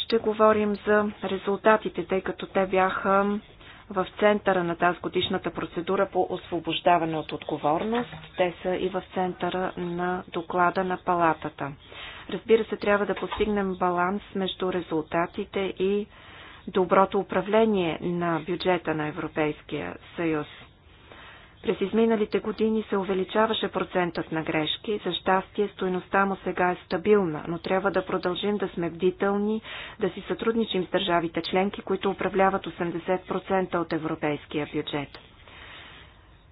Ще говорим за резултатите, тъй като те бяха в центъра на тази годишната процедура по освобождаване от отговорност. Те са и в центъра на доклада на палатата. Разбира се, трябва да постигнем баланс между резултатите и доброто управление на бюджета на Европейския съюз. През изминалите години се увеличаваше процентът на грешки. За щастие, стойността му сега е стабилна, но трябва да продължим да сме бдителни, да си сътрудничим с държавите членки, които управляват 80% от европейския бюджет.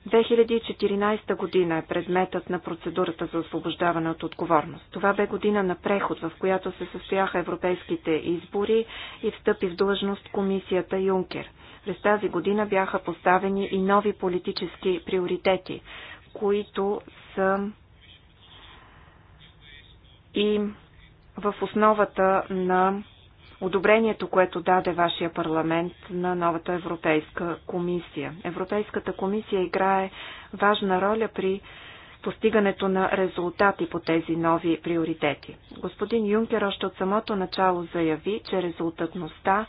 2014 година е предметът на процедурата за освобождаване от отговорност. Това бе година на преход, в която се състояха европейските избори и встъпи в длъжност комисията Юнкер – през тази година бяха поставени и нови политически приоритети, които са и в основата на одобрението, което даде вашия парламент на новата Европейска комисия. Европейската комисия играе важна роля при постигането на резултати по тези нови приоритети. Господин Юнкер още от самото начало заяви, че резултатността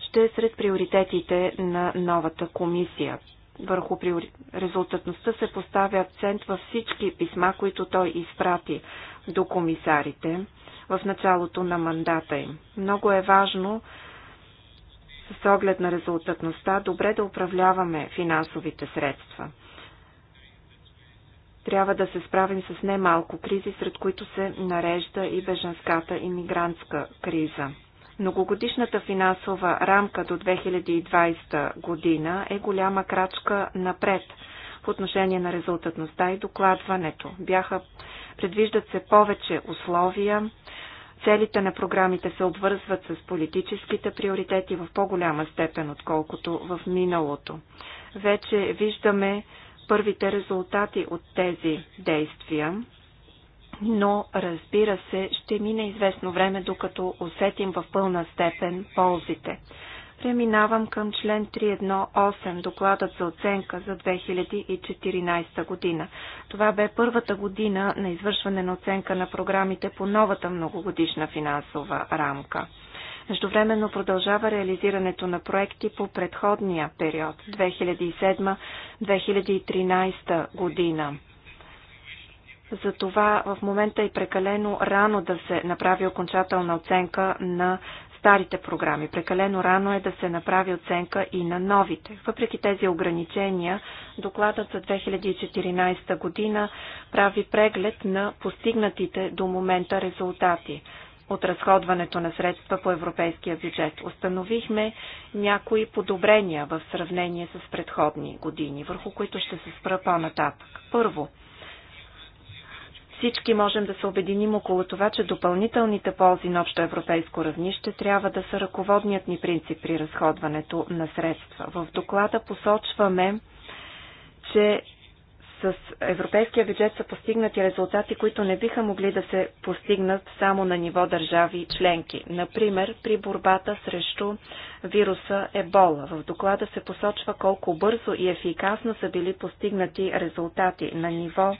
ще е сред приоритетите на новата комисия. Върху приори... резултатността се поставя акцент във всички писма, които той изпрати до комисарите в началото на мандата им. Много е важно с оглед на резултатността добре да управляваме финансовите средства. Трябва да се справим с немалко кризи, сред които се нарежда и беженската и мигрантска криза. Многогодишната финансова рамка до 2020 година е голяма крачка напред в отношение на резултатността и докладването. Бяха, предвиждат се повече условия, целите на програмите се обвързват с политическите приоритети в по-голяма степен, отколкото в миналото. Вече виждаме първите резултати от тези действия но разбира се, ще мине известно време, докато усетим в пълна степен ползите. Преминавам към член 3.1.8, докладът за оценка за 2014 година. Това бе първата година на извършване на оценка на програмите по новата многогодишна финансова рамка. Междувременно продължава реализирането на проекти по предходния период 2007-2013 година. Затова в момента е прекалено рано да се направи окончателна оценка на старите програми. Прекалено рано е да се направи оценка и на новите. Въпреки тези ограничения, докладът за 2014 година прави преглед на постигнатите до момента резултати от разходването на средства по европейския бюджет. Установихме някои подобрения в сравнение с предходни години, върху които ще се спра по-нататък. Първо, всички можем да се обединим около това, че допълнителните ползи на общо европейско равнище трябва да са ръководният ни принцип при разходването на средства. В доклада посочваме, че с европейския бюджет са постигнати резултати, които не биха могли да се постигнат само на ниво държави и членки. Например, при борбата срещу вируса Ебола. В доклада се посочва колко бързо и ефикасно са били постигнати резултати на ниво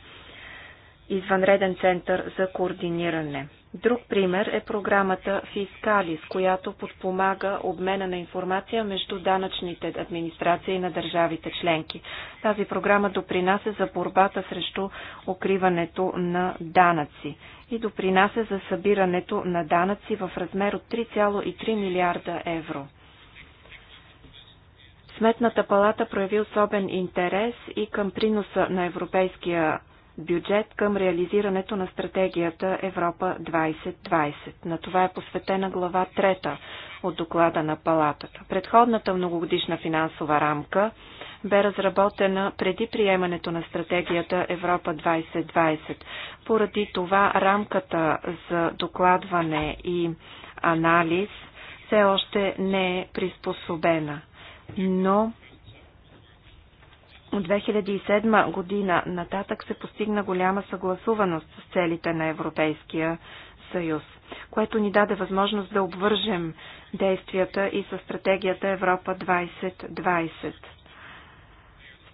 извънреден център за координиране. Друг пример е програмата Фискалис, която подпомага обмена на информация между данъчните администрации на държавите членки. Тази програма допринася за борбата срещу укриването на данъци и допринася за събирането на данъци в размер от 3,3 милиарда евро. Сметната палата прояви особен интерес и към приноса на Европейския бюджет към реализирането на стратегията Европа 2020. На това е посветена глава 3 от доклада на палатата. Предходната многогодишна финансова рамка бе разработена преди приемането на стратегията Европа 2020. Поради това рамката за докладване и анализ все още не е приспособена. Но от 2007 година нататък се постигна голяма съгласуваност с целите на Европейския съюз, което ни даде възможност да обвържем действията и със стратегията Европа 2020.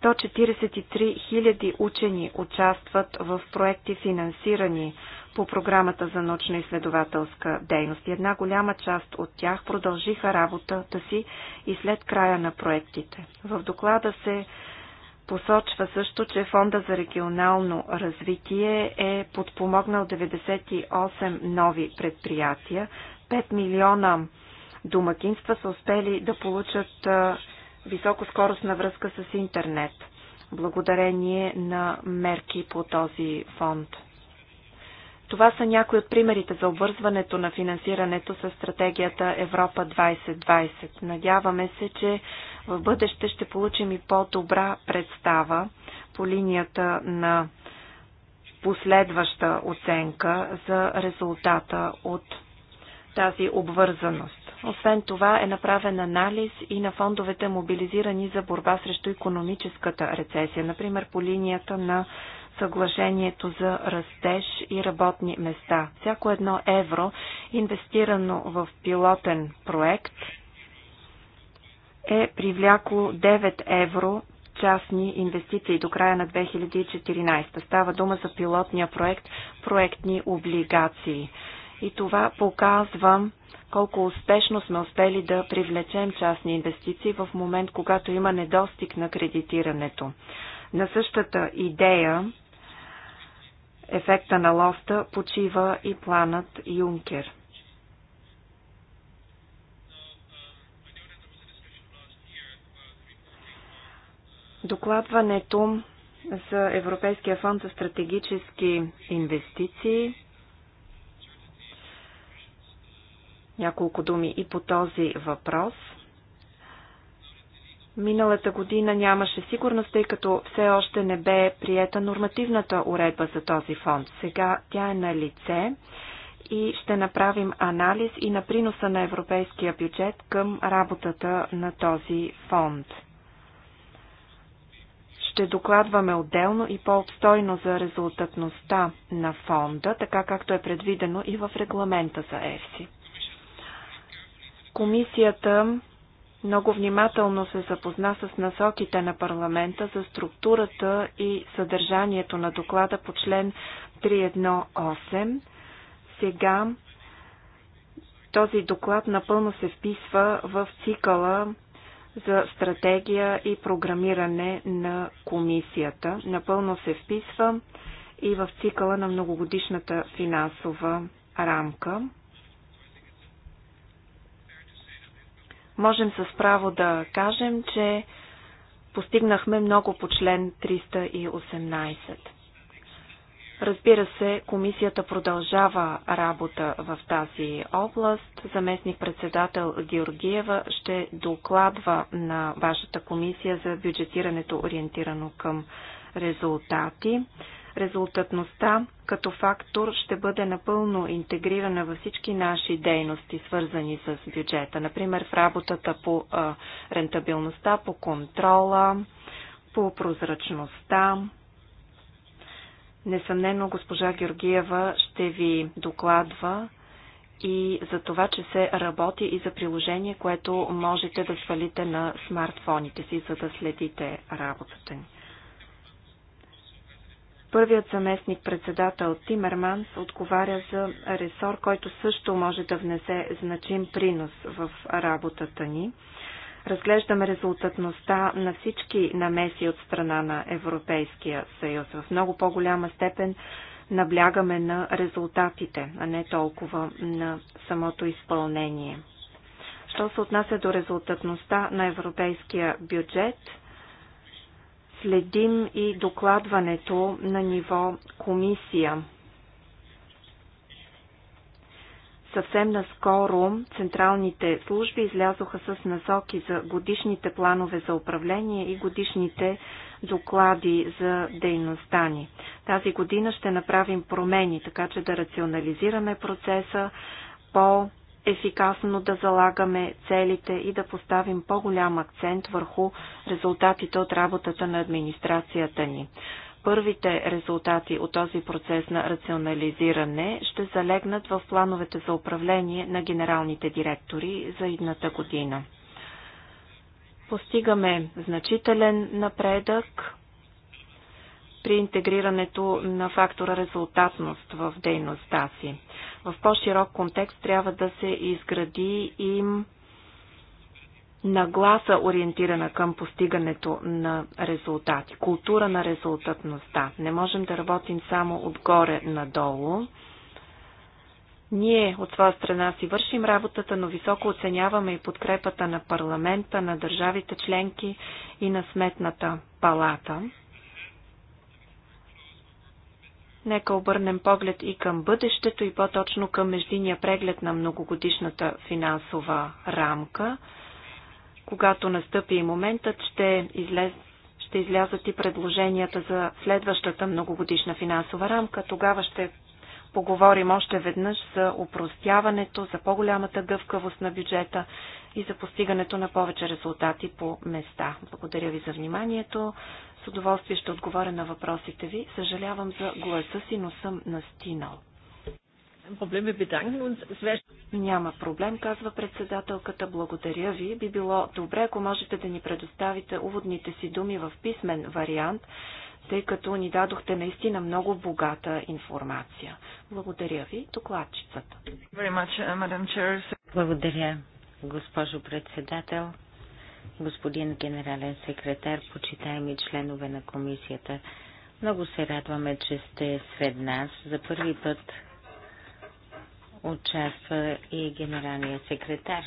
143 000 учени участват в проекти финансирани по програмата за научно-изследователска дейност. Една голяма част от тях продължиха работата си и след края на проектите. В доклада се Посочва също, че Фонда за регионално развитие е подпомогнал 98 нови предприятия. 5 милиона домакинства са успели да получат високоскоростна връзка с интернет, благодарение на мерки по този фонд. Това са някои от примерите за обвързването на финансирането с стратегията Европа 2020. Надяваме се, че в бъдеще ще получим и по-добра представа по линията на последваща оценка за резултата от тази обвързаност. Освен това е направен анализ и на фондовете мобилизирани за борба срещу економическата рецесия, например по линията на съглашението за растеж и работни места. Всяко едно евро, инвестирано в пилотен проект, е привлякло 9 евро частни инвестиции до края на 2014. Става дума за пилотния проект проектни облигации. И това показва колко успешно сме успели да привлечем частни инвестиции в момент, когато има недостиг на кредитирането. На същата идея, ефекта на лоста, почива и планът Юнкер – Докладването за Европейския фонд за стратегически инвестиции. Няколко думи и по този въпрос. Миналата година нямаше сигурност, тъй като все още не бе приета нормативната уредба за този фонд. Сега тя е на лице и ще направим анализ и на приноса на европейския бюджет към работата на този фонд. Ще докладваме отделно и по-обстойно за резултатността на фонда, така както е предвидено и в регламента за ЕФСИ. Комисията много внимателно се запозна с насоките на парламента за структурата и съдържанието на доклада по член 318. Сега този доклад напълно се вписва в цикъла за стратегия и програмиране на комисията. Напълно се вписва и в цикъла на многогодишната финансова рамка. Можем с право да кажем, че постигнахме много по член 318. Разбира се, комисията продължава работа в тази област. Заместник председател Георгиева ще докладва на вашата комисия за бюджетирането ориентирано към резултати. Резултатността като фактор ще бъде напълно интегрирана във всички наши дейности, свързани с бюджета. Например, в работата по рентабилността, по контрола, по прозрачността, Несъмнено госпожа Георгиева ще ви докладва и за това, че се работи и за приложение, което можете да свалите на смартфоните си, за да следите работата ни. Първият заместник председател Тимерманс отговаря за ресор, който също може да внесе значим принос в работата ни разглеждаме резултатността на всички намеси от страна на Европейския съюз. В много по-голяма степен наблягаме на резултатите, а не толкова на самото изпълнение. Що се отнася до резултатността на европейския бюджет, следим и докладването на ниво комисия. Съвсем наскоро централните служби излязоха с насоки за годишните планове за управление и годишните доклади за дейността ни. Тази година ще направим промени, така че да рационализираме процеса по ефикасно да залагаме целите и да поставим по-голям акцент върху резултатите от работата на администрацията ни първите резултати от този процес на рационализиране ще залегнат в плановете за управление на генералните директори за едната година. Постигаме значителен напредък при интегрирането на фактора резултатност в дейността си. В по-широк контекст трябва да се изгради и нагласа ориентирана към постигането на резултати, култура на резултатността. Не можем да работим само отгоре надолу. Ние от своя страна си вършим работата, но високо оценяваме и подкрепата на парламента, на държавите членки и на сметната палата. Нека обърнем поглед и към бъдещето и по-точно към междиния преглед на многогодишната финансова рамка – когато настъпи и моментът, ще, излез, ще излязат и предложенията за следващата многогодишна финансова рамка. Тогава ще поговорим още веднъж за упростяването, за по-голямата гъвкавост на бюджета и за постигането на повече резултати по места. Благодаря ви за вниманието. С удоволствие ще отговоря на въпросите ви. Съжалявам за гласа си, но съм настинал. Няма проблем, казва председателката. Благодаря ви. Би било добре, ако можете да ни предоставите уводните си думи в писмен вариант, тъй като ни дадохте наистина много богата информация. Благодаря ви, докладчицата. Uh, Благодаря, госпожо председател, господин генерален секретар, почитаеми членове на комисията. Много се радваме, че сте сред нас. За първи път Участва и генералния секретар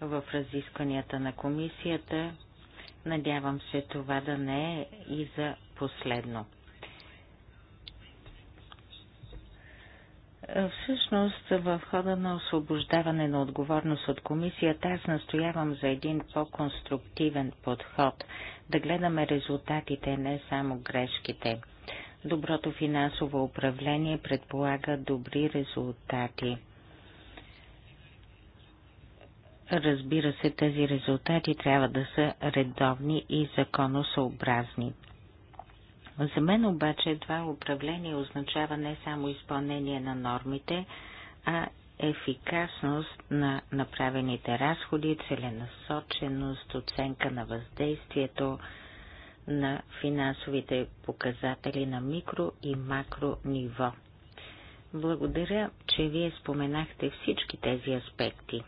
в разискванията на комисията. Надявам се това да не е и за последно. Всъщност, в хода на освобождаване на отговорност от комисията, аз настоявам за един по-конструктивен подход, да гледаме резултатите, не само грешките. Доброто финансово управление предполага добри резултати. Разбира се, тези резултати трябва да са редовни и законосъобразни. За мен обаче това управление означава не само изпълнение на нормите, а ефикасност на направените разходи, целенасоченост, оценка на въздействието на финансовите показатели на микро и макро ниво. Благодаря, че вие споменахте всички тези аспекти.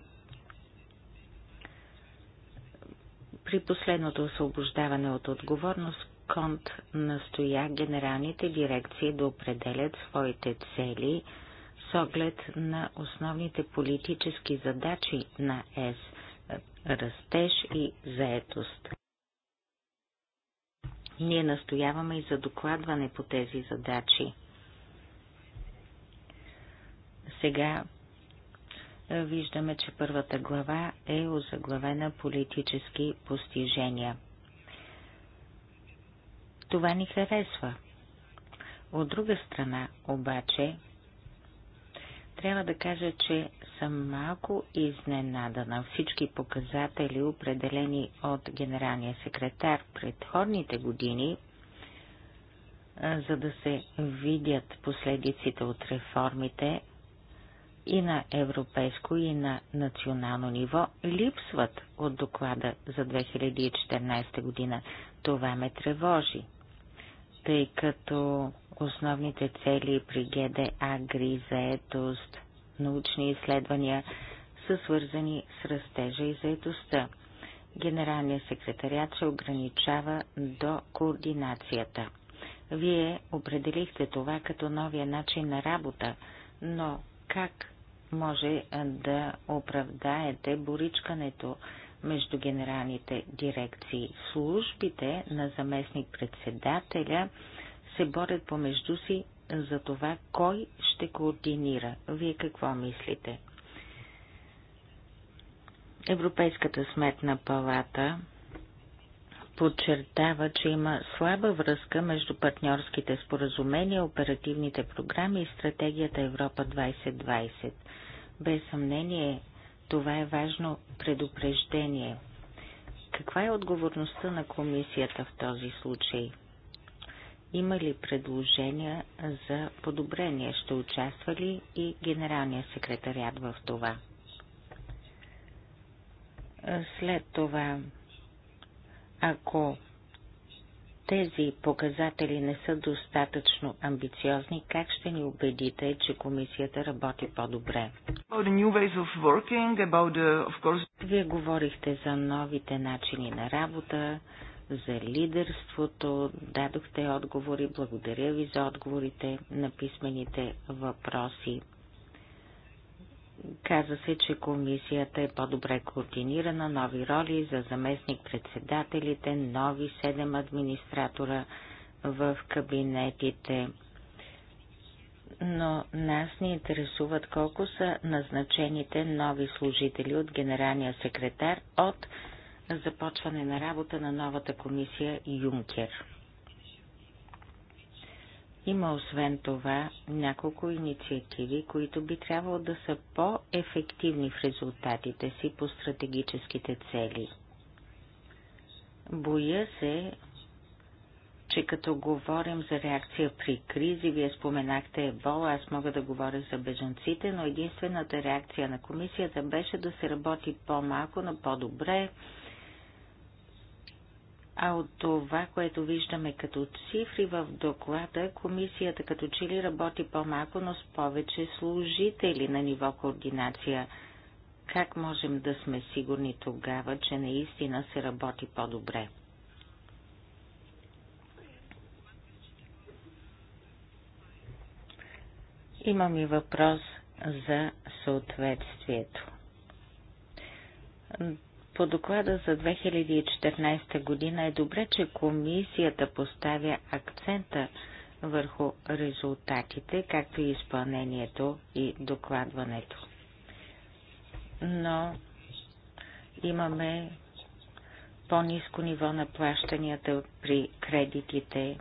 При последното освобождаване от отговорност Конт настоя генералните дирекции да определят своите цели с оглед на основните политически задачи на ЕС – растеж и заетост. Ние настояваме и за докладване по тези задачи. Сега виждаме, че първата глава е озаглавена политически постижения. Това ни харесва. От друга страна, обаче, трябва да кажа, че съм малко изненадана. Всички показатели, определени от генералния секретар предходните години, за да се видят последиците от реформите, и на европейско и на национално ниво липсват от доклада за 2014 година. Това ме тревожи, тъй като основните цели при ГДА гри заетост, научни изследвания са свързани с растежа и заетостта. Генералният секретарят се ограничава до координацията. Вие определихте това като новия начин на работа, но как може е, да оправдаете боричкането между генералните дирекции. Службите на заместник-председателя се борят помежду си за това, кой ще координира. Вие какво мислите? Европейската сметна палата подчертава, че има слаба връзка между партньорските споразумения, оперативните програми и стратегията Европа 2020. Без съмнение, това е важно предупреждение. Каква е отговорността на комисията в този случай? Има ли предложения за подобрение? Ще участва ли и генералния секретарят в това? След това ако тези показатели не са достатъчно амбициозни, как ще ни убедите, че комисията работи по-добре? Вие говорихте за новите начини на работа, за лидерството, дадохте отговори, благодаря ви за отговорите на писмените въпроси. Каза се, че комисията е по-добре координирана, нови роли за заместник-председателите, нови седем администратора в кабинетите. Но нас ни интересуват колко са назначените нови служители от генералния секретар от започване на работа на новата комисия Юнкер. Има освен това няколко инициативи, които би трябвало да са по-ефективни в резултатите си по стратегическите цели. Боя се, че като говорим за реакция при кризи, вие споменахте ебола, аз мога да говоря за бежанците, но единствената реакция на комисията беше да се работи по-малко, но по-добре, а от това, което виждаме като цифри в доклада, комисията като че ли работи по-малко, но с повече служители на ниво координация. Как можем да сме сигурни тогава, че наистина се работи по-добре? Имам и въпрос за съответствието. По доклада за 2014 година е добре, че комисията поставя акцента върху резултатите, както и изпълнението и докладването. Но имаме по-низко ниво на плащанията при кредитите.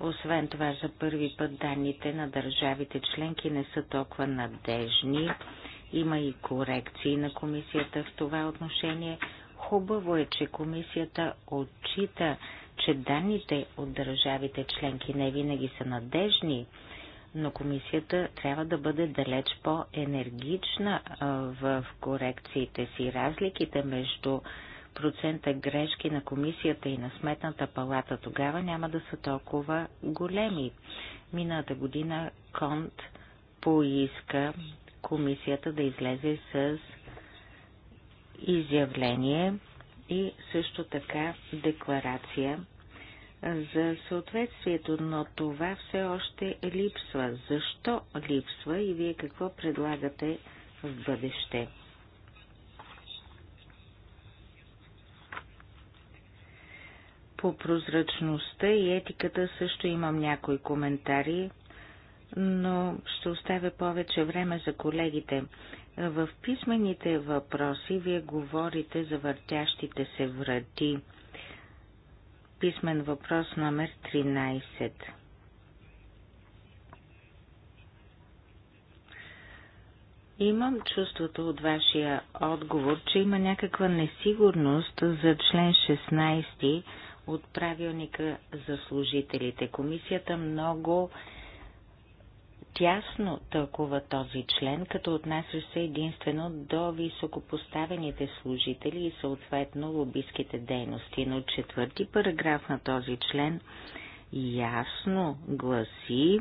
Освен това, за първи път данните на държавите членки не са толкова надежни има и корекции на комисията в това отношение. Хубаво е, че комисията отчита, че данните от държавите членки не винаги са надежни, но комисията трябва да бъде далеч по-енергична в корекциите си. Разликите между процента грешки на комисията и на сметната палата тогава няма да са толкова големи. Миналата година Конт поиска комисията да излезе с изявление и също така декларация за съответствието, но това все още липсва. Защо липсва и вие какво предлагате в бъдеще? По прозрачността и етиката също имам някои коментари но ще оставя повече време за колегите. В писмените въпроси вие говорите за въртящите се врати. Писмен въпрос номер 13. Имам чувството от вашия отговор, че има някаква несигурност за член 16 от правилника за служителите. Комисията много тясно тълкува този член, като отнася се единствено до високопоставените служители и съответно лобистските дейности, но четвърти параграф на този член ясно гласи,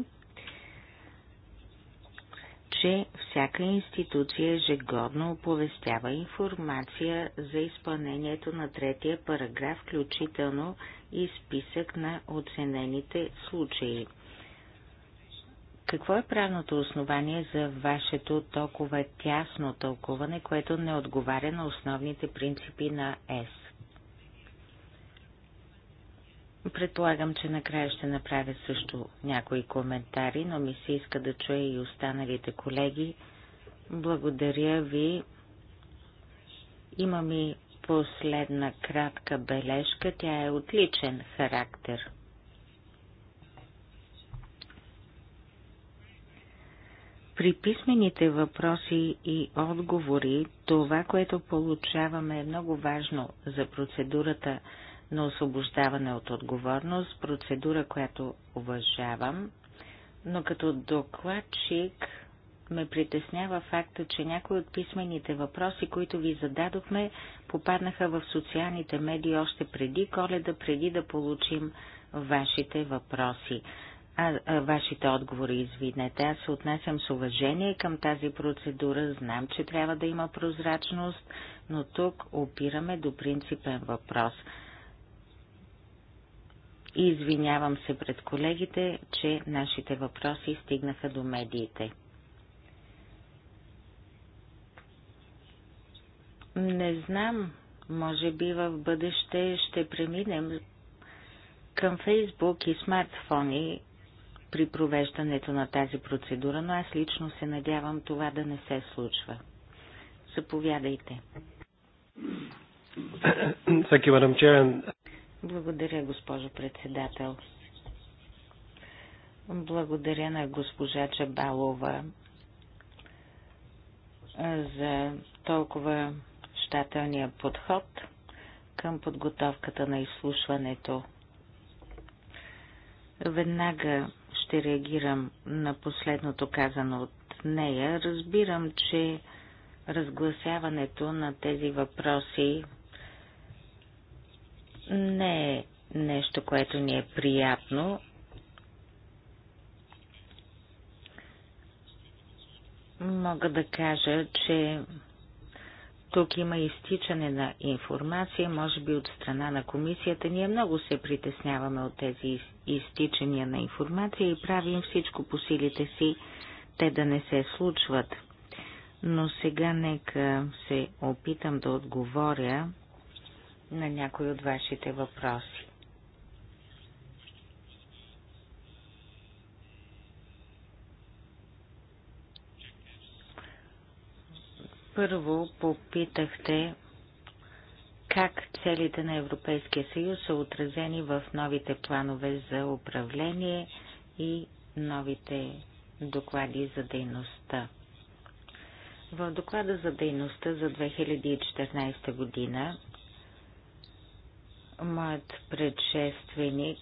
че всяка институция ежегодно оповестява информация за изпълнението на третия параграф, включително и списък на оценените случаи. Какво е правното основание за вашето толкова тясно тълкуване, което не отговаря на основните принципи на ЕС? Предполагам, че накрая ще направя също някои коментари, но ми се иска да чуя и останалите колеги. Благодаря ви. Имам и последна кратка бележка. Тя е отличен характер. При писмените въпроси и отговори, това, което получаваме е много важно за процедурата на освобождаване от отговорност, процедура, която уважавам, но като докладчик ме притеснява факта, че някои от писмените въпроси, които ви зададохме, попаднаха в социалните медии още преди коледа, преди да получим вашите въпроси а, а, вашите отговори, извинете. Аз се отнасям с уважение към тази процедура. Знам, че трябва да има прозрачност, но тук опираме до принципен въпрос. И извинявам се пред колегите, че нашите въпроси стигнаха до медиите. Не знам, може би в бъдеще ще преминем към Фейсбук и смартфони при провеждането на тази процедура, но аз лично се надявам това да не се случва. Заповядайте. Благодаря, госпожо председател. Благодаря на госпожа Чабалова за толкова щателния подход към подготовката на изслушването. Веднага ще реагирам на последното казано от нея. Разбирам, че разгласяването на тези въпроси не е нещо, което ни е приятно. Мога да кажа, че тук има изтичане на информация, може би от страна на комисията. Ние много се притесняваме от тези изтичания на информация и правим всичко по силите си те да не се случват. Но сега нека се опитам да отговоря на някои от вашите въпроси. Първо попитахте как целите на Европейския съюз са отразени в новите планове за управление и новите доклади за дейността. В доклада за дейността за 2014 година моят предшественик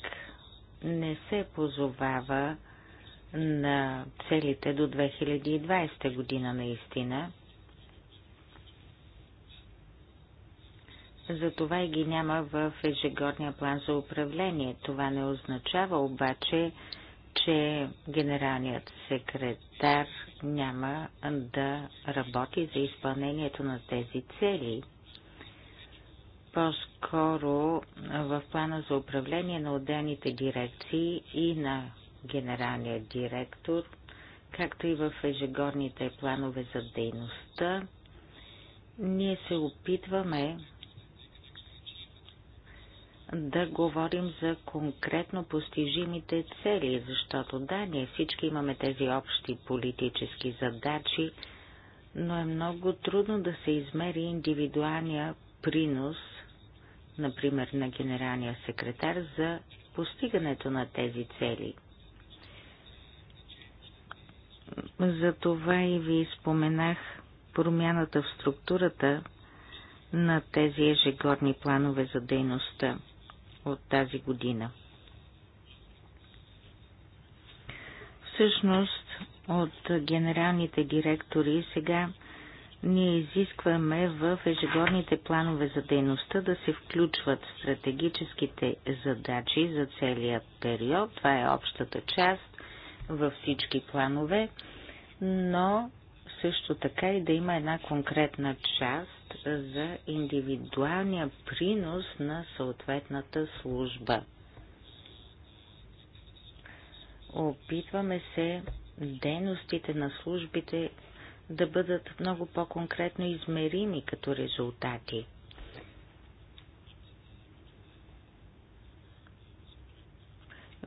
не се позовава на целите до 2020 година наистина. Затова и ги няма в ежегодния план за управление. Това не означава обаче, че генералният секретар няма да работи за изпълнението на тези цели. По-скоро в плана за управление на отделните дирекции и на генералния директор, както и в ежегодните планове за дейността, ние се опитваме да говорим за конкретно постижимите цели, защото да, ние всички имаме тези общи политически задачи, но е много трудно да се измери индивидуалния принос, например на генералния секретар, за постигането на тези цели. Затова и ви споменах промяната в структурата на тези ежегодни планове за дейността от тази година. Всъщност от генералните директори сега ние изискваме в ежегодните планове за дейността да се включват стратегическите задачи за целия период. Това е общата част във всички планове, но също така и да има една конкретна част за индивидуалния принос на съответната служба. Опитваме се дейностите на службите да бъдат много по-конкретно измерими като резултати.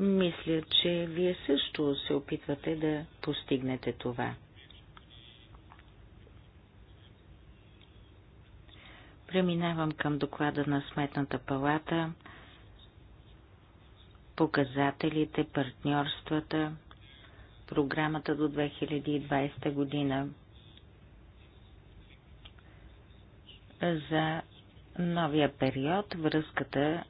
Мисля, че вие също се опитвате да постигнете това. Преминавам към доклада на Сметната палата, показателите, партньорствата, програмата до 2020 година за новия период връзката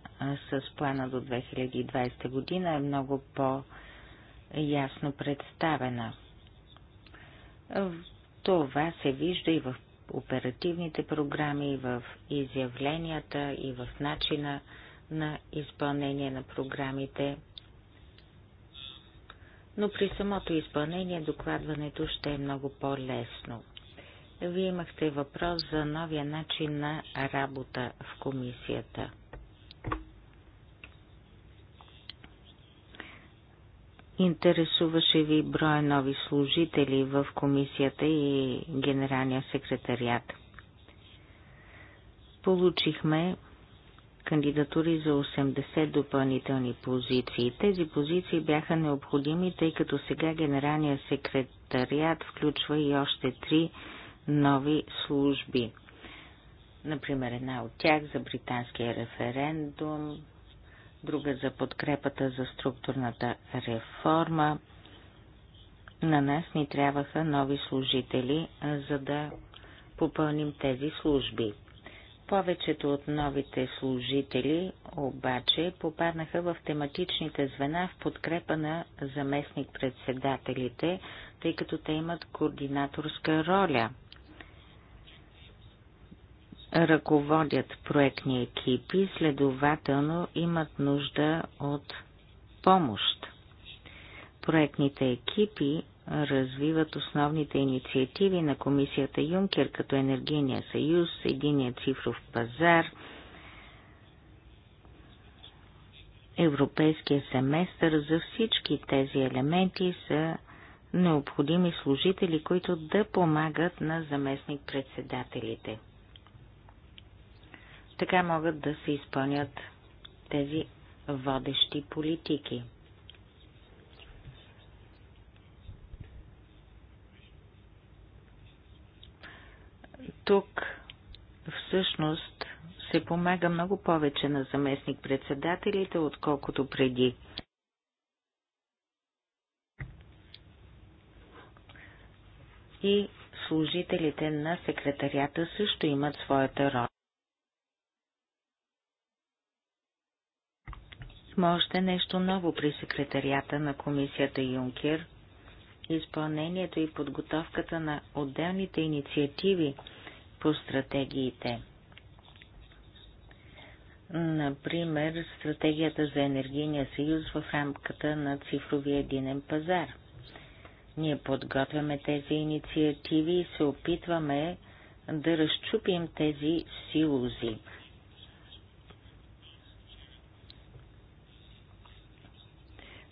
с плана до 2020 година е много по-ясно представена. Това се вижда и в оперативните програми, в изявленията и в начина на изпълнение на програмите. Но при самото изпълнение докладването ще е много по-лесно. Вие имахте въпрос за новия начин на работа в комисията – Интересуваше ви броя нови служители в комисията и генералния секретарият. Получихме кандидатури за 80 допълнителни позиции. Тези позиции бяха необходими, тъй като сега генералният секретариат включва и още три нови служби. Например, една от тях за британския референдум, друга е за подкрепата за структурната реформа. На нас ни трябваха нови служители, за да попълним тези служби. Повечето от новите служители обаче попаднаха в тематичните звена в подкрепа на заместник-председателите, тъй като те имат координаторска роля – ръководят проектни екипи, следователно имат нужда от помощ. Проектните екипи развиват основните инициативи на комисията Юнкер, като Енергийния съюз, Единия цифров пазар, Европейския семестър. За всички тези елементи са необходими служители, които да помагат на заместник-председателите. Така могат да се изпълнят тези водещи политики. Тук всъщност се помага много повече на заместник-председателите, отколкото преди. И служителите на секретарията също имат своята роля. Има още нещо ново при секретарията на комисията Юнкер. Изпълнението и подготовката на отделните инициативи по стратегиите. Например, стратегията за енергийния съюз в рамката на цифровия единен пазар. Ние подготвяме тези инициативи и се опитваме да разчупим тези силузи,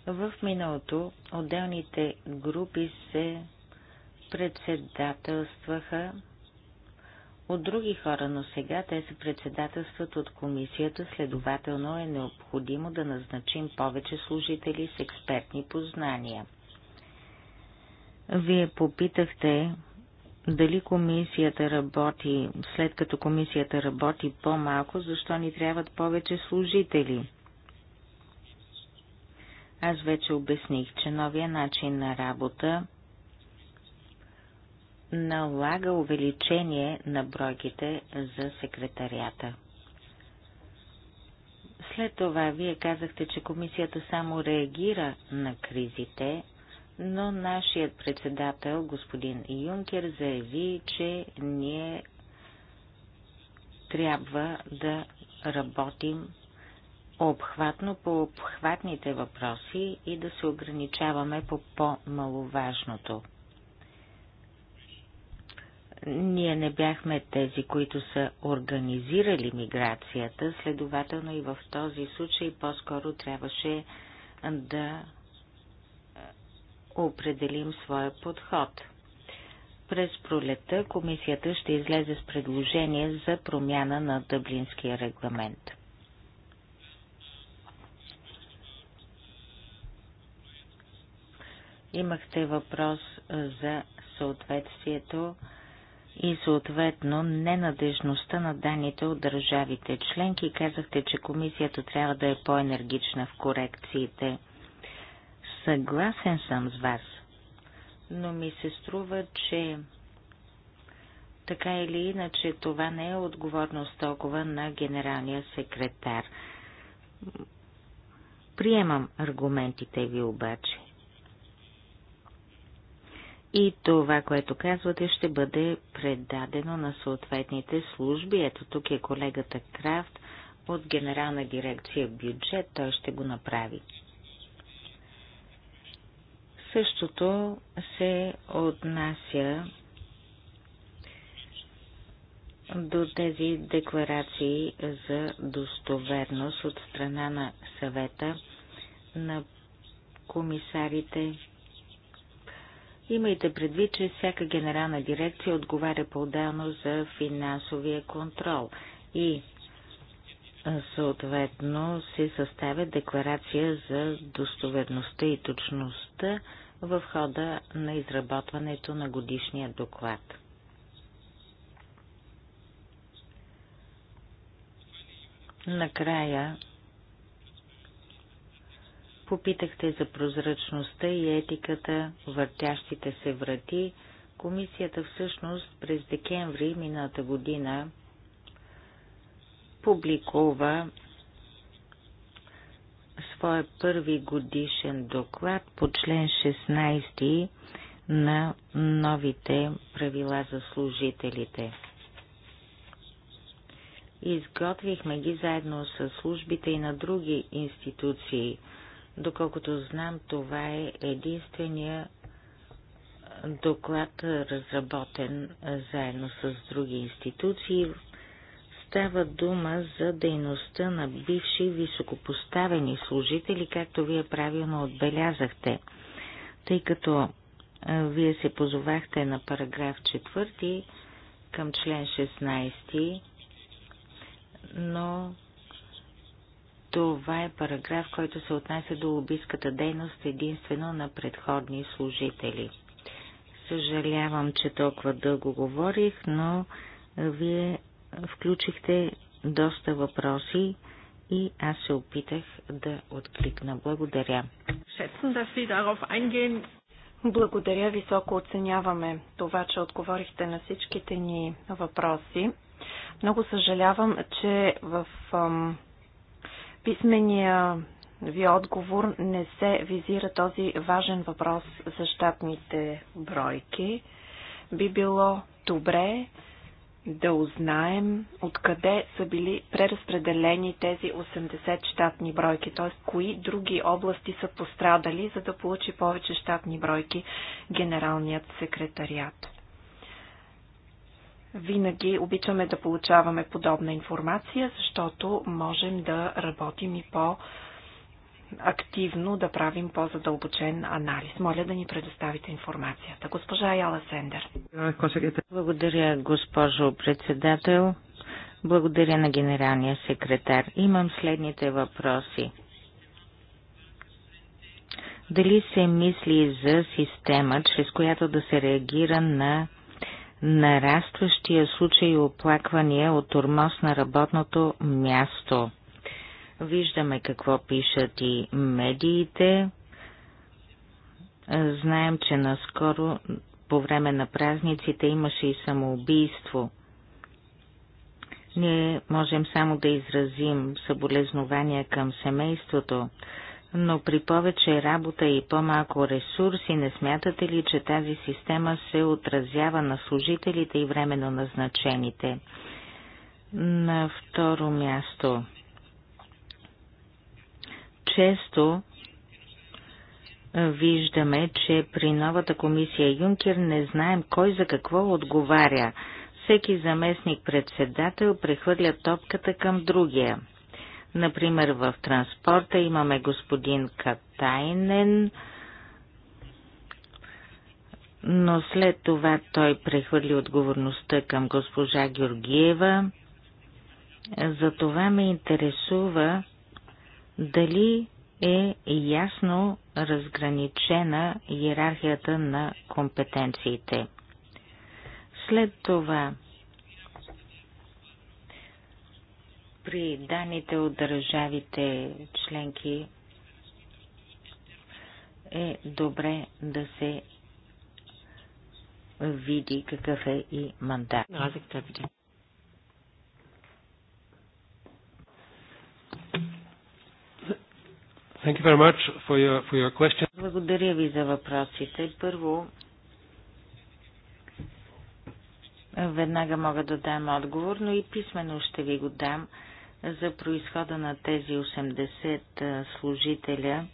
В миналото отделните групи се председателстваха от други хора, но сега те се председателстват от комисията, следователно е необходимо да назначим повече служители с експертни познания. Вие попитахте дали комисията работи, след като комисията работи по-малко, защо ни трябват повече служители? Аз вече обясних, че новия начин на работа налага увеличение на бройките за секретарията. След това вие казахте, че комисията само реагира на кризите, но нашият председател, господин Юнкер, заяви, че ние трябва да работим обхватно по обхватните въпроси и да се ограничаваме по по-маловажното. Ние не бяхме тези, които са организирали миграцията, следователно и в този случай по-скоро трябваше да е, определим своя подход. През пролета комисията ще излезе с предложение за промяна на Дъблинския регламент. Имахте въпрос за съответствието и съответно ненадежността на данните от държавите членки. Казахте, че комисията трябва да е по-енергична в корекциите. Съгласен съм с вас, но ми се струва, че така или иначе това не е отговорност толкова на генералния секретар. Приемам аргументите ви обаче и това, което казвате, ще бъде предадено на съответните служби. Ето тук е колегата Крафт от Генерална дирекция бюджет. Той ще го направи. Същото се отнася до тези декларации за достоверност от страна на съвета на комисарите Имайте предвид, че всяка генерална дирекция отговаря по-отделно за финансовия контрол и съответно се съставя декларация за достоверността и точността в хода на изработването на годишния доклад. Накрая Попитахте за прозрачността и етиката, въртящите се врати. Комисията всъщност през декември миналата година публикува своя първи годишен доклад по член 16 на новите правила за служителите. Изготвихме ги заедно с службите и на други институции – Доколкото знам, това е единствения доклад, разработен заедно с други институции. Става дума за дейността на бивши високопоставени служители, както вие правилно отбелязахте. Тъй като вие се позовахте на параграф 4 към член 16, но това е параграф, който се отнася до лобистката дейност единствено на предходни служители. Съжалявам, че толкова дълго говорих, но вие включихте доста въпроси и аз се опитах да откликна. Благодаря. Благодаря, високо оценяваме това, че отговорихте на всичките ни въпроси. Много съжалявам, че в писмения ви отговор не се визира този важен въпрос за щатните бройки. Би било добре да узнаем откъде са били преразпределени тези 80 щатни бройки, т.е. кои други области са пострадали, за да получи повече щатни бройки генералният секретариат. Винаги обичаме да получаваме подобна информация, защото можем да работим и по- активно да правим по-задълбочен анализ. Моля да ни предоставите информацията. Госпожа Яла Сендер. Благодаря, госпожо председател. Благодаря на генералния секретар. Имам следните въпроси. Дали се мисли за система, чрез която да се реагира на нарастващия случай оплаквания от тормоз на работното място. Виждаме какво пишат и медиите. Знаем, че наскоро по време на празниците имаше и самоубийство. Ние можем само да изразим съболезнования към семейството но при повече работа и по-малко ресурси не смятате ли, че тази система се отразява на служителите и временно назначените? На второ място. Често виждаме, че при новата комисия Юнкер не знаем кой за какво отговаря. Всеки заместник председател прехвърля топката към другия – Например, в транспорта имаме господин Катайнен, но след това той прехвърли отговорността към госпожа Георгиева. За това ме интересува дали е ясно разграничена иерархията на компетенциите. След това при данните от държавите членки е добре да се види какъв е и мандат. Thank you very much for your, for your question. Благодаря ви за въпросите. Първо, веднага мога да дам отговор, но и писменно ще ви го дам за происхода на тези 80 служителя.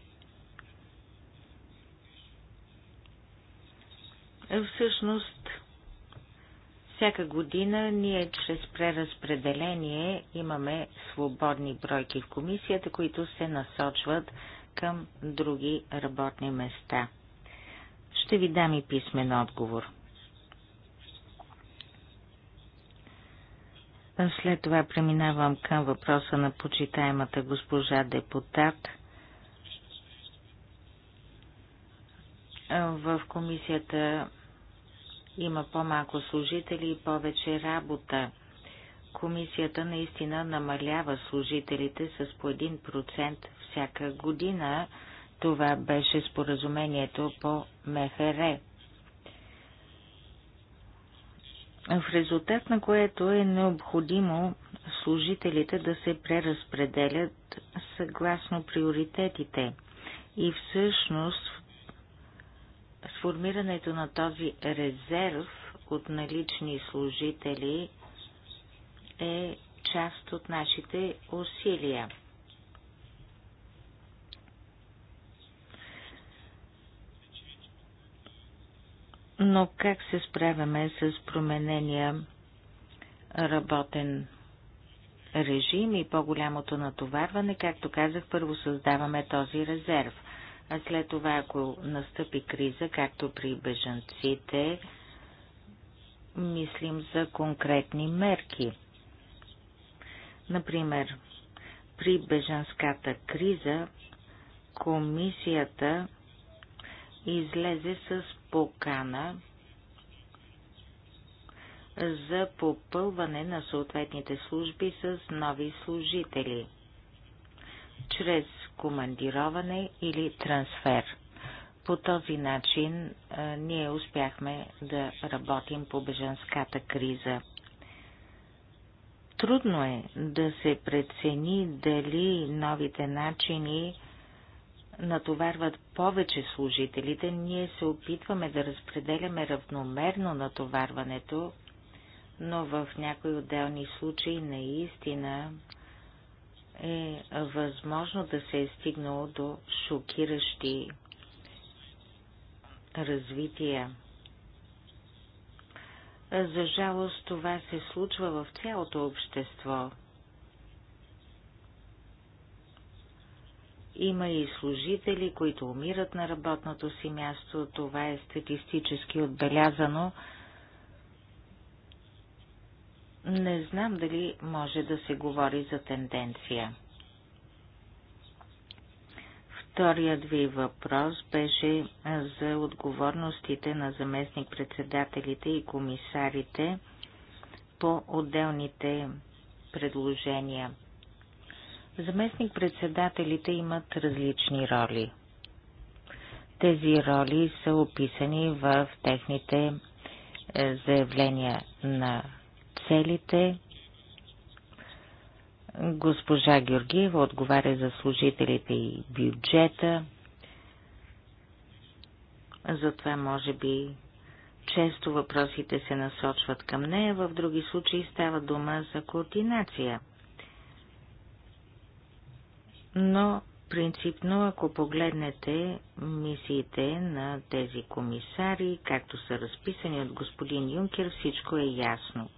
Всъщност, всяка година ние чрез преразпределение имаме свободни бройки в комисията, които се насочват към други работни места. Ще ви дам и писмен отговор. След това преминавам към въпроса на почитаемата госпожа депутат. В комисията има по-малко служители и повече работа. Комисията наистина намалява служителите с по 1% всяка година. Това беше споразумението по МФР. в резултат на което е необходимо служителите да се преразпределят съгласно приоритетите. И всъщност сформирането на този резерв от налични служители е част от нашите усилия. Но как се справяме с променения работен режим и по-голямото натоварване? Както казах, първо създаваме този резерв. А след това, ако настъпи криза, както при бежанците, мислим за конкретни мерки. Например, при бежанската криза комисията излезе с покана за попълване на съответните служби с нови служители чрез командироване или трансфер. По този начин ние успяхме да работим по беженската криза. Трудно е да се прецени дали новите начини натоварват повече служителите, ние се опитваме да разпределяме равномерно натоварването, но в някои отделни случаи наистина е възможно да се е стигнало до шокиращи развития. За жалост това се случва в цялото общество. Има и служители, които умират на работното си място. Това е статистически отбелязано. Не знам дали може да се говори за тенденция. Вторият ви въпрос беше за отговорностите на заместник-председателите и комисарите по отделните предложения. Заместник-председателите имат различни роли. Тези роли са описани в техните е, заявления на целите. Госпожа Георгиева отговаря за служителите и бюджета. Затова, може би, често въпросите се насочват към нея, в други случаи става дума за координация но принципно, ако погледнете мисиите на тези комисари, както са разписани от господин Юнкер, всичко е ясно.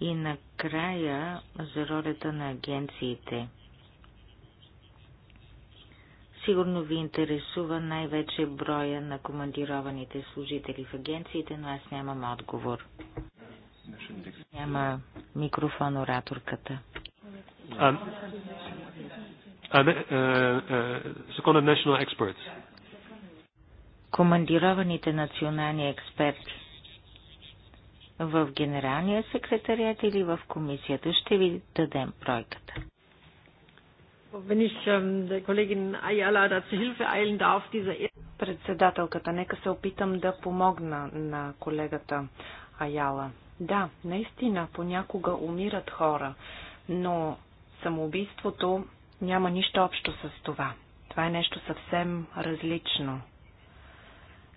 И накрая за ролята на агенциите. Сигурно ви интересува най-вече броя на командированите служители в агенциите, но аз нямам отговор. Няма микрофон ораторката. А, е, е, National Experts. Командированите национални експерти в Генералния секретарият или в комисията. Ще ви дадем бройката. Ähm, er- Председателката, нека се опитам да помогна на колегата Аяла. Да, наистина, понякога умират хора, но самоубийството няма нищо общо с това. Това е нещо съвсем различно.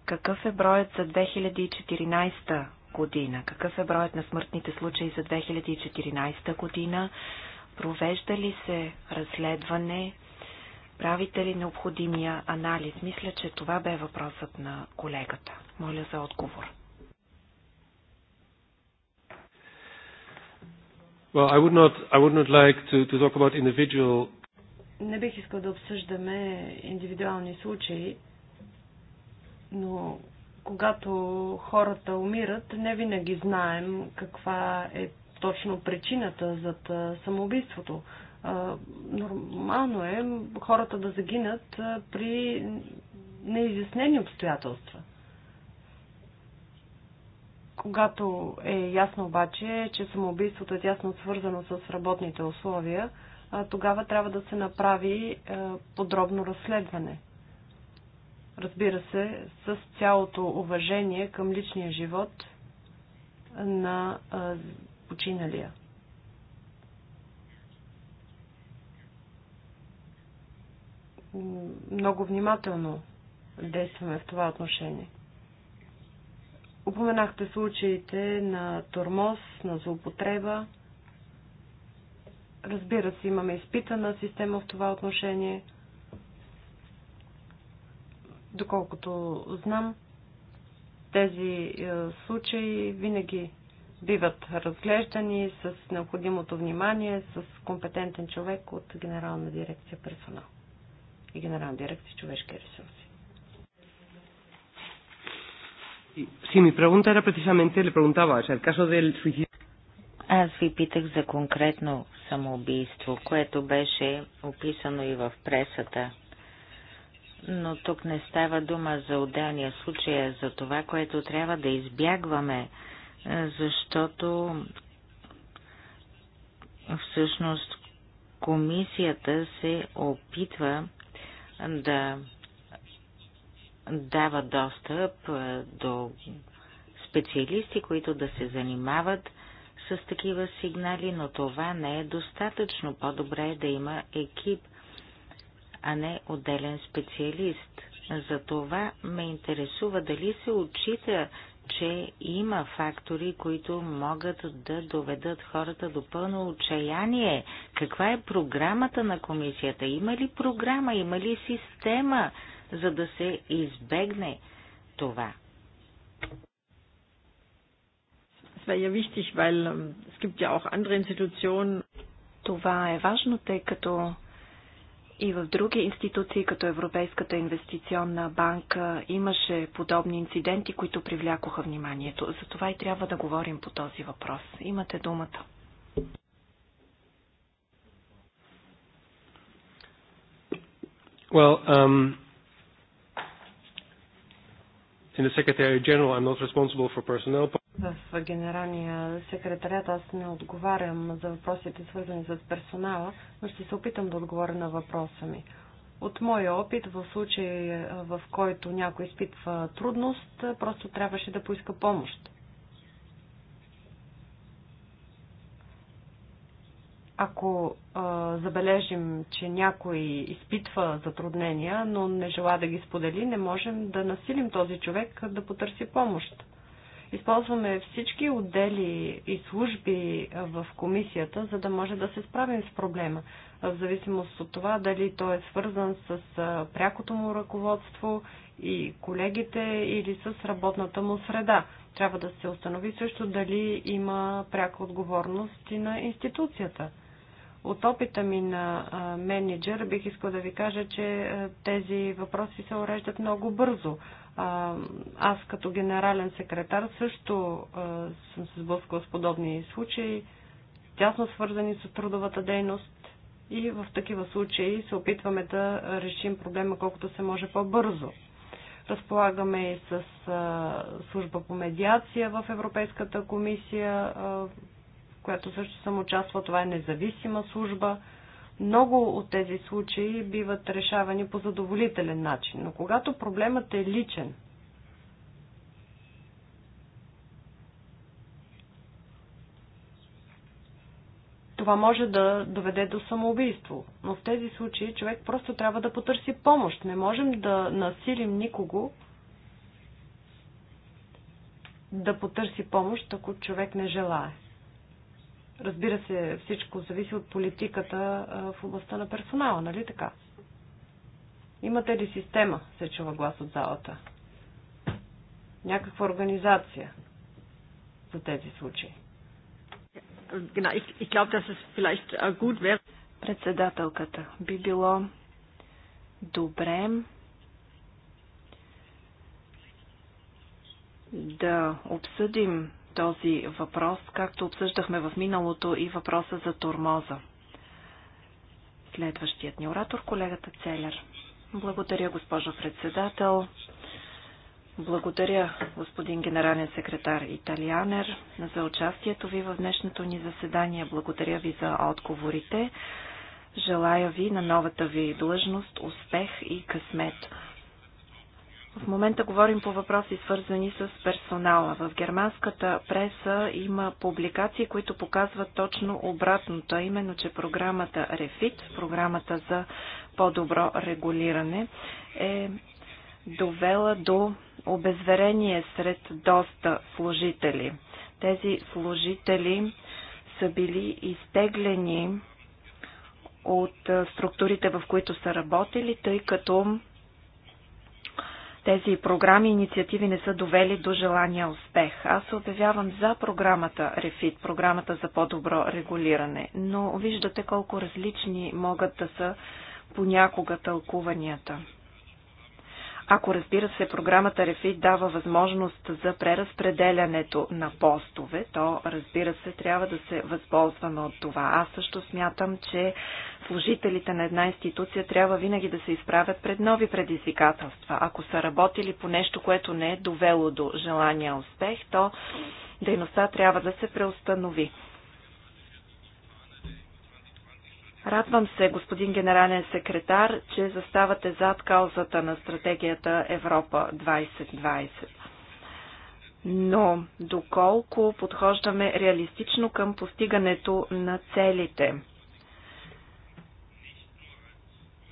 Какъв е броят за 2014 година? Какъв е броят на смъртните случаи за 2014 година? Провежда ли се разследване? Правите ли необходимия анализ? Мисля, че това бе въпросът на колегата. Моля за отговор. Well, I would not, I would not like to, to talk about individual не бих искал да обсъждаме индивидуални случаи, но когато хората умират, не винаги знаем каква е точно причината за самоубийството. Нормално е хората да загинат при неизяснени обстоятелства. Когато е ясно обаче, че самоубийството е тясно свързано с работните условия, тогава трябва да се направи подробно разследване. Разбира се, с цялото уважение към личния живот на починалия. Много внимателно действаме в това отношение. Упоменахте случаите на тормоз, на злоупотреба. Разбира се, имаме изпитана система в това отношение. Доколкото знам, тези е, случаи винаги биват разглеждани с необходимото внимание, с компетентен човек от Генерална дирекция персонал и Генерална дирекция човешки ресурси. Sí, mi pregunta era precisamente, le preguntaba, o sea, el caso del suicidio. Аз ви питах за конкретно самоубийство, което беше описано и в пресата. Но тук не става дума за отделния случай, а за това, което трябва да избягваме, защото всъщност комисията се опитва да дава достъп до специалисти, които да се занимават с такива сигнали, но това не е достатъчно. По-добре е да има екип, а не отделен специалист. За това ме интересува дали се отчита, че има фактори, които могат да доведат хората до пълно отчаяние. Каква е програмата на комисията? Има ли програма, има ли система, за да се избегне това? wäre ja wichtig, weil ähm, es gibt ja auch andere Institutionen. Това е важно, тъй като и в други институции, като Европейската инвестиционна банка, имаше подобни инциденти, които привлякоха вниманието. Затова и трябва да говорим по този въпрос. Имате думата. Well, um, in the Secretary General, I'm not responsible for personnel в генералния секретарят. Аз не отговарям за въпросите, свързани с персонала, но ще се опитам да отговоря на въпроса ми. От моя опит, в случай в който някой изпитва трудност, просто трябваше да поиска помощ. Ако а, забележим, че някой изпитва затруднения, но не желая да ги сподели, не можем да насилим този човек да потърси помощ използваме всички отдели и служби в комисията, за да може да се справим с проблема. В зависимост от това дали той е свързан с прякото му ръководство и колегите или с работната му среда. Трябва да се установи също дали има пряка отговорност и на институцията. От опита ми на менеджер бих искал да ви кажа, че тези въпроси се уреждат много бързо аз като генерален секретар също съм се сблъскала с подобни случаи, тясно свързани с трудовата дейност и в такива случаи се опитваме да решим проблема колкото се може по-бързо. Разполагаме и с служба по медиация в Европейската комисия, в която също съм участвала, Това е независима служба. Много от тези случаи биват решавани по задоволителен начин, но когато проблемът е личен, това може да доведе до самоубийство. Но в тези случаи човек просто трябва да потърси помощ. Не можем да насилим никого да потърси помощ, ако човек не желае. Разбира се, всичко зависи от политиката в областта на персонала, нали така? Имате ли система, се чува глас от залата? Някаква организация за тези случаи? Äh, Председателката би било добре да обсъдим този въпрос, както обсъждахме в миналото и въпроса за турмоза. Следващият ни оратор, колегата Целер. Благодаря, госпожо председател. Благодаря, господин генерален секретар Италианер, за участието ви в днешното ни заседание. Благодаря ви за отговорите. Желая ви на новата ви длъжност успех и късмет. В момента говорим по въпроси свързани с персонала. В германската преса има публикации, които показват точно обратното, именно, че програмата РЕФИТ, програмата за по-добро регулиране, е довела до обезверение сред доста служители. Тези служители са били изтеглени от структурите, в които са работили, тъй като тези програми и инициативи не са довели до желания успех. Аз се обявявам за програмата REFIT, програмата за по-добро регулиране, но виждате колко различни могат да са понякога тълкуванията. Ако разбира се, програмата Рефит дава възможност за преразпределянето на постове, то разбира се, трябва да се възползваме от това. Аз също смятам, че служителите на една институция трябва винаги да се изправят пред нови предизвикателства. Ако са работили по нещо, което не е довело до желания успех, то дейността трябва да се преустанови. Радвам се, господин генерален секретар, че заставате зад каузата на стратегията Европа 2020. Но доколко подхождаме реалистично към постигането на целите?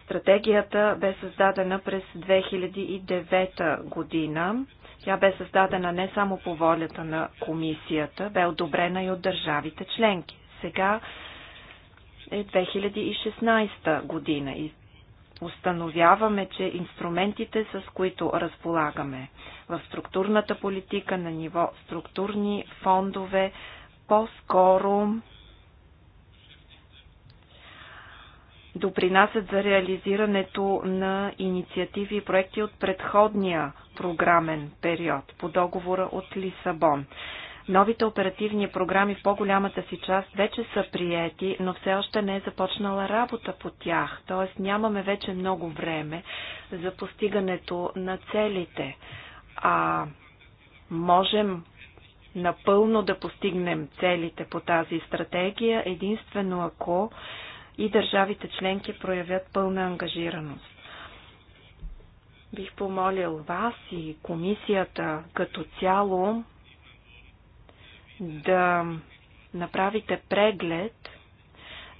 Стратегията бе създадена през 2009 година. Тя бе създадена не само по волята на комисията, бе одобрена и от държавите членки. Сега е 2016 година и установяваме, че инструментите, с които разполагаме в структурната политика на ниво структурни фондове, по-скоро допринасят за реализирането на инициативи и проекти от предходния програмен период по договора от Лисабон. Новите оперативни програми в по-голямата си част вече са приети, но все още не е започнала работа по тях, т.е. нямаме вече много време за постигането на целите. А можем напълно да постигнем целите по тази стратегия, единствено ако и държавите членки проявят пълна ангажираност. Бих помолил вас и комисията като цяло да направите преглед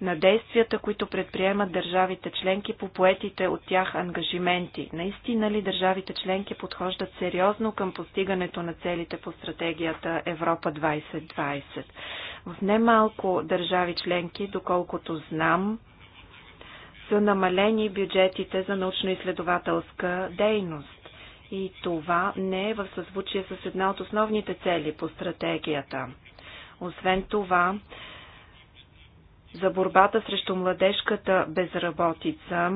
на действията, които предприемат държавите членки по поетите от тях ангажименти. Наистина ли държавите членки подхождат сериозно към постигането на целите по стратегията Европа 2020? В немалко държави членки, доколкото знам, са намалени бюджетите за научно-изследователска дейност и това не е в съзвучие с една от основните цели по стратегията. Освен това, за борбата срещу младежката безработица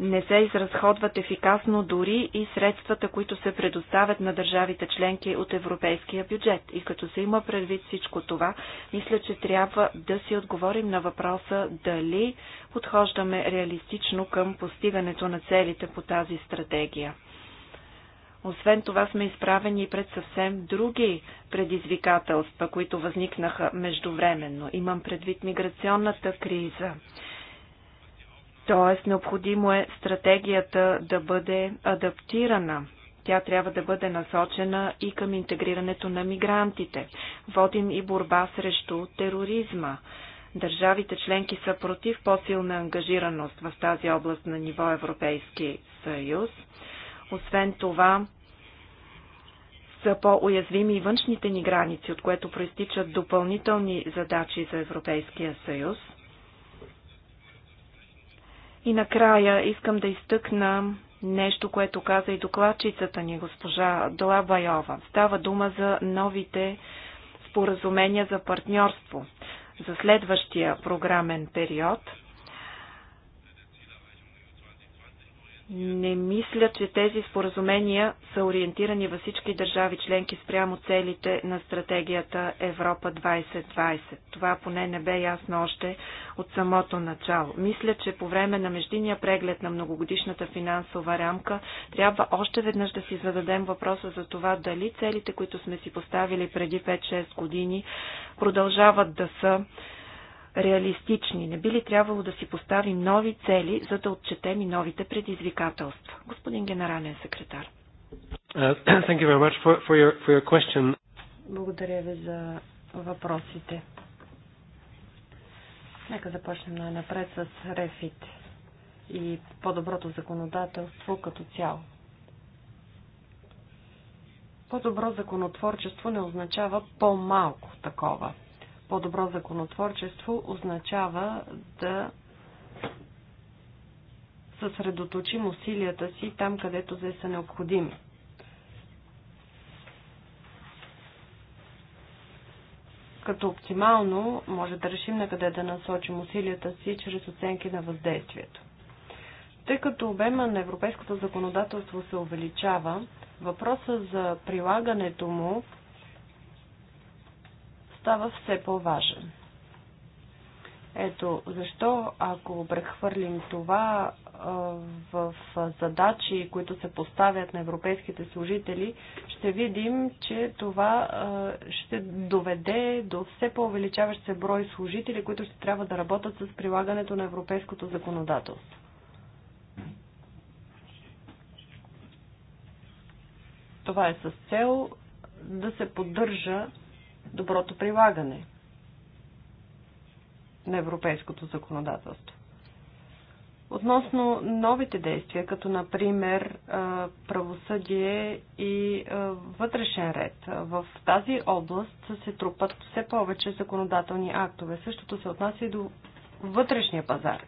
не се изразходват ефикасно дори и средствата, които се предоставят на държавите членки от европейския бюджет. И като се има предвид всичко това, мисля, че трябва да си отговорим на въпроса дали подхождаме реалистично към постигането на целите по тази стратегия. Освен това сме изправени и пред съвсем други предизвикателства, които възникнаха междувременно. Имам предвид миграционната криза. Тоест, необходимо е стратегията да бъде адаптирана. Тя трябва да бъде насочена и към интегрирането на мигрантите. Водим и борба срещу тероризма. Държавите членки са против по-силна ангажираност в тази област на ниво Европейски съюз. Освен това, са по-уязвими и външните ни граници, от което проистичат допълнителни задачи за Европейския съюз – и накрая искам да изтъкна нещо, което каза и докладчицата ни, госпожа Длабайова. Става дума за новите споразумения за партньорство за следващия програмен период – Не мисля, че тези споразумения са ориентирани във всички държави членки спрямо целите на стратегията Европа 2020. Това поне не бе ясно още от самото начало. Мисля, че по време на междиния преглед на многогодишната финансова рамка трябва още веднъж да си зададем въпроса за това дали целите, които сме си поставили преди 5-6 години, продължават да са реалистични? Не би ли трябвало да си поставим нови цели, за да отчетем и новите предизвикателства? Господин генерален секретар. Uh, Благодаря ви за въпросите. Нека започнем най-напред с рефит и по-доброто законодателство като цяло. По-добро законотворчество не означава по-малко такова – по-добро законотворчество означава да съсредоточим усилията си там, където за са необходими. Като оптимално може да решим на къде да насочим усилията си чрез оценки на въздействието. Тъй като обема на европейското законодателство се увеличава, въпроса за прилагането му става все по-важен. Ето защо, ако прехвърлим това в задачи, които се поставят на европейските служители, ще видим, че това ще доведе до все по-увеличаващ се брой служители, които ще трябва да работят с прилагането на европейското законодателство. Това е с цел да се поддържа доброто прилагане на европейското законодателство. Относно новите действия, като например правосъдие и вътрешен ред, в тази област се трупат все повече законодателни актове. Същото се отнася и до вътрешния пазар.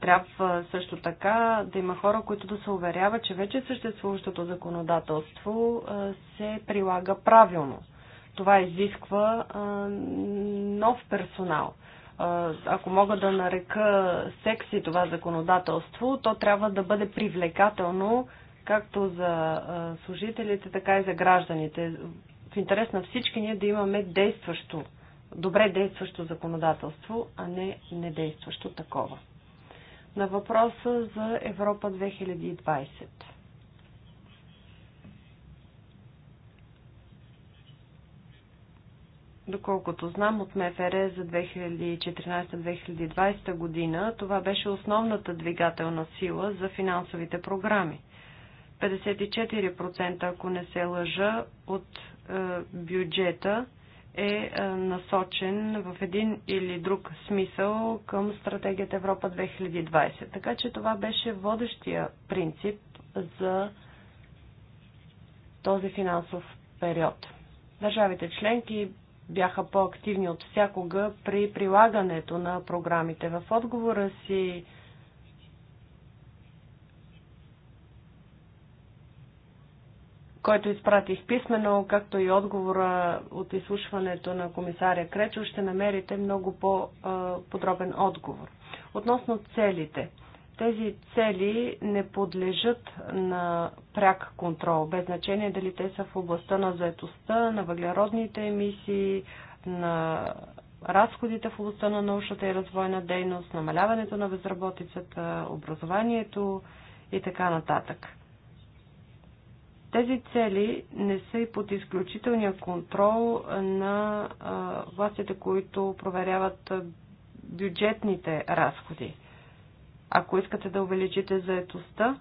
Трябва също така да има хора, които да се уверяват, че вече съществуващото законодателство се прилага правилно. Това изисква а, нов персонал. А, ако мога да нарека секси това законодателство, то трябва да бъде привлекателно както за а, служителите, така и за гражданите. В интерес на всички ние да имаме действащо, добре действащо законодателство, а не недействащо такова. На въпроса за Европа 2020. Доколкото знам от МФР за 2014-2020 година, това беше основната двигателна сила за финансовите програми. 54%, ако не се лъжа, от е, бюджета е, е насочен в един или друг смисъл към стратегията Европа 2020. Така че това беше водещия принцип за този финансов период. Държавите членки бяха по-активни от всякога при прилагането на програмите. В отговора си който изпратих писменно, както и отговора от изслушването на комисаря Кречо, ще намерите много по-подробен отговор. Относно целите – тези цели не подлежат на пряк контрол, без значение дали те са в областта на заетостта, на въглеродните емисии, на разходите в областта на научната и развойна дейност, намаляването на безработицата, образованието и така нататък. Тези цели не са и под изключителния контрол на властите, които проверяват бюджетните разходи. Ако искате да увеличите заетостта,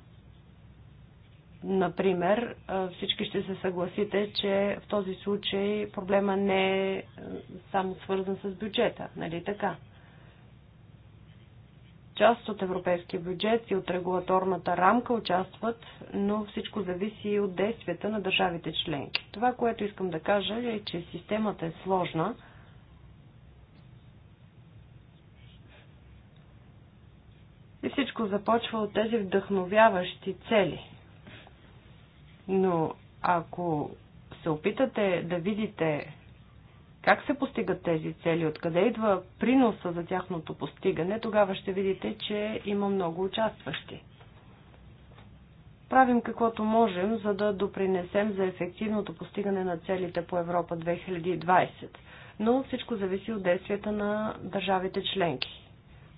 например, всички ще се съгласите, че в този случай проблема не е само свързан с бюджета, нали така? Част от европейския бюджет и от регулаторната рамка участват, но всичко зависи и от действията на държавите членки. Това, което искам да кажа е, че системата е сложна – всичко започва от тези вдъхновяващи цели. Но ако се опитате да видите как се постигат тези цели, откъде идва приноса за тяхното постигане, тогава ще видите, че има много участващи. Правим каквото можем, за да допринесем за ефективното постигане на целите по Европа 2020, но всичко зависи от действията на държавите членки.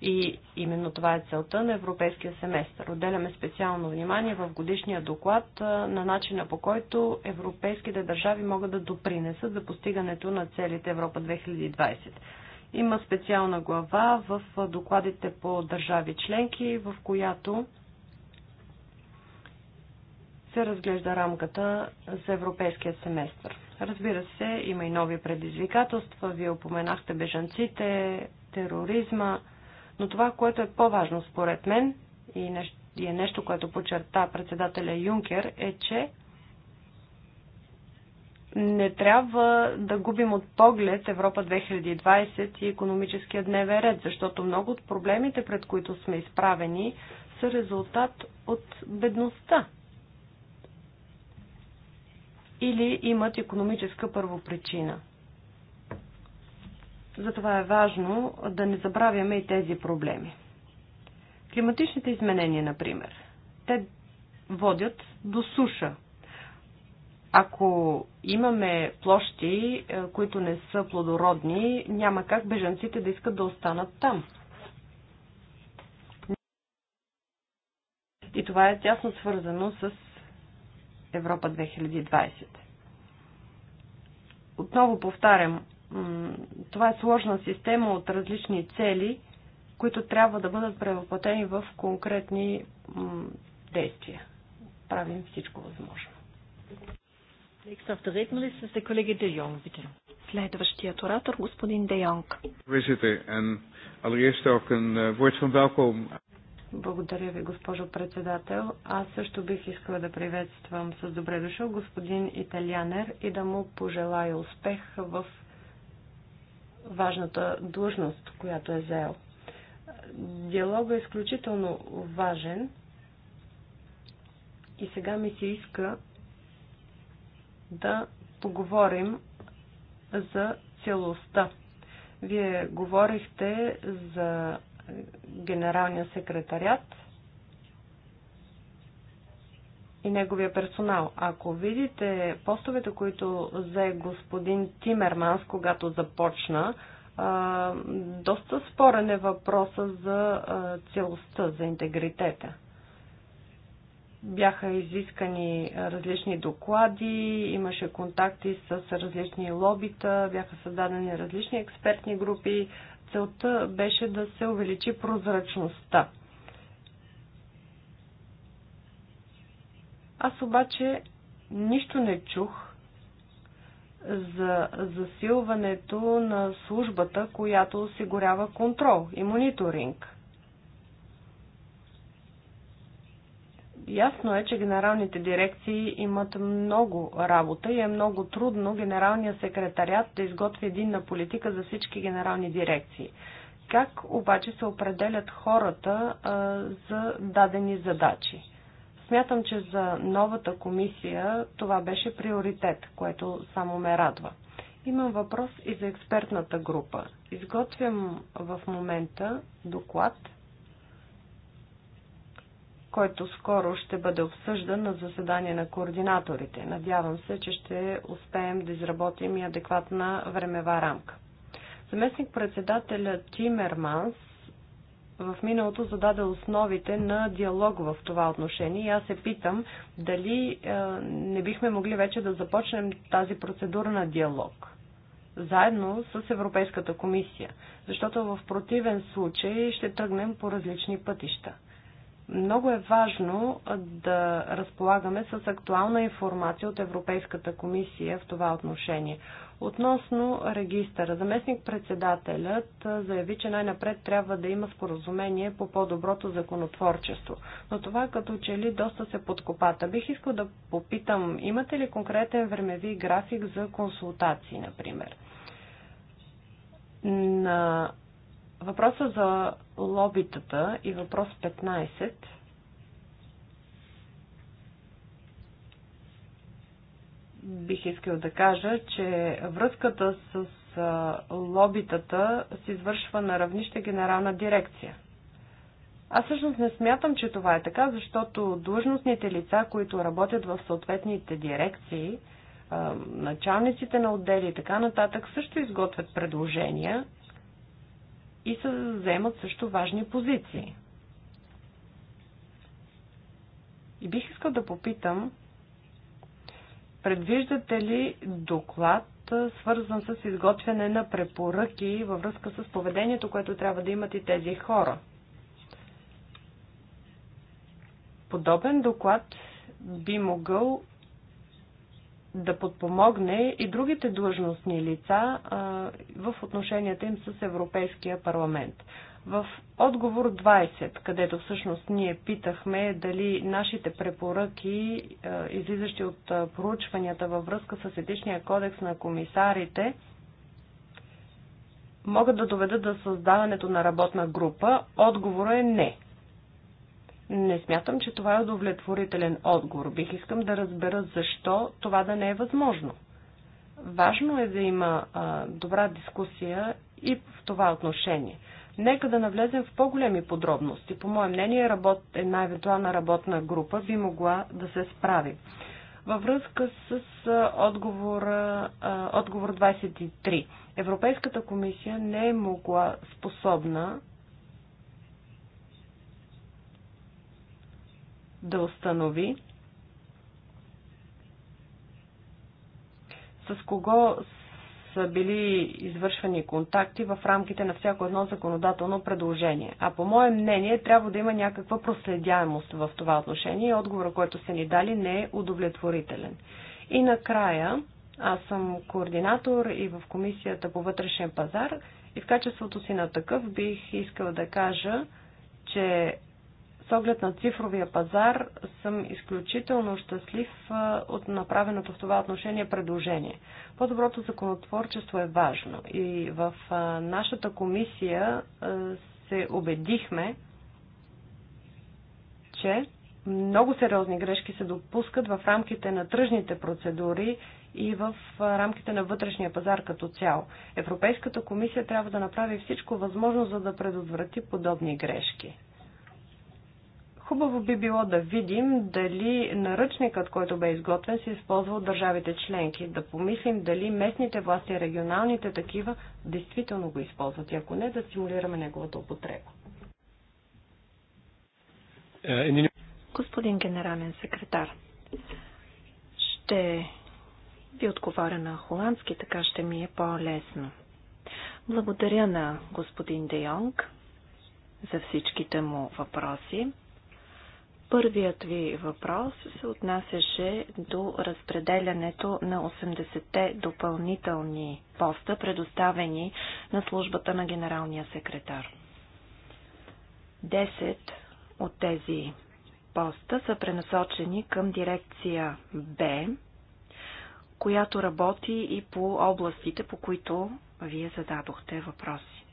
И именно това е целта на европейския семестър. Отделяме специално внимание в годишния доклад на начина по който европейските държави могат да допринесат за постигането на целите Европа 2020. Има специална глава в докладите по държави членки, в която се разглежда рамката за европейския семестър. Разбира се, има и нови предизвикателства. Вие упоменахте бежанците, тероризма, но това, което е по-важно според мен и, е нещо, което подчерта председателя Юнкер, е, че не трябва да губим от поглед Европа 2020 и економическия дневен ред, защото много от проблемите, пред които сме изправени, са резултат от бедността или имат економическа първопричина. Затова е важно да не забравяме и тези проблеми. Климатичните изменения, например, те водят до суша. Ако имаме площи, е, които не са плодородни, няма как бежанците да искат да останат там. И това е тясно свързано с Европа 2020. Отново повтарям, това е сложна система от различни цели, които трябва да бъдат превъплатени в конкретни действия. Правим всичко възможно. Следващият оратор, господин Де Йонг. Eh, Благодаря ви, госпожо председател. Аз също бих искала да приветствам с добре дошъл господин Италианер и да му пожелая успех в важната длъжност, която е заел. Диалогът е изключително важен и сега ми се иска да поговорим за целостта. Вие говорихте за генералния секретарят – и неговия персонал. Ако видите постовете, които взе господин Тимерманс, когато започна, доста спорен е въпроса за целостта, за интегритета. Бяха изискани различни доклади, имаше контакти с различни лобита, бяха създадени различни експертни групи. Целта беше да се увеличи прозрачността. Аз обаче нищо не чух за засилването на службата, която осигурява контрол и мониторинг. Ясно е, че генералните дирекции имат много работа и е много трудно генералния секретарят да изготви единна политика за всички генерални дирекции. Как обаче се определят хората а, за дадени задачи? Смятам, че за новата комисия това беше приоритет, което само ме радва. Имам въпрос и за експертната група. Изготвям в момента доклад, който скоро ще бъде обсъждан на заседание на координаторите. Надявам се, че ще успеем да изработим и адекватна времева рамка. Заместник председателя Тимерманс в миналото зададе основите на диалог в това отношение и аз се питам дали е, не бихме могли вече да започнем тази процедура на диалог заедно с Европейската комисия, защото в противен случай ще тръгнем по различни пътища. Много е важно да разполагаме с актуална информация от Европейската комисия в това отношение. Относно регистъра, заместник-председателят заяви, че най-напред трябва да има споразумение по по-доброто законотворчество. Но това като че ли доста се подкопата. Бих искал да попитам, имате ли конкретен времеви график за консултации, например? На въпроса за лобитата и въпрос 15 бих искал да кажа, че връзката с лобитата се извършва на равнище генерална дирекция. Аз всъщност не смятам, че това е така, защото длъжностните лица, които работят в съответните дирекции, началниците на отдели и така нататък, също изготвят предложения и се вземат също важни позиции. И бих искал да попитам Предвиждате ли доклад, свързан с изготвяне на препоръки във връзка с поведението, което трябва да имат и тези хора? Подобен доклад би могъл да подпомогне и другите длъжностни лица а, в отношенията им с Европейския парламент в отговор 20, където всъщност ние питахме дали нашите препоръки, е, излизащи от е, проучванията във връзка с етичния кодекс на комисарите, могат да доведат до създаването на работна група, отговорът е не. Не смятам, че това е удовлетворителен отговор. Бих искам да разбера защо това да не е възможно. Важно е да има а, добра дискусия и в това отношение. Нека да навлезем в по-големи подробности. По мое мнение, работ... една евентуална работна група би могла да се справи. Във връзка с отговор, отговор 23. Европейската комисия не е могла способна да установи с кого са били извършвани контакти в рамките на всяко едно законодателно предложение. А по мое мнение трябва да има някаква проследяемост в това отношение и отговора, който са ни дали, не е удовлетворителен. И накрая, аз съм координатор и в Комисията по вътрешен пазар и в качеството си на такъв бих искала да кажа, че оглед на цифровия пазар съм изключително щастлив от направеното в това отношение предложение. По-доброто законотворчество е важно и в нашата комисия се убедихме, че много сериозни грешки се допускат в рамките на тръжните процедури и в рамките на вътрешния пазар като цяло. Европейската комисия трябва да направи всичко възможно, за да предотврати подобни грешки. Хубаво би било да видим дали наръчникът, който бе изготвен, се използва от държавите членки. Да помислим дали местните власти, регионалните такива, действително го използват. И ако не, да стимулираме неговата употреба. Е, господин генерален секретар, ще ви отговоря на холандски, така ще ми е по-лесно. Благодаря на господин Де Йонг за всичките му въпроси. Първият ви въпрос се отнасяше до разпределянето на 80-те допълнителни поста, предоставени на службата на генералния секретар. 10 от тези поста са пренасочени към дирекция Б, която работи и по областите, по които вие зададохте въпроси.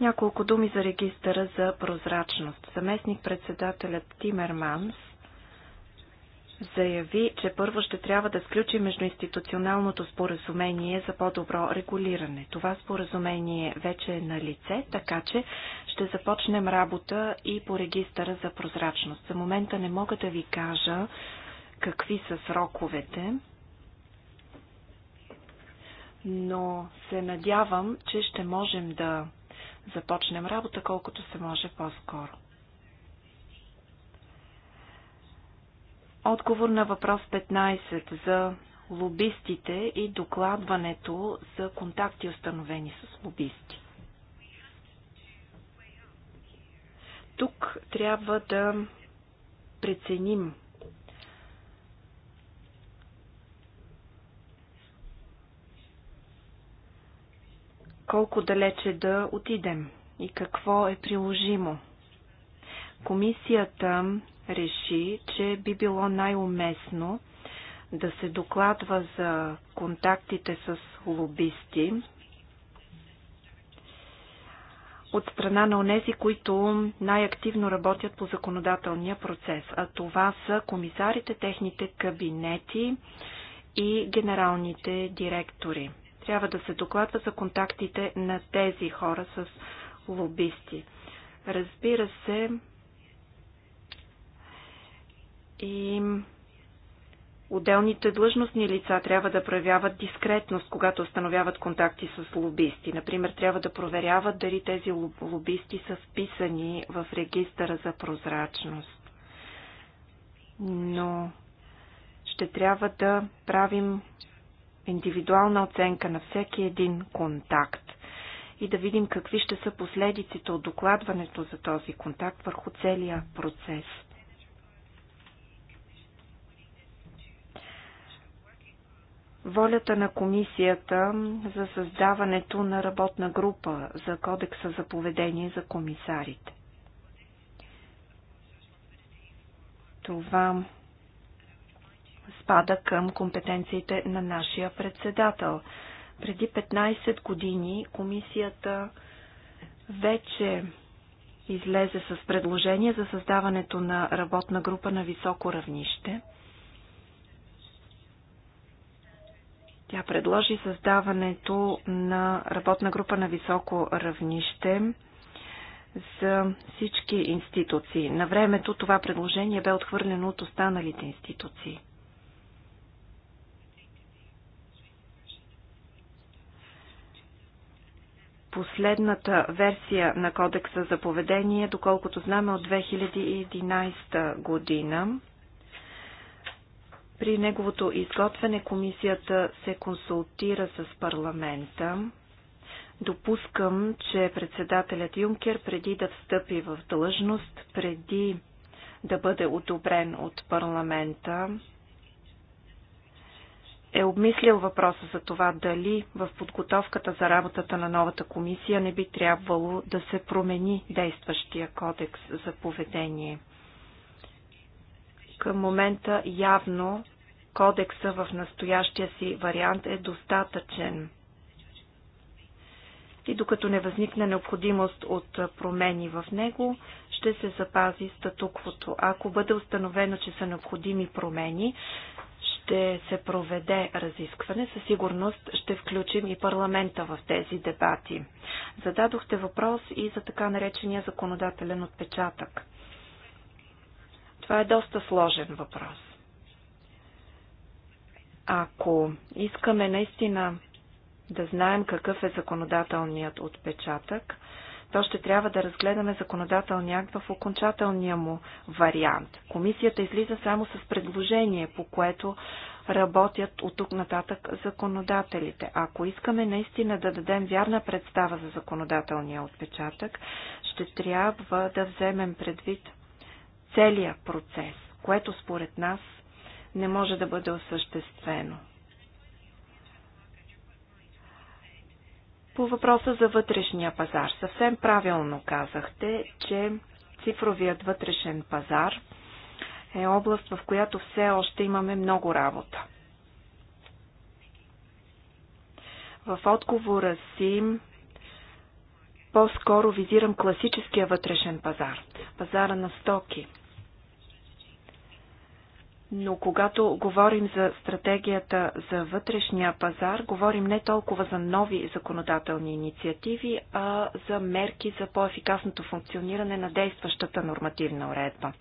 Няколко думи за регистъра за прозрачност. Заместник председателят Тимерманс заяви, че първо ще трябва да сключи междуинституционалното споразумение за по-добро регулиране. Това споразумение вече е на лице, така че ще започнем работа и по регистъра за прозрачност. За момента не мога да ви кажа какви са сроковете, но се надявам, че ще можем да започнем работа колкото се може по-скоро. Отговор на въпрос 15 за лобистите и докладването за контакти установени с лобисти. Тук трябва да преценим колко далече да отидем и какво е приложимо. Комисията реши, че би било най-уместно да се докладва за контактите с лобисти от страна на онези, които най-активно работят по законодателния процес, а това са комисарите, техните кабинети и генералните директори. Трябва да се докладва за контактите на тези хора с лобисти. Разбира се, и Отделните длъжностни лица трябва да проявяват дискретност, когато установяват контакти с лобисти. Например, трябва да проверяват дали тези лобисти са вписани в регистъра за прозрачност. Но ще трябва да правим индивидуална оценка на всеки един контакт и да видим какви ще са последиците от докладването за този контакт върху целия процес. Волята на комисията за създаването на работна група за кодекса за поведение за комисарите. Това спада към компетенциите на нашия председател. Преди 15 години комисията вече излезе с предложение за създаването на работна група на високо равнище. Тя предложи създаването на работна група на високо равнище за всички институции. На времето това предложение бе отхвърлено от останалите институции. Последната версия на кодекса за поведение, доколкото знаме, от 2011 година. При неговото изготвяне комисията се консултира с парламента. Допускам, че председателят Юнкер преди да встъпи в длъжност, преди да бъде одобрен от парламента, е обмислил въпроса за това дали в подготовката за работата на новата комисия не би трябвало да се промени действащия кодекс за поведение. Към момента явно кодекса в настоящия си вариант е достатъчен. И докато не възникне необходимост от промени в него, ще се запази статуквото. Ако бъде установено, че са необходими промени, ще се проведе разискване, със сигурност ще включим и парламента в тези дебати. Зададохте въпрос и за така наречения законодателен отпечатък. Това е доста сложен въпрос. Ако искаме наистина да знаем какъв е законодателният отпечатък, то ще трябва да разгледаме законодателния акт в окончателния му вариант. Комисията излиза само с предложение, по което работят от тук нататък законодателите. Ако искаме наистина да дадем вярна представа за законодателния отпечатък, ще трябва да вземем предвид целия процес, което според нас не може да бъде осъществено. По въпроса за вътрешния пазар. Съвсем правилно казахте, че цифровият вътрешен пазар е област, в която все още имаме много работа. В отговора си по-скоро визирам класическия вътрешен пазар, пазара на стоки – но когато говорим за стратегията за вътрешния пазар, говорим не толкова за нови законодателни инициативи, а за мерки за по-ефикасното функциониране на действащата нормативна уредба.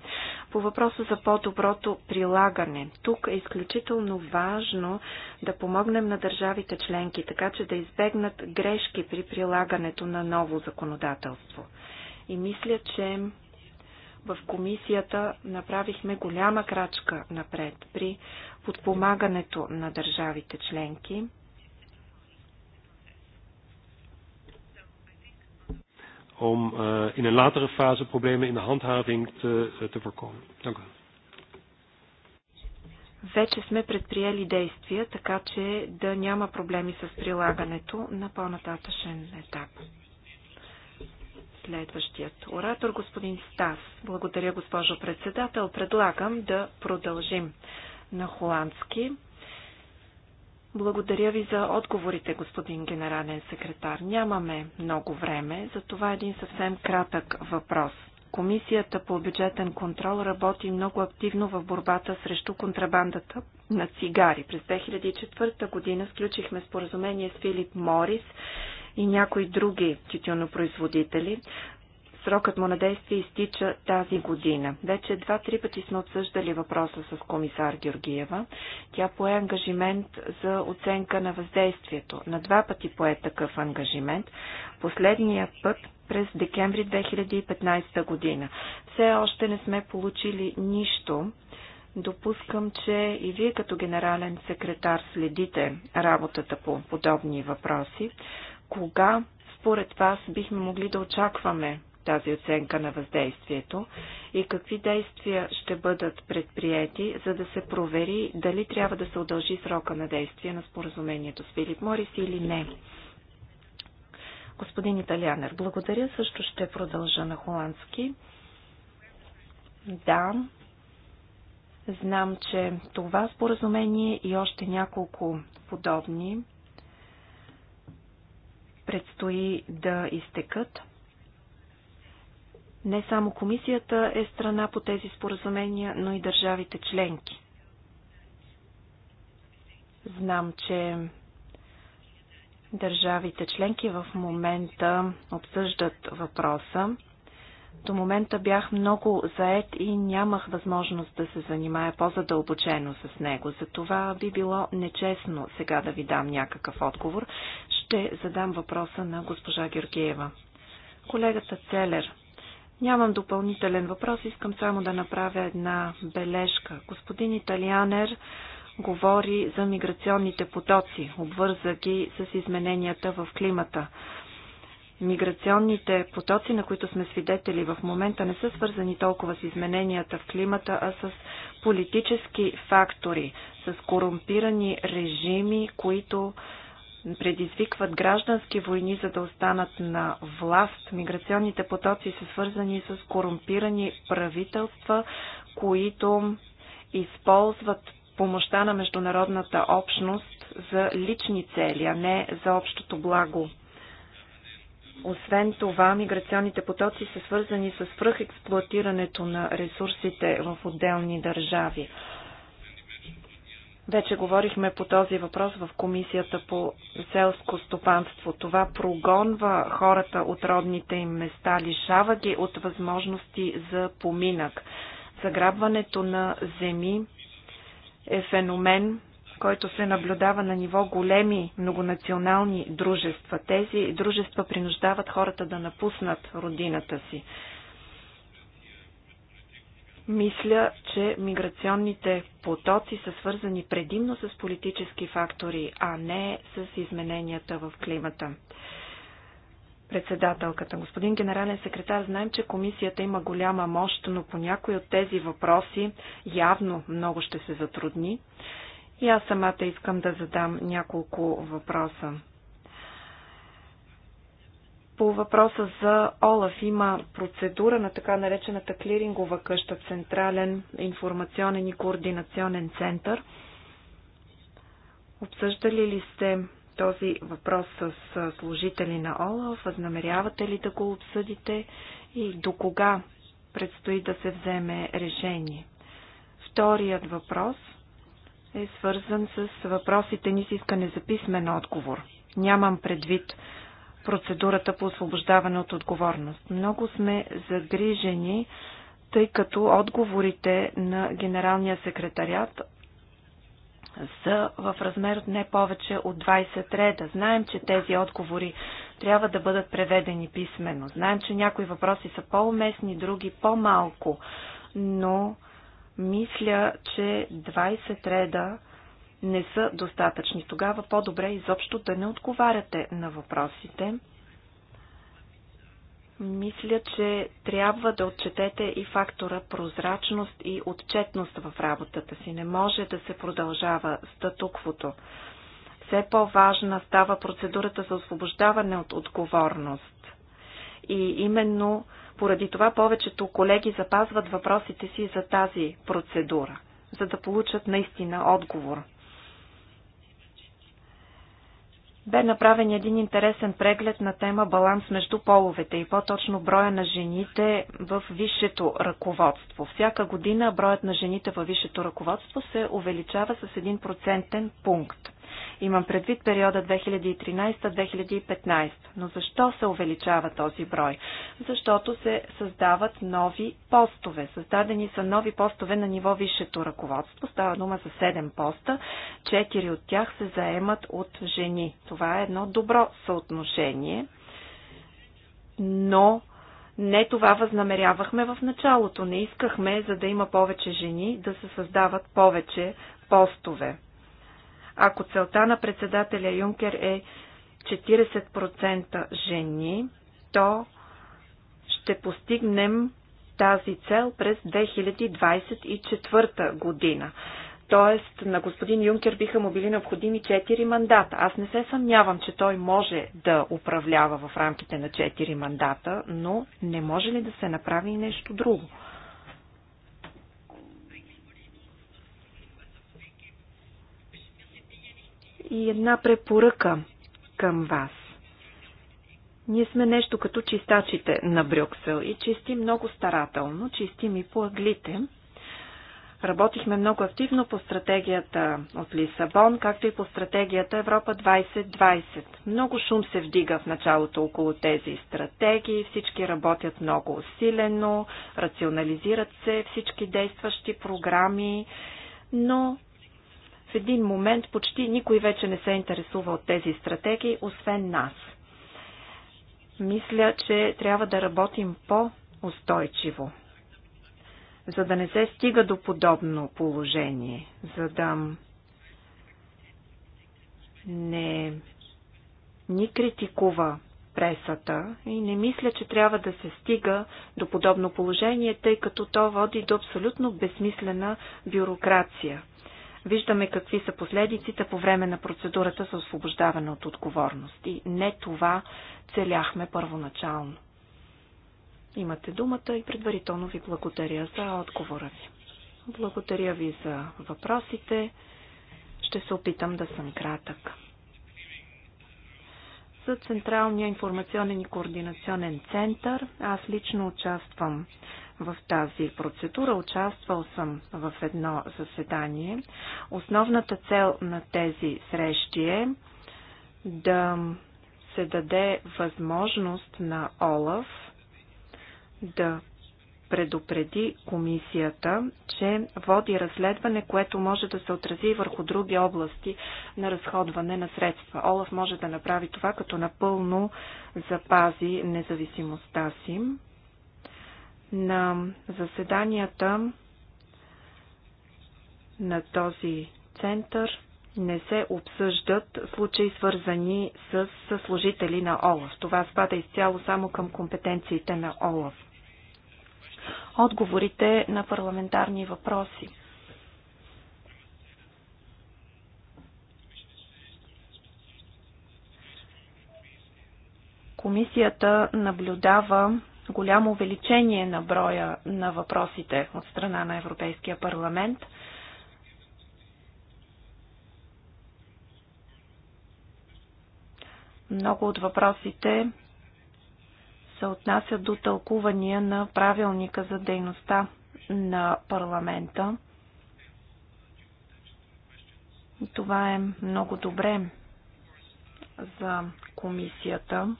По въпроса за по-доброто прилагане, тук е изключително важно да помогнем на държавите членки, така че да избегнат грешки при прилагането на ново законодателство. И мисля, че в комисията направихме голяма крачка напред при подпомагането на държавите членки. om uh, in een latere fase problemen in de handhaving te, eh, te voorkomen. Dank u. Вече сме предприели действия, така че да няма проблеми с прилагането на по-нататъчен етап. Следващият оратор, господин Стас. Благодаря, госпожо председател. Предлагам да продължим на холандски. Благодаря ви за отговорите, господин генерален секретар. Нямаме много време, това е един съвсем кратък въпрос. Комисията по бюджетен контрол работи много активно в борбата срещу контрабандата на цигари. През 2004 година сключихме споразумение с Филип Морис и някои други тютюнопроизводители. Срокът му на действие изтича тази година. Вече два-три пъти сме обсъждали въпроса с комисар Георгиева. Тя пое ангажимент за оценка на въздействието. На два пъти пое такъв ангажимент. Последния път през декември 2015 година. Все още не сме получили нищо. Допускам, че и вие като генерален секретар следите работата по подобни въпроси. Кога, според вас, бихме могли да очакваме тази оценка на въздействието и какви действия ще бъдат предприяти, за да се провери дали трябва да се удължи срока на действие на споразумението с Филип Морис или не. Господин Италианер, благодаря. Също ще продължа на холандски. Да, знам, че това споразумение и още няколко подобни предстои да изтекат. Не само комисията е страна по тези споразумения, но и държавите членки. Знам, че държавите членки в момента обсъждат въпроса. До момента бях много заед и нямах възможност да се занимая по-задълбочено с него. Затова би било нечестно сега да ви дам някакъв отговор. Ще задам въпроса на госпожа Георгиева. Колегата Целер. Нямам допълнителен въпрос, искам само да направя една бележка. Господин Италианер говори за миграционните потоци, обвърза ги с измененията в климата. Миграционните потоци, на които сме свидетели в момента, не са свързани толкова с измененията в климата, а с политически фактори, с корумпирани режими, които предизвикват граждански войни, за да останат на власт. Миграционните потоци са свързани с корумпирани правителства, които използват помощта на международната общност за лични цели, а не за общото благо. Освен това, миграционните потоци са свързани с свръхексплуатирането на ресурсите в отделни държави. Вече говорихме по този въпрос в Комисията по селско стопанство. Това прогонва хората от родните им места, лишава ги от възможности за поминък. Заграбването на земи е феномен, който се наблюдава на ниво големи многонационални дружества. Тези дружества принуждават хората да напуснат родината си. Мисля, че миграционните потоци са свързани предимно с политически фактори, а не с измененията в климата. Председателката, господин генерален секретар, знаем, че комисията има голяма мощ, но по някои от тези въпроси явно много ще се затрудни. И аз самата искам да задам няколко въпроса. По въпроса за Олаф има процедура на така наречената клирингова къща, Централен информационен и координационен център. Обсъждали ли сте този въпрос с служители на ОЛАФ? Възнамерявате ли да го обсъдите и до кога предстои да се вземе решение? Вторият въпрос е свързан с въпросите ни с искане за писмен отговор. Нямам предвид процедурата по освобождаване от отговорност. Много сме загрижени, тъй като отговорите на генералния секретарят са в размер не повече от 20 реда. Знаем, че тези отговори трябва да бъдат преведени писменно. Знаем, че някои въпроси са по-уместни, други по-малко, но мисля, че 20 реда не са достатъчни. Тогава по-добре изобщо да не отговаряте на въпросите. Мисля, че трябва да отчетете и фактора прозрачност и отчетност в работата си. Не може да се продължава статуквото. Все по-важна става процедурата за освобождаване от отговорност. И именно поради това повечето колеги запазват въпросите си за тази процедура, за да получат наистина отговор. бе направен един интересен преглед на тема баланс между половете и по-точно броя на жените в висшето ръководство. Всяка година броят на жените във висшето ръководство се увеличава с един процентен пункт. Имам предвид периода 2013-2015. Но защо се увеличава този брой? Защото се създават нови постове. Създадени са нови постове на ниво висшето ръководство. Става дума за 7 поста. 4 от тях се заемат от жени. Това е едно добро съотношение. Но не това възнамерявахме в началото. Не искахме, за да има повече жени, да се създават повече постове. Ако целта на председателя Юнкер е 40% жени, то ще постигнем тази цел през 2024 година. Тоест на господин Юнкер биха му били необходими 4 мандата. Аз не се съмнявам, че той може да управлява в рамките на 4 мандата, но не може ли да се направи нещо друго? и една препоръка към вас. Ние сме нещо като чистачите на Брюксел и чистим много старателно, чистим и по аглите. Работихме много активно по стратегията от Лисабон, както и по стратегията Европа 2020. Много шум се вдига в началото около тези стратегии, всички работят много усилено, рационализират се всички действащи програми, но в един момент почти никой вече не се интересува от тези стратегии, освен нас. Мисля, че трябва да работим по-устойчиво, за да не се стига до подобно положение, за да не ни критикува пресата и не мисля, че трябва да се стига до подобно положение, тъй като то води до абсолютно безсмислена бюрокрация. Виждаме какви са последиците по време на процедурата за освобождаване от отговорност. И не това целяхме първоначално. Имате думата и предварително ви благодаря за отговора ви. Благодаря ви за въпросите. Ще се опитам да съм кратък. За Централния информационен и координационен център аз лично участвам в тази процедура. Участвал съм в едно заседание. Основната цел на тези срещи е да се даде възможност на Олаф да предупреди комисията, че води разследване, което може да се отрази върху други области на разходване на средства. Олаф може да направи това, като напълно запази независимостта си на заседанията на този център не се обсъждат случаи свързани с служители на ОЛАФ. Това спада изцяло само към компетенциите на ОЛАФ. Отговорите на парламентарни въпроси. Комисията наблюдава голямо увеличение на броя на въпросите от страна на Европейския парламент. Много от въпросите се отнасят до тълкувания на правилника за дейността на парламента. Това е много добре за комисията.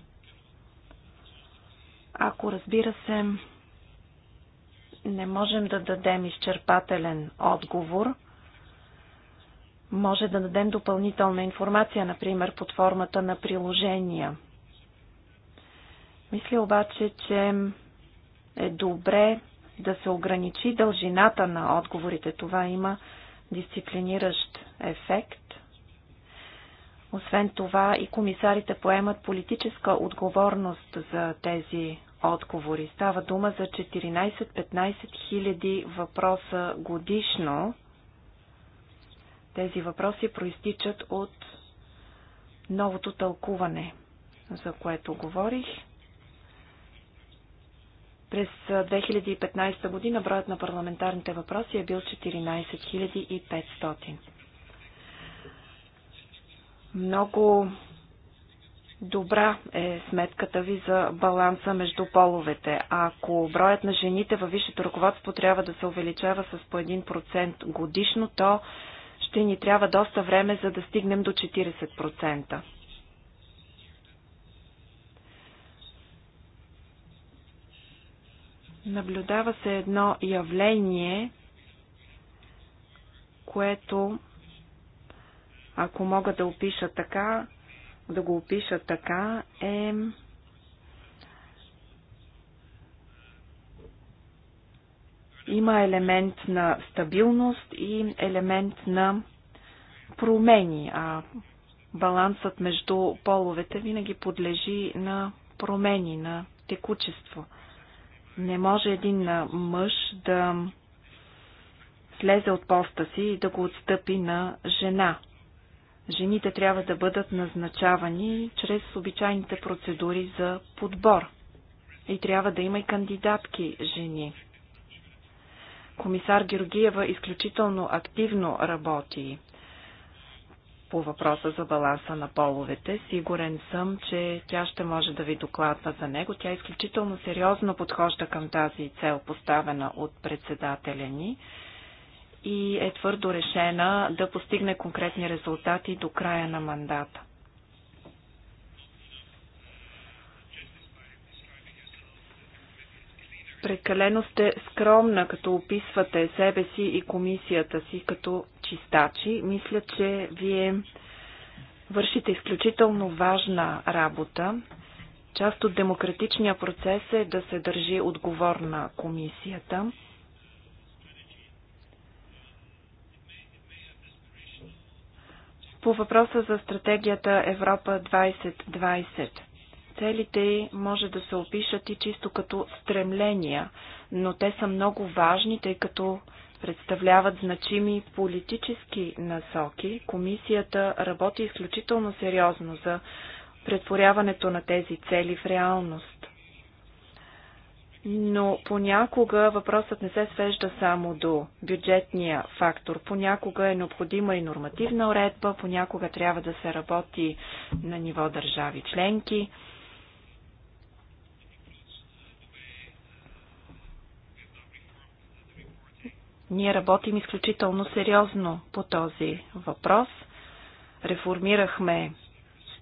Ако разбира се, не можем да дадем изчерпателен отговор, може да дадем допълнителна информация, например под формата на приложения. Мисля обаче, че е добре да се ограничи дължината на отговорите. Това има дисциплиниращ ефект. Освен това и комисарите поемат политическа отговорност за тези отговори. Става дума за 14-15 хиляди въпроса годишно. Тези въпроси проистичат от новото тълкуване, за което говорих. През 2015 година броят на парламентарните въпроси е бил 14 500. Много добра е сметката ви за баланса между половете. Ако броят на жените във висшето ръководство трябва да се увеличава с по 1% годишно, то ще ни трябва доста време, за да стигнем до 40%. Наблюдава се едно явление, което ако мога да опиша така, да го опиша така е има елемент на стабилност и елемент на промени, а балансът между половете винаги подлежи на промени, на текучество. Не може един мъж да слезе от поста си и да го отстъпи на жена жените трябва да бъдат назначавани чрез обичайните процедури за подбор. И трябва да има и кандидатки жени. Комисар Георгиева изключително активно работи по въпроса за баланса на половете. Сигурен съм, че тя ще може да ви докладва за него. Тя изключително сериозно подхожда към тази цел, поставена от председателя ни и е твърдо решена да постигне конкретни резултати до края на мандата. Прекалено сте скромна, като описвате себе си и комисията си като чистачи. Мисля, че вие вършите изключително важна работа. Част от демократичния процес е да се държи отговорна комисията. По въпроса за стратегията Европа 2020. Целите й може да се опишат и чисто като стремления, но те са много важни, тъй като представляват значими политически насоки. Комисията работи изключително сериозно за претворяването на тези цели в реалност но понякога въпросът не се свежда само до бюджетния фактор. Понякога е необходима и нормативна уредба, понякога трябва да се работи на ниво държави членки. Ние работим изключително сериозно по този въпрос. Реформирахме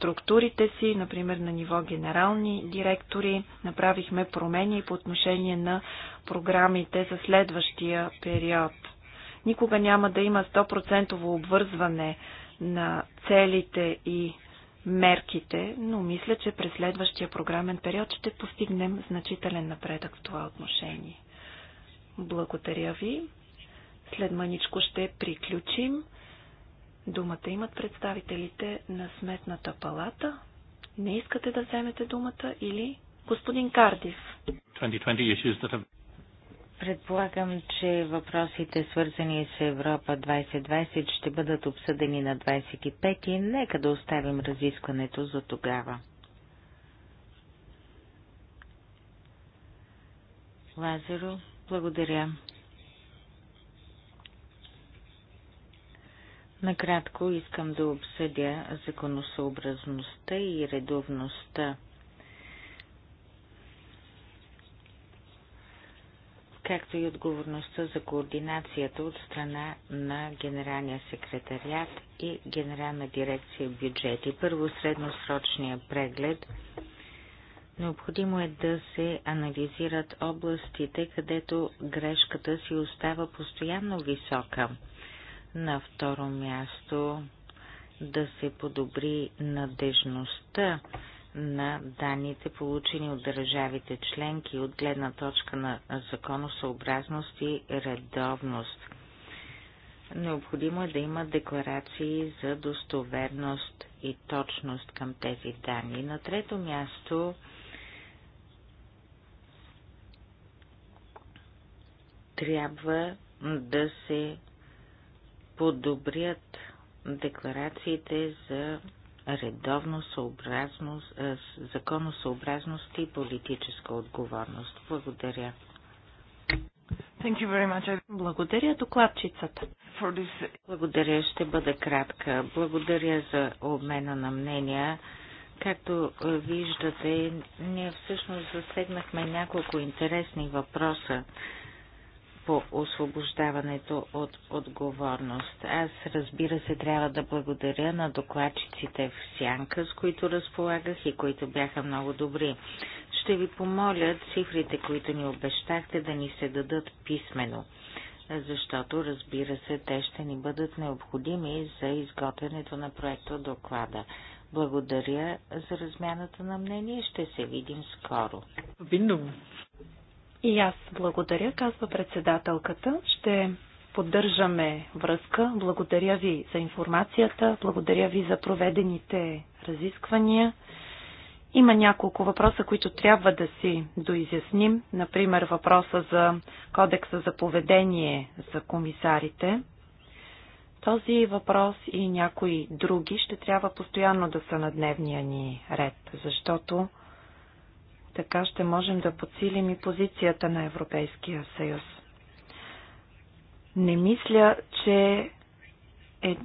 структурите си, например на ниво генерални директори. Направихме промени по отношение на програмите за следващия период. Никога няма да има 100% обвързване на целите и мерките, но мисля, че през следващия програмен период ще постигнем значителен напредък в това отношение. Благодаря ви. След маничко ще приключим. Думата имат представителите на Сметната палата. Не искате да вземете думата или господин Кардив? Предполагам, че въпросите свързани с Европа 2020 ще бъдат обсъдени на 25 и нека да оставим разискването за тогава. Лазаро, благодаря. Накратко искам да обсъдя законосъобразността и редовността. както и отговорността за координацията от страна на Генералния секретариат и Генерална дирекция бюджети. Първо средносрочния преглед. Необходимо е да се анализират областите, където грешката си остава постоянно висока – на второ място да се подобри надежността на данните, получени от държавите членки от гледна точка на законосъобразност и редовност. Необходимо е да има декларации за достоверност и точност към тези данни. На трето място трябва да се подобрят декларациите за редовно съобразност, законосъобразност и политическа отговорност. Благодаря. Thank you very much. Благодаря докладчицата. For this... Благодаря, ще бъда кратка. Благодаря за обмена на мнения. Както виждате, ние всъщност засегнахме няколко интересни въпроса по освобождаването от отговорност. Аз разбира се трябва да благодаря на докладчиците в Сянка, с които разполагах и които бяха много добри. Ще ви помоля цифрите, които ни обещахте да ни се дадат писменно, защото разбира се те ще ни бъдат необходими за изготвянето на проекта доклада. Благодаря за размяната на мнение. Ще се видим скоро. И аз благодаря, казва председателката. Ще поддържаме връзка. Благодаря ви за информацията, благодаря ви за проведените разисквания. Има няколко въпроса, които трябва да си доизясним. Например, въпроса за кодекса за поведение за комисарите. Този въпрос и някои други ще трябва постоянно да са на дневния ни ред, защото така ще можем да подсилим и позицията на Европейския съюз. Не мисля, че е,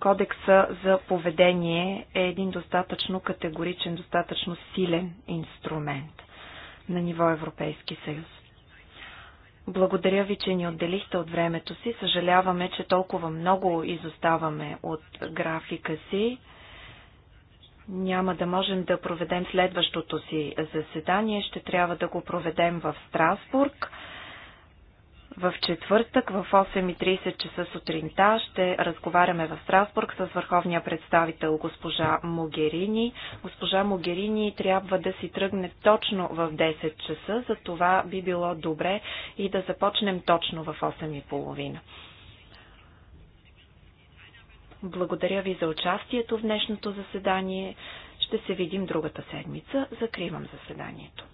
кодекса за поведение е един достатъчно категоричен, достатъчно силен инструмент на ниво Европейски съюз. Благодаря ви, че ни отделихте от времето си. Съжаляваме, че толкова много изоставаме от графика си няма да можем да проведем следващото си заседание. Ще трябва да го проведем в Страсбург. В четвъртък в 8.30 часа сутринта ще разговаряме в Страсбург с върховния представител госпожа Могерини. Госпожа Могерини трябва да си тръгне точно в 10 часа, за това би било добре и да започнем точно в 8.30. Благодаря ви за участието в днешното заседание. Ще се видим другата седмица. Закривам заседанието.